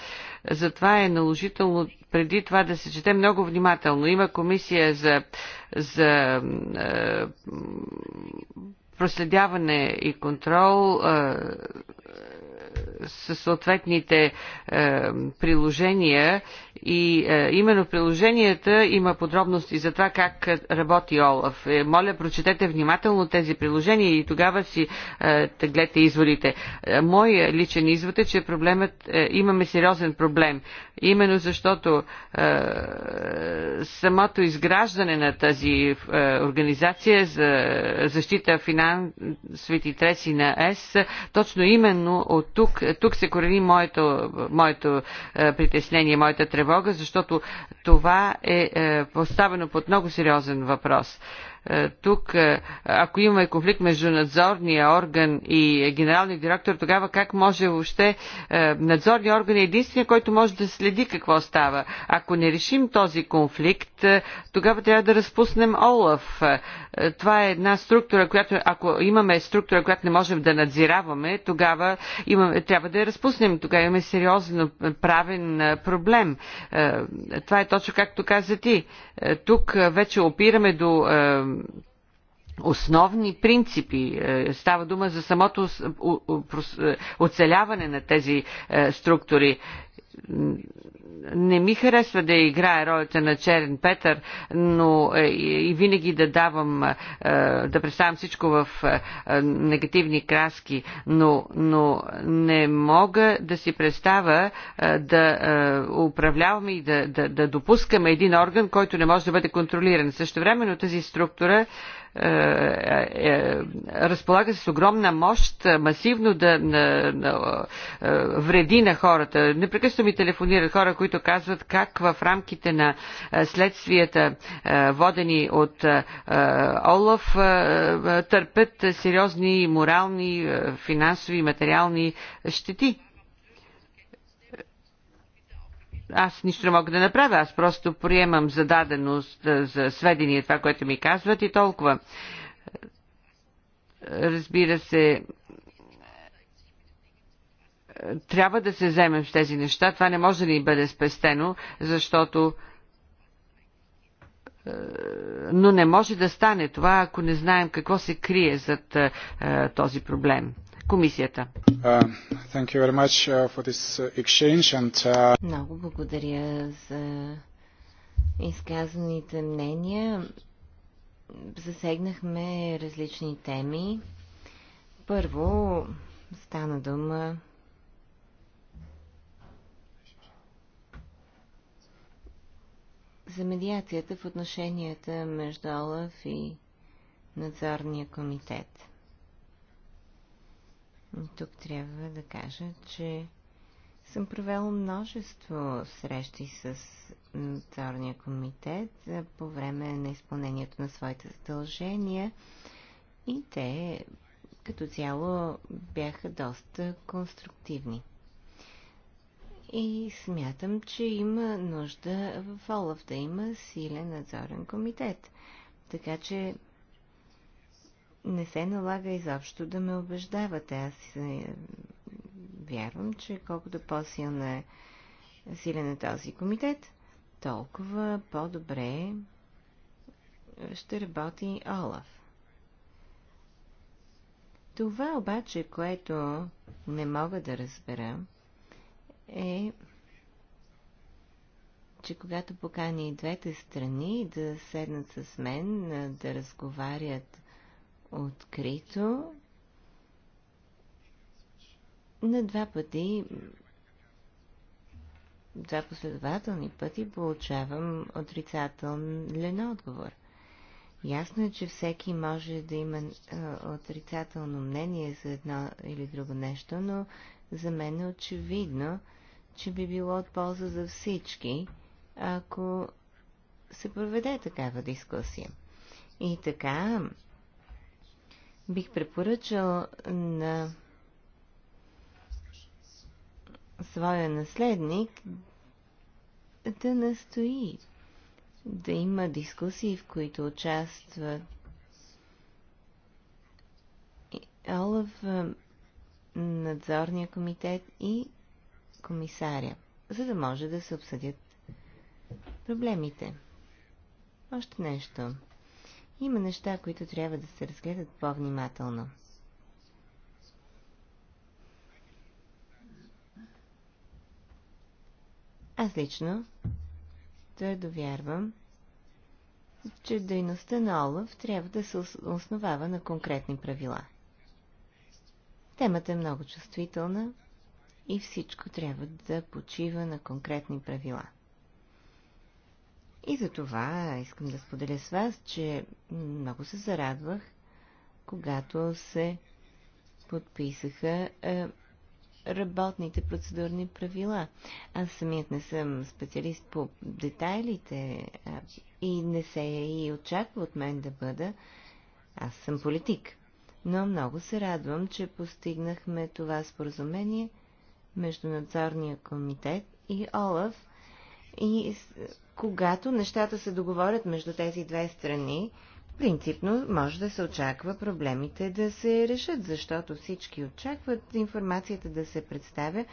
A: затова е наложително преди това да се чете много внимателно. Има комисия за, за е, проследяване и контрол. Е, със съответните е, приложения и е, именно в приложенията има подробности за това как работи Олаф. Е, моля, прочетете внимателно тези приложения и тогава си теглете изводите. Мой личен извод е, че проблемът, е имаме сериозен проблем. Именно защото самото изграждане на тази организация за защита финансовите интереси на ЕС, точно именно от тук тук се корени моето, моето е, притеснение, моята тревога, защото това е, е поставено под много сериозен въпрос. Е, тук, е, ако имаме конфликт между надзорния орган и генералния директор, тогава как може въобще е, надзорния орган е единствения, който може да следи какво става. Ако не решим този конфликт, тогава трябва да разпуснем Олаф. Това е една структура, която, ако имаме структура, която не можем да надзираваме, тогава имаме, трябва да я разпуснем. Тогава имаме сериозен правен проблем. Това е точно както каза ти. Тук вече опираме до основни принципи. Е, става дума за самото е, оцеляване на тези е, структури не ми харесва да играе ролята на Черен Петър, но е, и винаги да давам, е, да представям всичко в е, негативни краски, но, но не мога да си представя да управляваме и да, да, да допускаме един орган, който не може да бъде контролиран. Също времено тази структура е, е, е, разполага с огромна мощ, масивно да на, на, вреди на хората. Непрекъснато ми телефонират хора, които казват как в рамките на следствията, водени от Олаф, търпят сериозни морални, финансови и материални щети аз нищо не мога да направя, аз просто приемам зададеност за сведения това, което ми казват и толкова. Разбира се, трябва да се вземем с тези неща. Това не може да ни бъде спестено, защото но не може да стане това, ако не знаем какво се крие зад този проблем комисията.
B: Uh, uh, uh, Много благодаря за изказаните мнения. Засегнахме различни теми. Първо стана дума за медиацията в отношенията между Олаф и надзорния комитет. Тук трябва да кажа, че съм провела множество срещи с надзорния комитет по време на изпълнението на своите задължения и те като цяло бяха доста конструктивни. И смятам, че има нужда в Олаф да има силен надзорен комитет. Така че не се налага изобщо да ме убеждавате. Аз е, вярвам, че колкото по-силна е силен е този комитет, толкова по-добре ще работи Олаф. Това обаче, което не мога да разбера, е, че когато покани и двете страни да седнат с мен, да разговарят открито на два пъти, два последователни пъти получавам отрицателен отговор. Ясно е, че всеки може да има е, отрицателно мнение за едно или друго нещо, но за мен е очевидно, че би било от полза за всички, ако се проведе такава дискусия. И така, бих препоръчал на своя наследник да настои да има дискусии, в които участват Олаф, е, надзорния комитет и комисаря, за да може да се обсъдят проблемите. Още нещо. Има неща, които трябва да се разгледат по-внимателно. Аз лично твърдо вярвам, че дейността на Олаф трябва да се основава на конкретни правила. Темата е много чувствителна и всичко трябва да почива на конкретни правила. И за това искам да споделя с вас, че много се зарадвах, когато се подписаха е, работните процедурни правила. Аз самият не съм специалист по детайлите е, и не се е и очаква от мен да бъда. Аз съм политик. Но много се радвам, че постигнахме това споразумение между надзорния комитет и Олаф и когато нещата се договорят между тези две страни, принципно може да се очаква проблемите да се решат, защото всички очакват информацията да се представя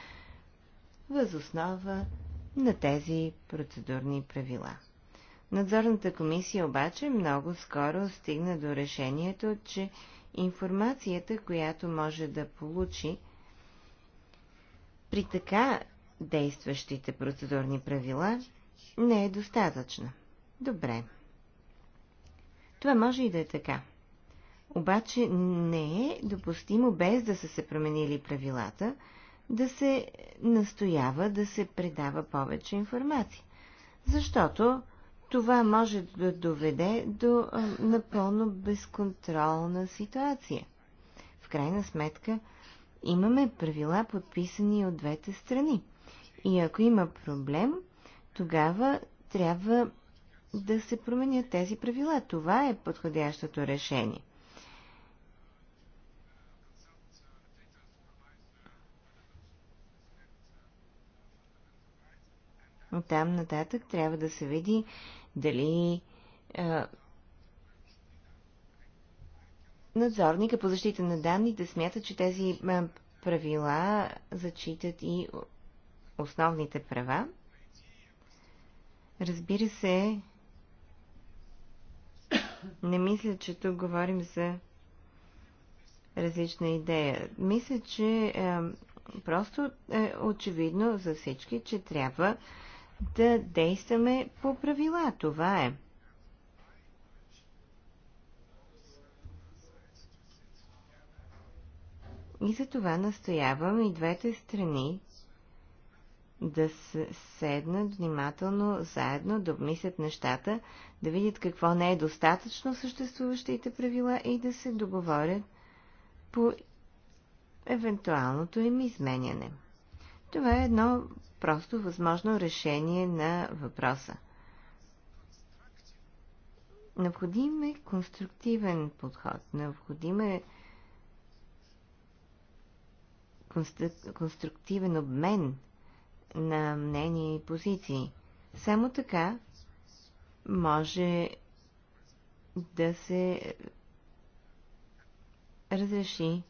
B: възоснова на тези процедурни правила. Надзорната комисия обаче много скоро стигна до решението, че информацията, която може да получи при така действащите процедурни правила, не е достатъчна. Добре. Това може и да е така. Обаче не е допустимо, без да са се променили правилата, да се настоява да се предава повече информация. Защото това може да доведе до а, напълно безконтролна ситуация. В крайна сметка, имаме правила подписани от двете страни. И ако има проблем, тогава трябва да се променят тези правила. Това е подходящото решение. От там нататък трябва да се види дали е, надзорника по защита на данните смята, че тези правила зачитат и основните права Разбира се, не мисля, че тук говорим за различна идея. Мисля, че е, просто е очевидно за всички, че трябва да действаме по правила. Това е. И за това настоявам и двете страни да седнат внимателно заедно, да обмислят нещата, да видят какво не е достатъчно съществуващите правила и да се договорят по евентуалното им изменяне. Това е едно просто възможно решение на въпроса. Необходим е конструктивен подход, необходим е конструктивен обмен – на мнения и позиции. Само така може да се разреши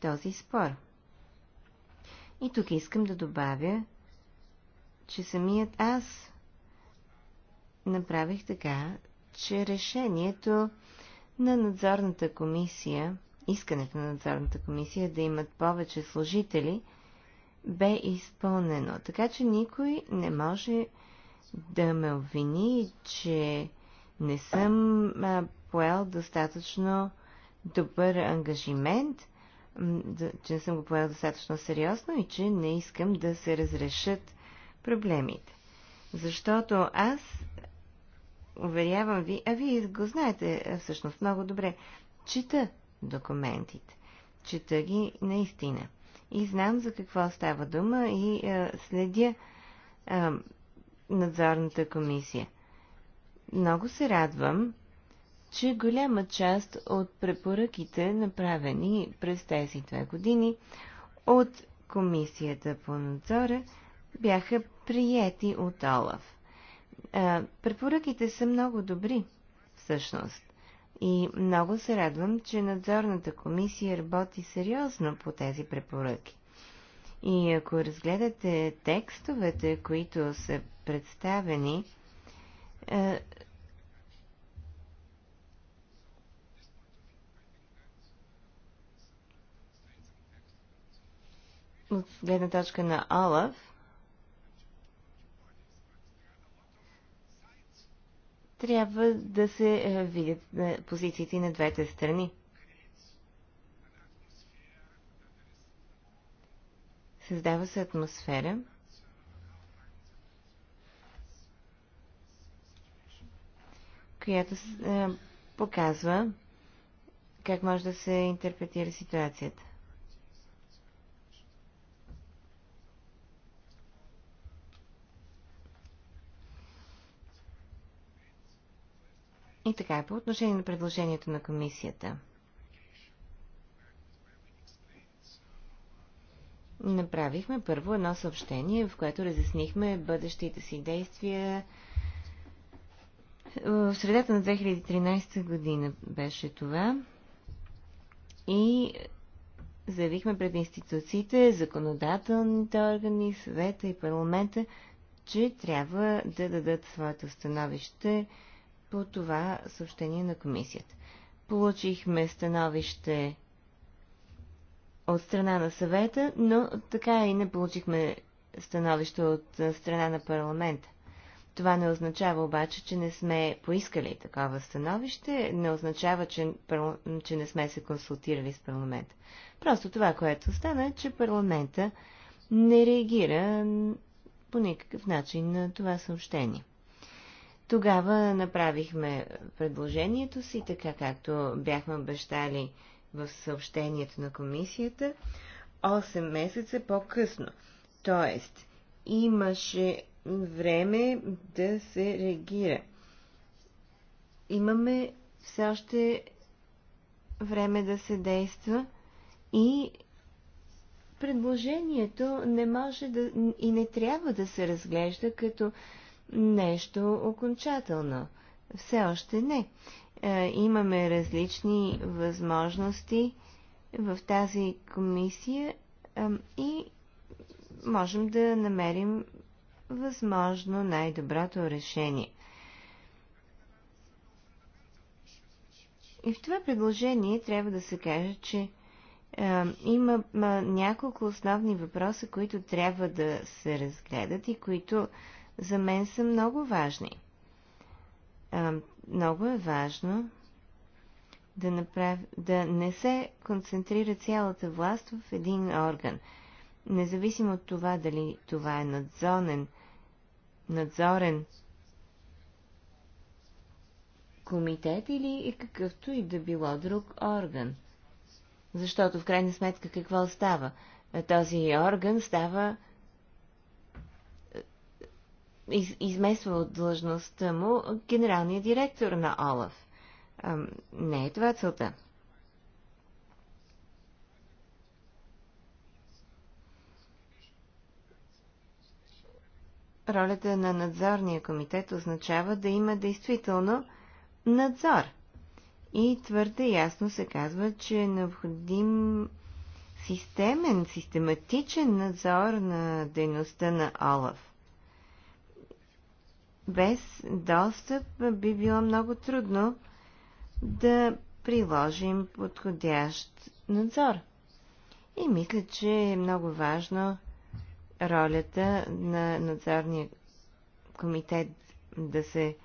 B: този спор. И тук искам да добавя, че самият аз направих така, че решението на надзорната комисия, искането на надзорната комисия е да имат повече служители – бе изпълнено. Така че никой не може да ме обвини, че не съм а, поел достатъчно добър ангажимент, че не съм го поел достатъчно сериозно и че не искам да се разрешат проблемите. Защото аз, уверявам ви, а вие го знаете всъщност много добре, чета документите. Чета ги наистина и знам за какво става дума и а, е, следя а, е, надзорната комисия. Много се радвам, че голяма част от препоръките, направени през тези две години от Комисията по надзора, бяха приети от Олаф. А, е, препоръките са много добри, всъщност. И много се радвам, че надзорната комисия работи сериозно по тези препоръки. И ако разгледате текстовете, които са представени, е, от гледна точка на Олаф, трябва да се е, видят е, позициите на двете страни. Създава се атмосфера, която е, показва как може да се интерпретира ситуацията. И така, е по отношение на предложението на комисията. Направихме първо едно съобщение, в което разяснихме бъдещите си действия. В средата на 2013 година беше това. И заявихме пред институциите, законодателните органи, съвета и парламента, че трябва да дадат своето становище по това съобщение на комисията. Получихме становище от страна на съвета, но така и не получихме становище от страна на парламента. Това не означава обаче, че не сме поискали такова становище, не означава, че, че не сме се консултирали с парламента. Просто това, което стана е, че парламента не реагира по никакъв начин на това съобщение. Тогава направихме предложението си, така както бяхме обещали в съобщението на комисията, 8 месеца по-късно. Тоест, имаше време да се реагира. Имаме все още време да се действа и предложението не може да и не трябва да се разглежда като нещо окончателно. Все още не. Е, имаме различни възможности в тази комисия и можем да намерим възможно най-доброто решение. И в това предложение трябва да се каже, че е, има е, няколко основни въпроса, които трябва да се разгледат и които за мен са много важни. А, много е важно да, направ... да не се концентрира цялата власт в един орган. Независимо от това дали това е надзонен, надзорен комитет или е какъвто и да било друг орган. Защото в крайна сметка какво става? Този орган става из, измества от длъжността му генералния директор на ОЛАФ. не е това целта. Ролята на надзорния комитет означава да има действително надзор. И твърде ясно се казва, че е необходим системен, систематичен надзор на дейността на ОЛАФ без достъп би било много трудно да приложим подходящ надзор. И мисля, че е много важно ролята на надзорния комитет да се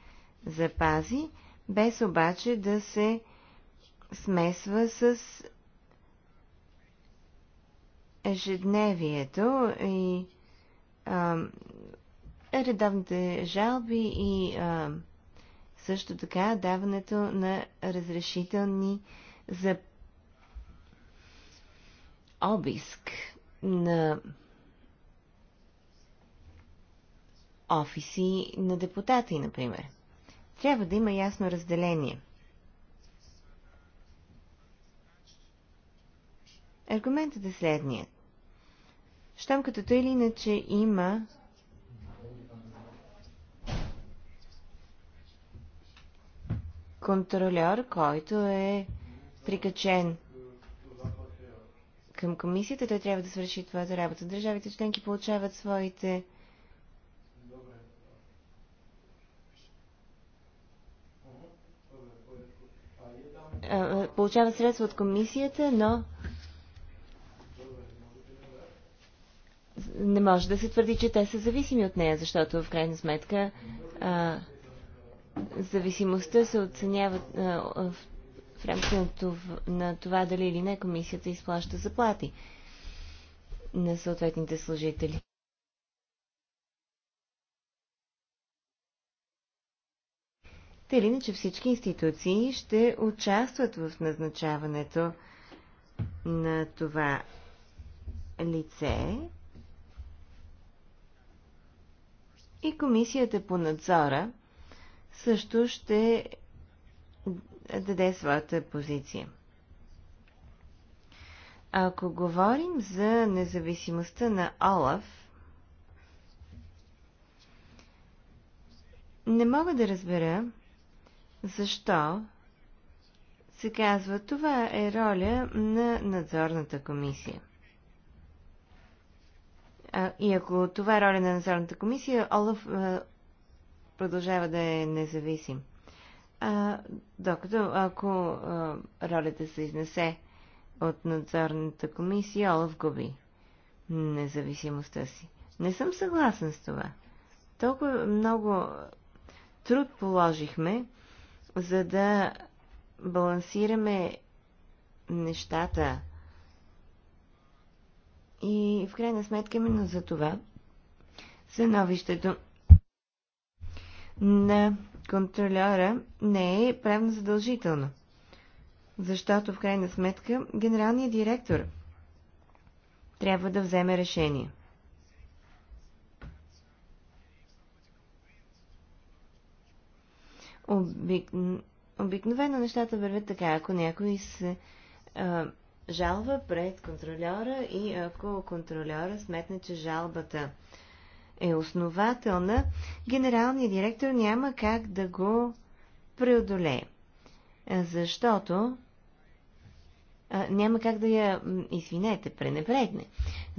B: запази, без обаче да се смесва с ежедневието и редовните жалби и а, също така даването на разрешителни за обиск на офиси на депутати, например. Трябва да има ясно разделение. Аргументът е следният. Щом като той или иначе има контролер, който е прикачен към комисията. Той трябва да свърши това за работа. Държавите членки получават своите получават средства от комисията, но не може да се твърди, че те са зависими от нея, защото в крайна сметка а, зависимостта се оценява в рамките на това, на това дали или не комисията изплаща заплати на съответните служители. Те или иначе всички институции ще участват в назначаването на това лице и комисията по надзора също ще даде своята позиция. Ако говорим за независимостта на Олаф, не мога да разбера защо се казва това е роля на надзорната комисия. А, и ако това е роля на надзорната комисия, Олаф продължава да е независим. А, докато ако а, ролята се изнесе от надзорната комисия, Олаф губи независимостта си. Не съм съгласен с това. Толкова много труд положихме, за да балансираме нещата. И в крайна сметка именно за това становището на контролера не е правно задължително. Защото в крайна сметка генералният директор трябва да вземе решение. Обик... Обикновено нещата вървят така. Ако някой се а, жалва пред контролера и ако контролера сметне, че жалбата е основателна, генералният директор няма как да го преодолее. Защото а, няма как да я, извинете, пренебрегне.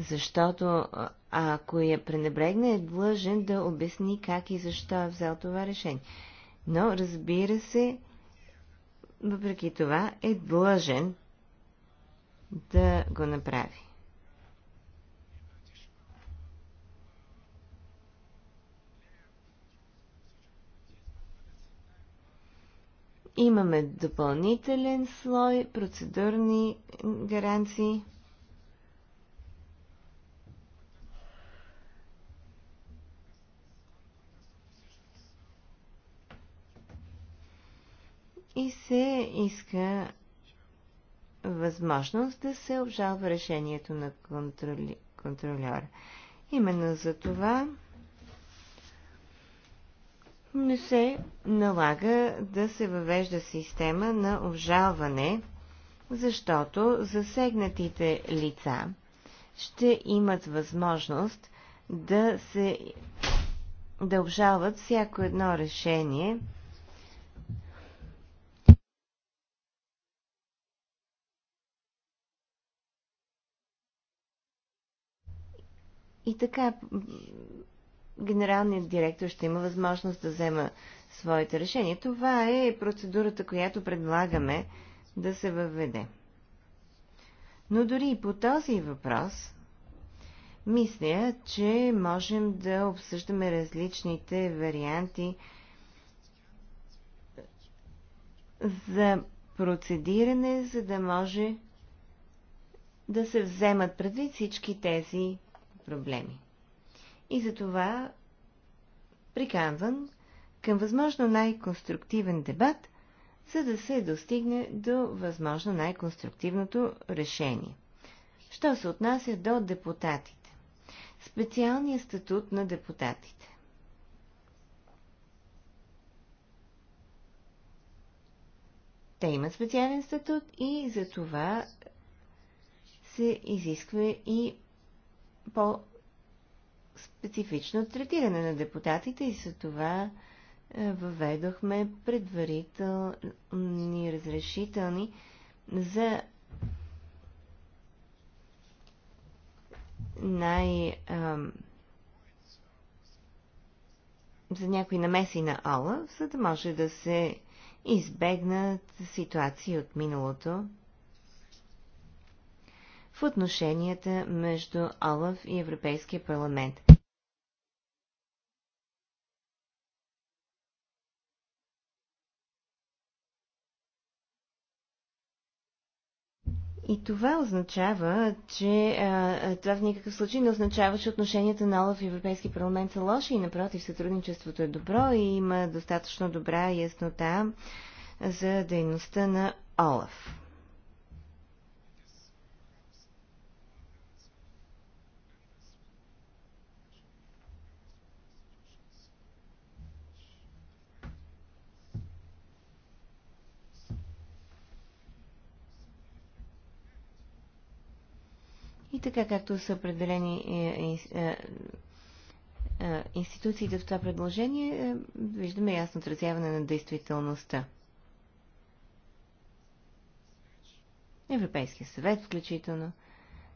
B: Защото ако я пренебрегне, е длъжен да обясни как и защо е взел това решение. Но, разбира се, въпреки това е длъжен да го направи. Имаме допълнителен слой, процедурни гаранции. И се иска възможност да се обжалва решението на контроли... контролера. Именно за това не се налага да се въвежда система на обжалване, защото засегнатите лица ще имат възможност да се да обжалват всяко едно решение, И така генералният директор ще има възможност да взема своите решения. Това е процедурата, която предлагаме да се въведе. Но дори и по този въпрос, мисля, че можем да обсъждаме различните варианти за процедиране, за да може да се вземат предвид всички тези проблеми. И затова приканвам към възможно най-конструктивен дебат, за да се достигне до възможно най-конструктивното решение. Що се отнася до депутатите? Специалния статут на депутатите. Те имат специален статут и за това се изисква и по специфично третиране на депутатите и за това е, въведохме предварителни разрешителни за най... за някои намеси на Ала, за да може да се избегнат ситуации от миналото в отношенията между Олаф и Европейския парламент. И това означава, че а, това в никакъв случай не означава, че отношенията на Олаф и Европейски парламент са лоши и напротив, сътрудничеството е добро и има достатъчно добра яснота за дейността на Олаф. И така както са определени е, е, е, институциите в това предложение, виждаме ясно отразяване на действителността. Европейския съвет включително.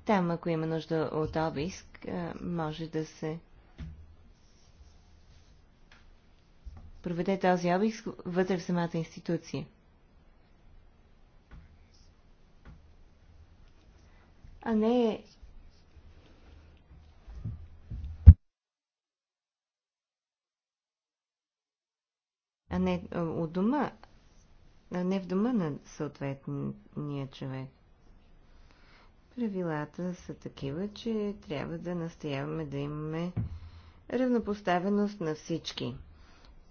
B: Там, ако има нужда от обиск, може да се проведе този обиск вътре в самата институция. а не а не от дома, а не в дома на съответния човек. Правилата са такива, че трябва да настояваме да имаме равнопоставеност на всички.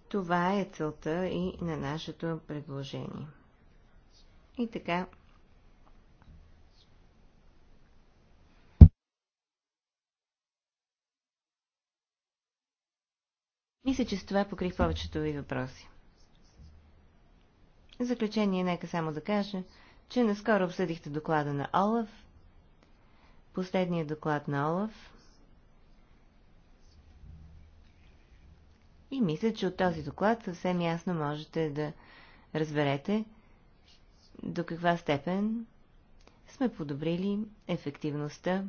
B: Това е целта и на нашето предложение. И така, Мисля, че с това покрих повечето ви въпроси. В заключение, нека само да кажа, че наскоро обсъдихте доклада на Олаф, последния доклад на Олаф, и мисля, че от този доклад съвсем ясно можете да разберете до каква степен сме подобрили ефективността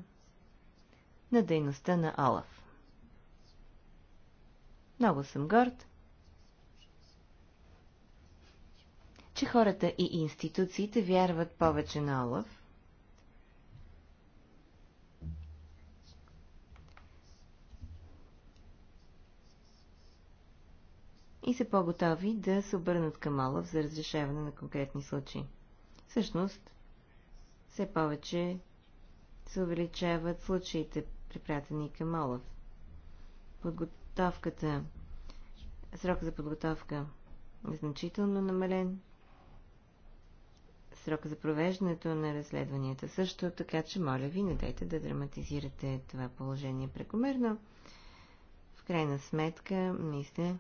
B: на дейността на Олаф. Много съм горд, че хората и институциите вярват повече на Олаф. И са по-готови да се обърнат към Олаф за разрешаване на конкретни случаи. Всъщност, все повече се увеличават случаите, припратени към Олаф. Подготовка подготовката, срок за подготовка е значително намален. Срока за провеждането на разследванията също, така че моля ви, не дайте да драматизирате това положение прекомерно. В крайна сметка, мисля,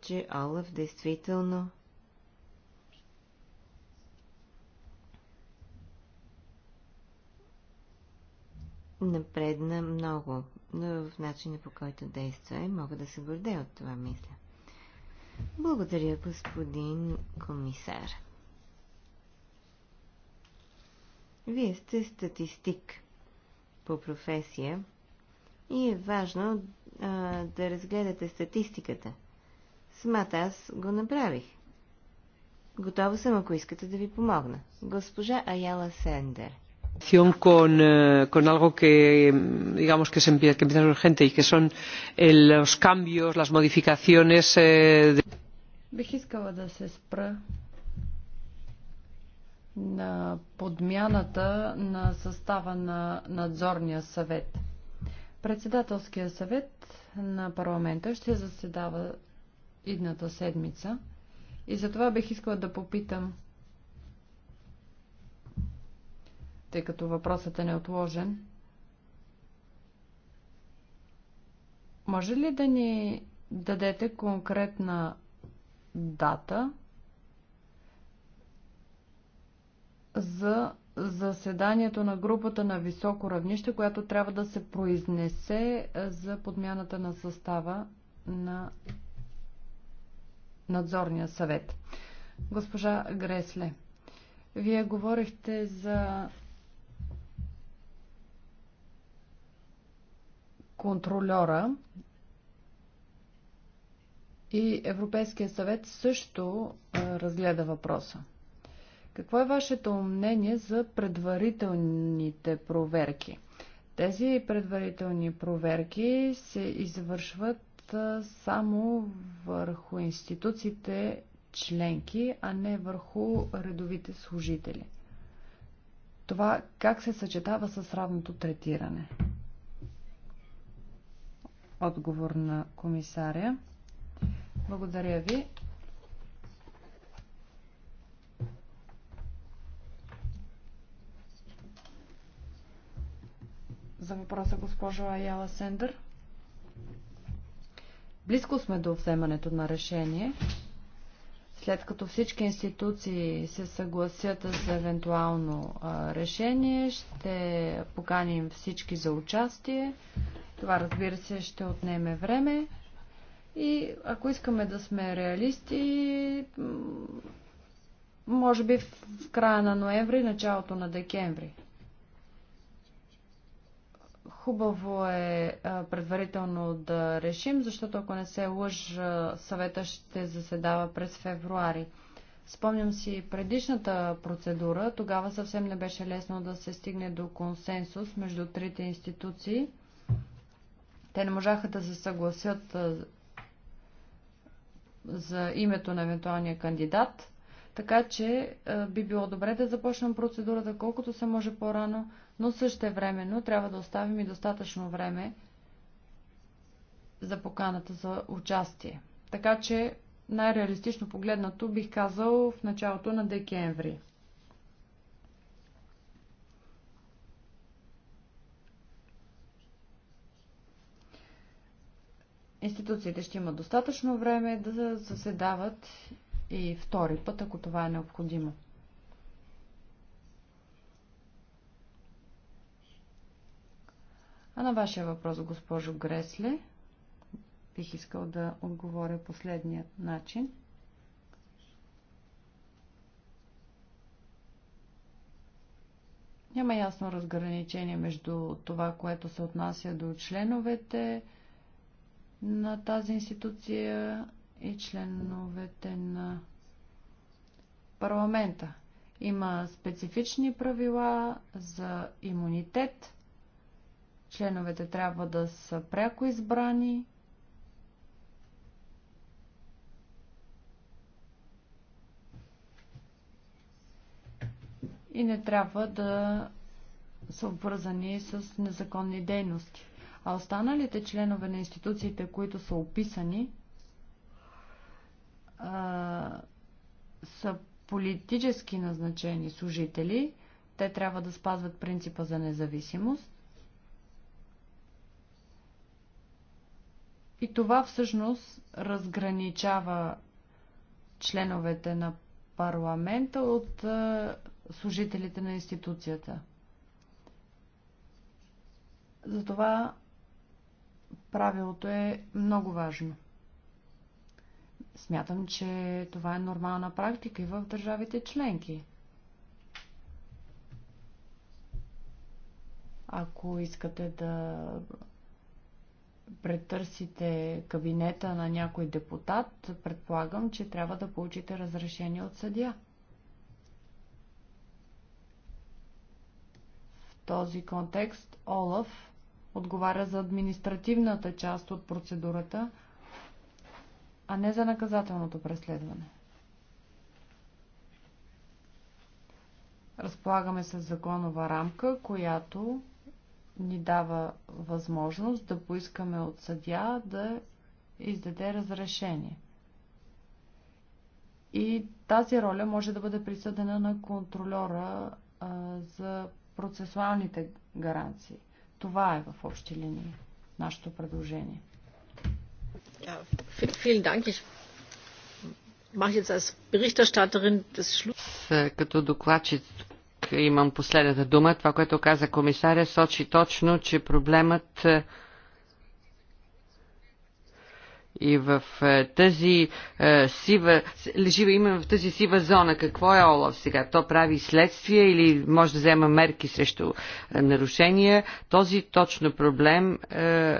B: че Олаф действително напредна много но в начина по който действа и мога да се гордея от това, мисля. Благодаря, господин комисар. Вие сте статистик по професия и е важно а, да разгледате статистиката. Смат аз го направих. Готова съм, ако искате да ви помогна. Госпожа Аяла Сендер –
A: relación eh, con algo que digamos que, empieza, a ser urgente y que son eh, los cambios, las modificaciones. Eh, de...
C: на подмяната на състава на надзорния съвет. Председателския съвет на парламента ще заседава идната седмица и затова бих искала да попитам тъй като въпросът е неотложен. Може ли да ни дадете конкретна дата за заседанието на групата на високо равнище, която трябва да се произнесе е, за подмяната на състава на надзорния съвет. Госпожа Гресле, вие говорихте за контролера и Европейския съвет също разгледа въпроса. Какво е вашето мнение за предварителните проверки? Тези предварителни проверки се извършват само върху институциите членки, а не върху редовите служители. Това как се съчетава с равното третиране? отговор на комисаря. Благодаря ви. За въпроса госпожо Аяла Сендър. Близко сме до вземането на решение. След като всички институции се съгласят за евентуално решение, ще поканим всички за участие. Това, разбира се, ще отнеме време. И ако искаме да сме реалисти, може би в края на ноември, началото на декември. Хубаво е предварително да решим, защото ако не се лъж, съвета ще заседава през февруари. Спомням си предишната процедура, тогава съвсем не беше лесно да се стигне до консенсус между трите институции – те не можаха да се съгласят за името на евентуалния кандидат, така че би било добре да започнем процедурата колкото се може по-рано, но времено трябва да оставим и достатъчно време за поканата за участие. Така че най-реалистично погледнато бих казал в началото на декември. институциите ще имат достатъчно време да заседават и втори път, ако това е необходимо. А на вашия въпрос, госпожо Гресле, бих искал да отговоря последния начин. Няма ясно разграничение между това, което се отнася до членовете, на тази институция и членовете на парламента. Има специфични правила за имунитет. Членовете трябва да са пряко избрани. И не трябва да са обвързани с незаконни дейности. А останалите членове на институциите, които са описани, са политически назначени служители. Те трябва да спазват принципа за независимост. И това всъщност разграничава членовете на парламента от служителите на институцията. Затова Правилото е много важно. Смятам, че това е нормална практика и в държавите членки. Ако искате да претърсите кабинета на някой депутат, предполагам, че трябва да получите разрешение от съдия. В този контекст Олаф отговаря за административната част от процедурата, а не за наказателното преследване. Разполагаме с законова рамка, която ни дава възможност да поискаме от съдя да издаде разрешение. И тази роля може да бъде присъдена на контролера а, за процесуалните гаранции. Това е в общи линии нашето предложение.
A: Е, като докладчик имам последната дума. Това, което каза комисаря, сочи точно, че проблемът е, и в е, тази е, сива, лежи именно в тази сива зона. Какво е Олаф сега? То прави следствие или може да взема мерки срещу е, нарушения? Този точно проблем е,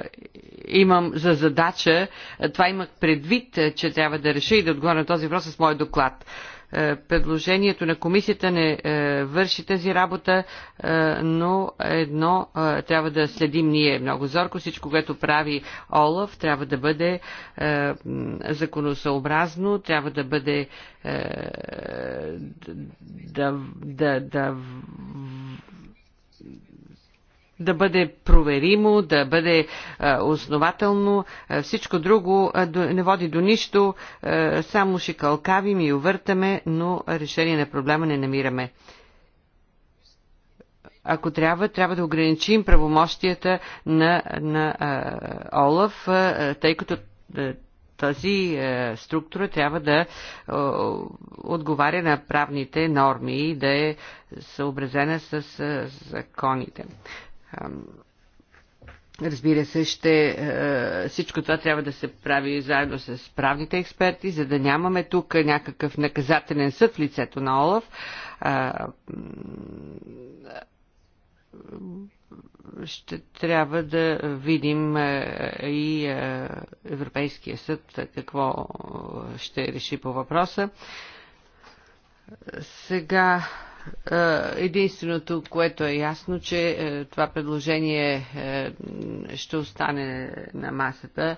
A: имам за задача. Е, това имах предвид, е, че трябва да реша и да отговоря на този въпрос с моят доклад. Е, е, предложението на комисията не е, върши тази работа, е, но едно трябва да следим ние много зорко. Всичко, което прави Олаф, трябва да бъде законосъобразно, трябва да бъде да, да, да да бъде проверимо, да бъде а, е, основателно. А, е, всичко друго а, е, до, не води до нищо, а, само кълкавим и увъртаме, но решение на проблема не намираме. Ако трябва, трябва да ограничим правомощията на, на а, Олаф, а, тъй като тази е, структура трябва да е, отговаря на правните норми и да е съобразена с законите. Разбира се, ще, е, всичко това трябва да се прави заедно с правните експерти, за да нямаме тук някакъв наказателен съд в лицето на Олаф. Ще трябва да видим е, и е, Европейския съд какво ще реши по въпроса. Сега е, единственото, което е ясно, че е, това предложение е, ще остане на масата.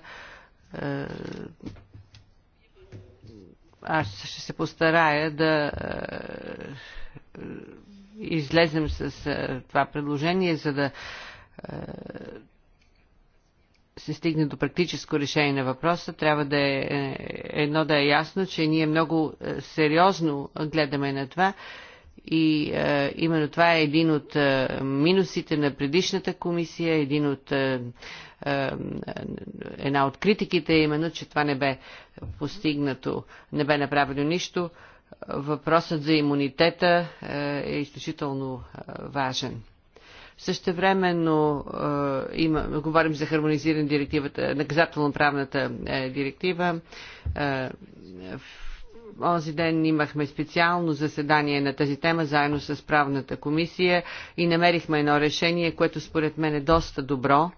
A: Аз ще се постарая да излезем с това предложение, за да се стигне до практическо решение на въпроса, трябва да е едно да е ясно, че ние много сериозно гледаме на това и е, именно това е един от е, минусите на предишната комисия, един от, е, е, една от критиките е именно, че това не бе постигнато, не бе направено нищо. Въпросът за имунитета е, е изключително е, важен. Същевременно е, има, говорим за хармонизиране директивата, наказателно-правната е, директива. Е, Онзи ден имахме специално заседание на тази тема заедно с правната комисия и намерихме едно решение, което според мен е доста добро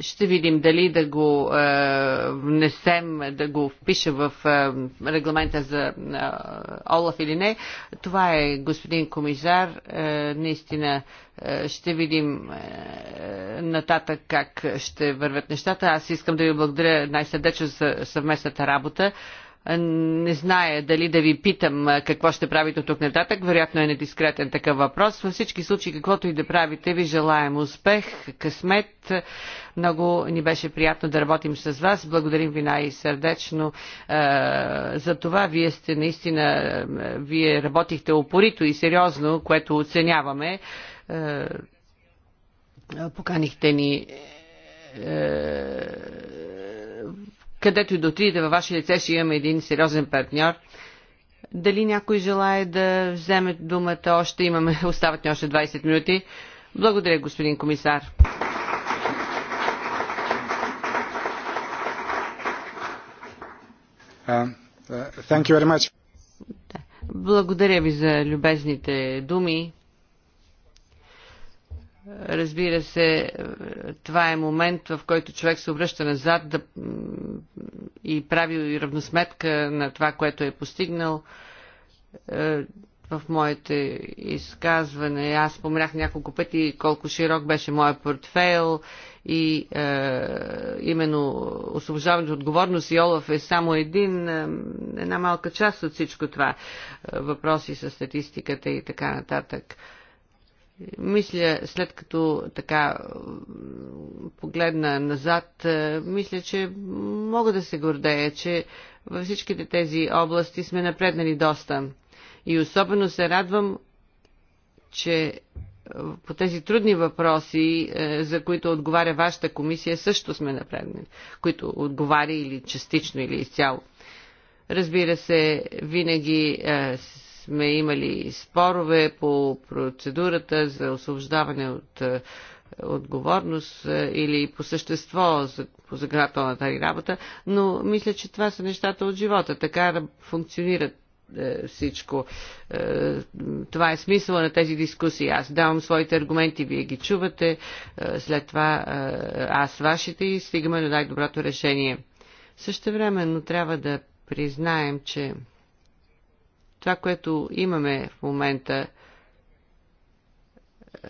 A: ще видим дали да го е, внесем, да го впиша в е, регламента за е, Олаф или не. Това е господин комисар. Наистина ще видим нататък как ще вървят нещата. Аз искам да ви благодаря най-сърдечно за съвместната работа. Не зная дали да ви питам какво ще правите от тук нататък. Вероятно е недискретен такъв въпрос. Във всички случаи, каквото и да правите, ви желаем успех, късмет. Много ни беше приятно да работим с вас. Благодарим ви най-сърдечно е, за това. Вие сте наистина, вие работихте опорито и сериозно, което оценяваме. Е, поканихте ни където и да отидете във ваше лице, ще имаме един сериозен партньор. Дали някой желая да вземе думата още? Имаме, остават ни още 20 минути. Благодаря, господин комисар. Uh,
B: uh,
A: Благодаря ви за любезните думи. Разбира се, е, това е момент, в който човек се обръща назад да, и прави равносметка на това, което е постигнал. Е, в моите изказване аз спомнях няколко пъти колко широк беше моят портфейл и е, именно освобождаването отговорност и Олаф е само един, е, една малка част от всичко това. Въпроси с статистиката и така нататък. Е, мисля, след като така погледна назад, е, мисля, че мога да се гордея, че във всичките тези области сме напреднали доста. И особено се радвам, че е, по тези трудни въпроси, е, за които отговаря вашата комисия, също сме напреднали, които отговаря или частично, или изцяло. Разбира се, винаги сме имали спорове по процедурата за освобождаване от е, отговорност е, или по същество за, по заградителната ни работа, но мисля, че това са нещата от живота. Така функционират е, всичко. Това е смисъла на тези дискусии. Аз давам своите аргументи, вие ги чувате, след това аз вашите и стигаме до най-доброто решение. Също времено трябва да признаем, че това, което имаме в момента е,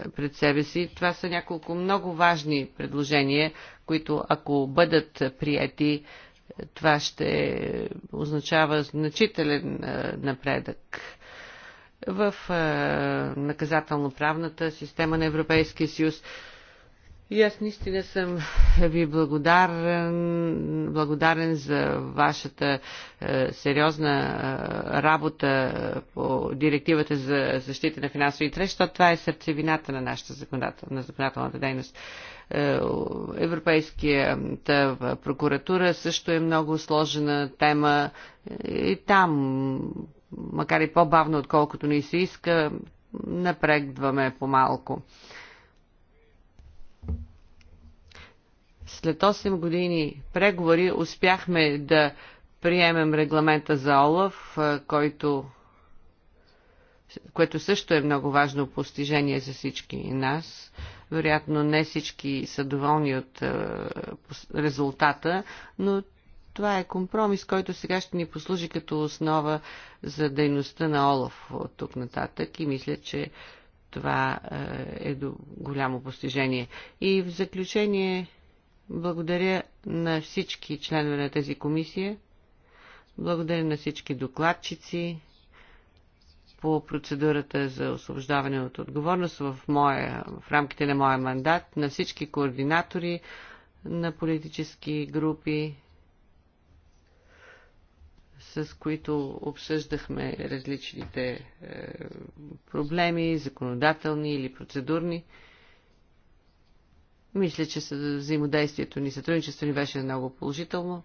A: пред себе си, това са няколко много важни предложения, които ако бъдат приети, е, това ще означава значителен е, напредък в наказателно-правната система на Европейския съюз. И аз наистина съм ви благодарен, благодарен за вашата е, сериозна е, работа по директивата за защита на финансови интереси, защото това е сърцевината на нашата законодател, на законодателната дейност. Е, Европейската прокуратура също е много сложена тема и там, макар и по-бавно, отколкото ни се иска, напрегваме по-малко. След 8 години преговори успяхме да приемем регламента за ОЛАВ, който, което също е много важно постижение за всички нас. Вероятно не всички са доволни от резултата, но това е компромис, който сега ще ни послужи като основа за дейността на Олаф от тук нататък и мисля, че това е до голямо постижение. И в заключение благодаря на всички членове на тази комисия. Благодаря на всички докладчици по процедурата за освобождаване от отговорност в, моя, в рамките на моя мандат, на всички координатори на политически групи, с които обсъждахме различните е, проблеми, законодателни или процедурни. Мисля, че взаимодействието ни, сътрудничеството ни беше много положително.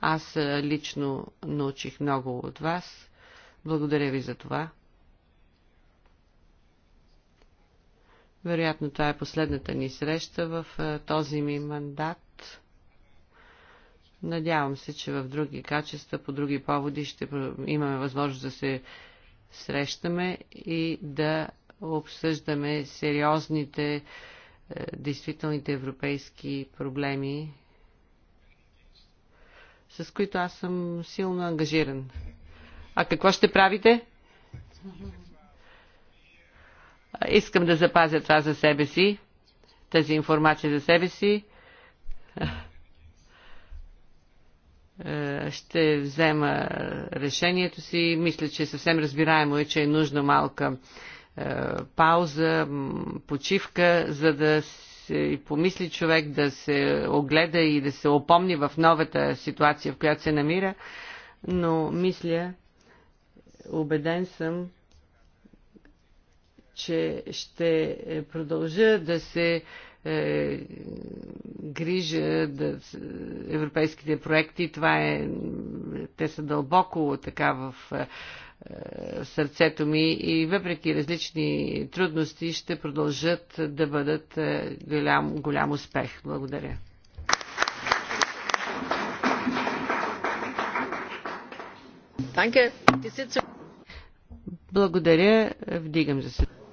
A: Аз лично научих много от вас. Благодаря ви за това. Вероятно това е последната ни среща в този ми мандат. Надявам се, че в други качества, по други поводи ще имаме възможност да се срещаме и да обсъждаме сериозните е, действителните европейски проблеми, с които аз съм силно ангажиран. А какво ще правите? Искам да запазя това за себе си, тази информация за себе си. Е, ще взема решението си. Мисля, че съвсем разбираемо е, че е нужна малка е, пауза, почивка, за да се помисли човек да се огледа и да се опомни в новата ситуация, в която се намира, но мисля, убеден съм, че ще продължа да се е, грижа да, европейските проекти. Това е, те са дълбоко така в е, сърцето ми и въпреки различни трудности ще продължат да бъдат е, голям, голям успех. Благодаря. Благодаря. Вдигам за се.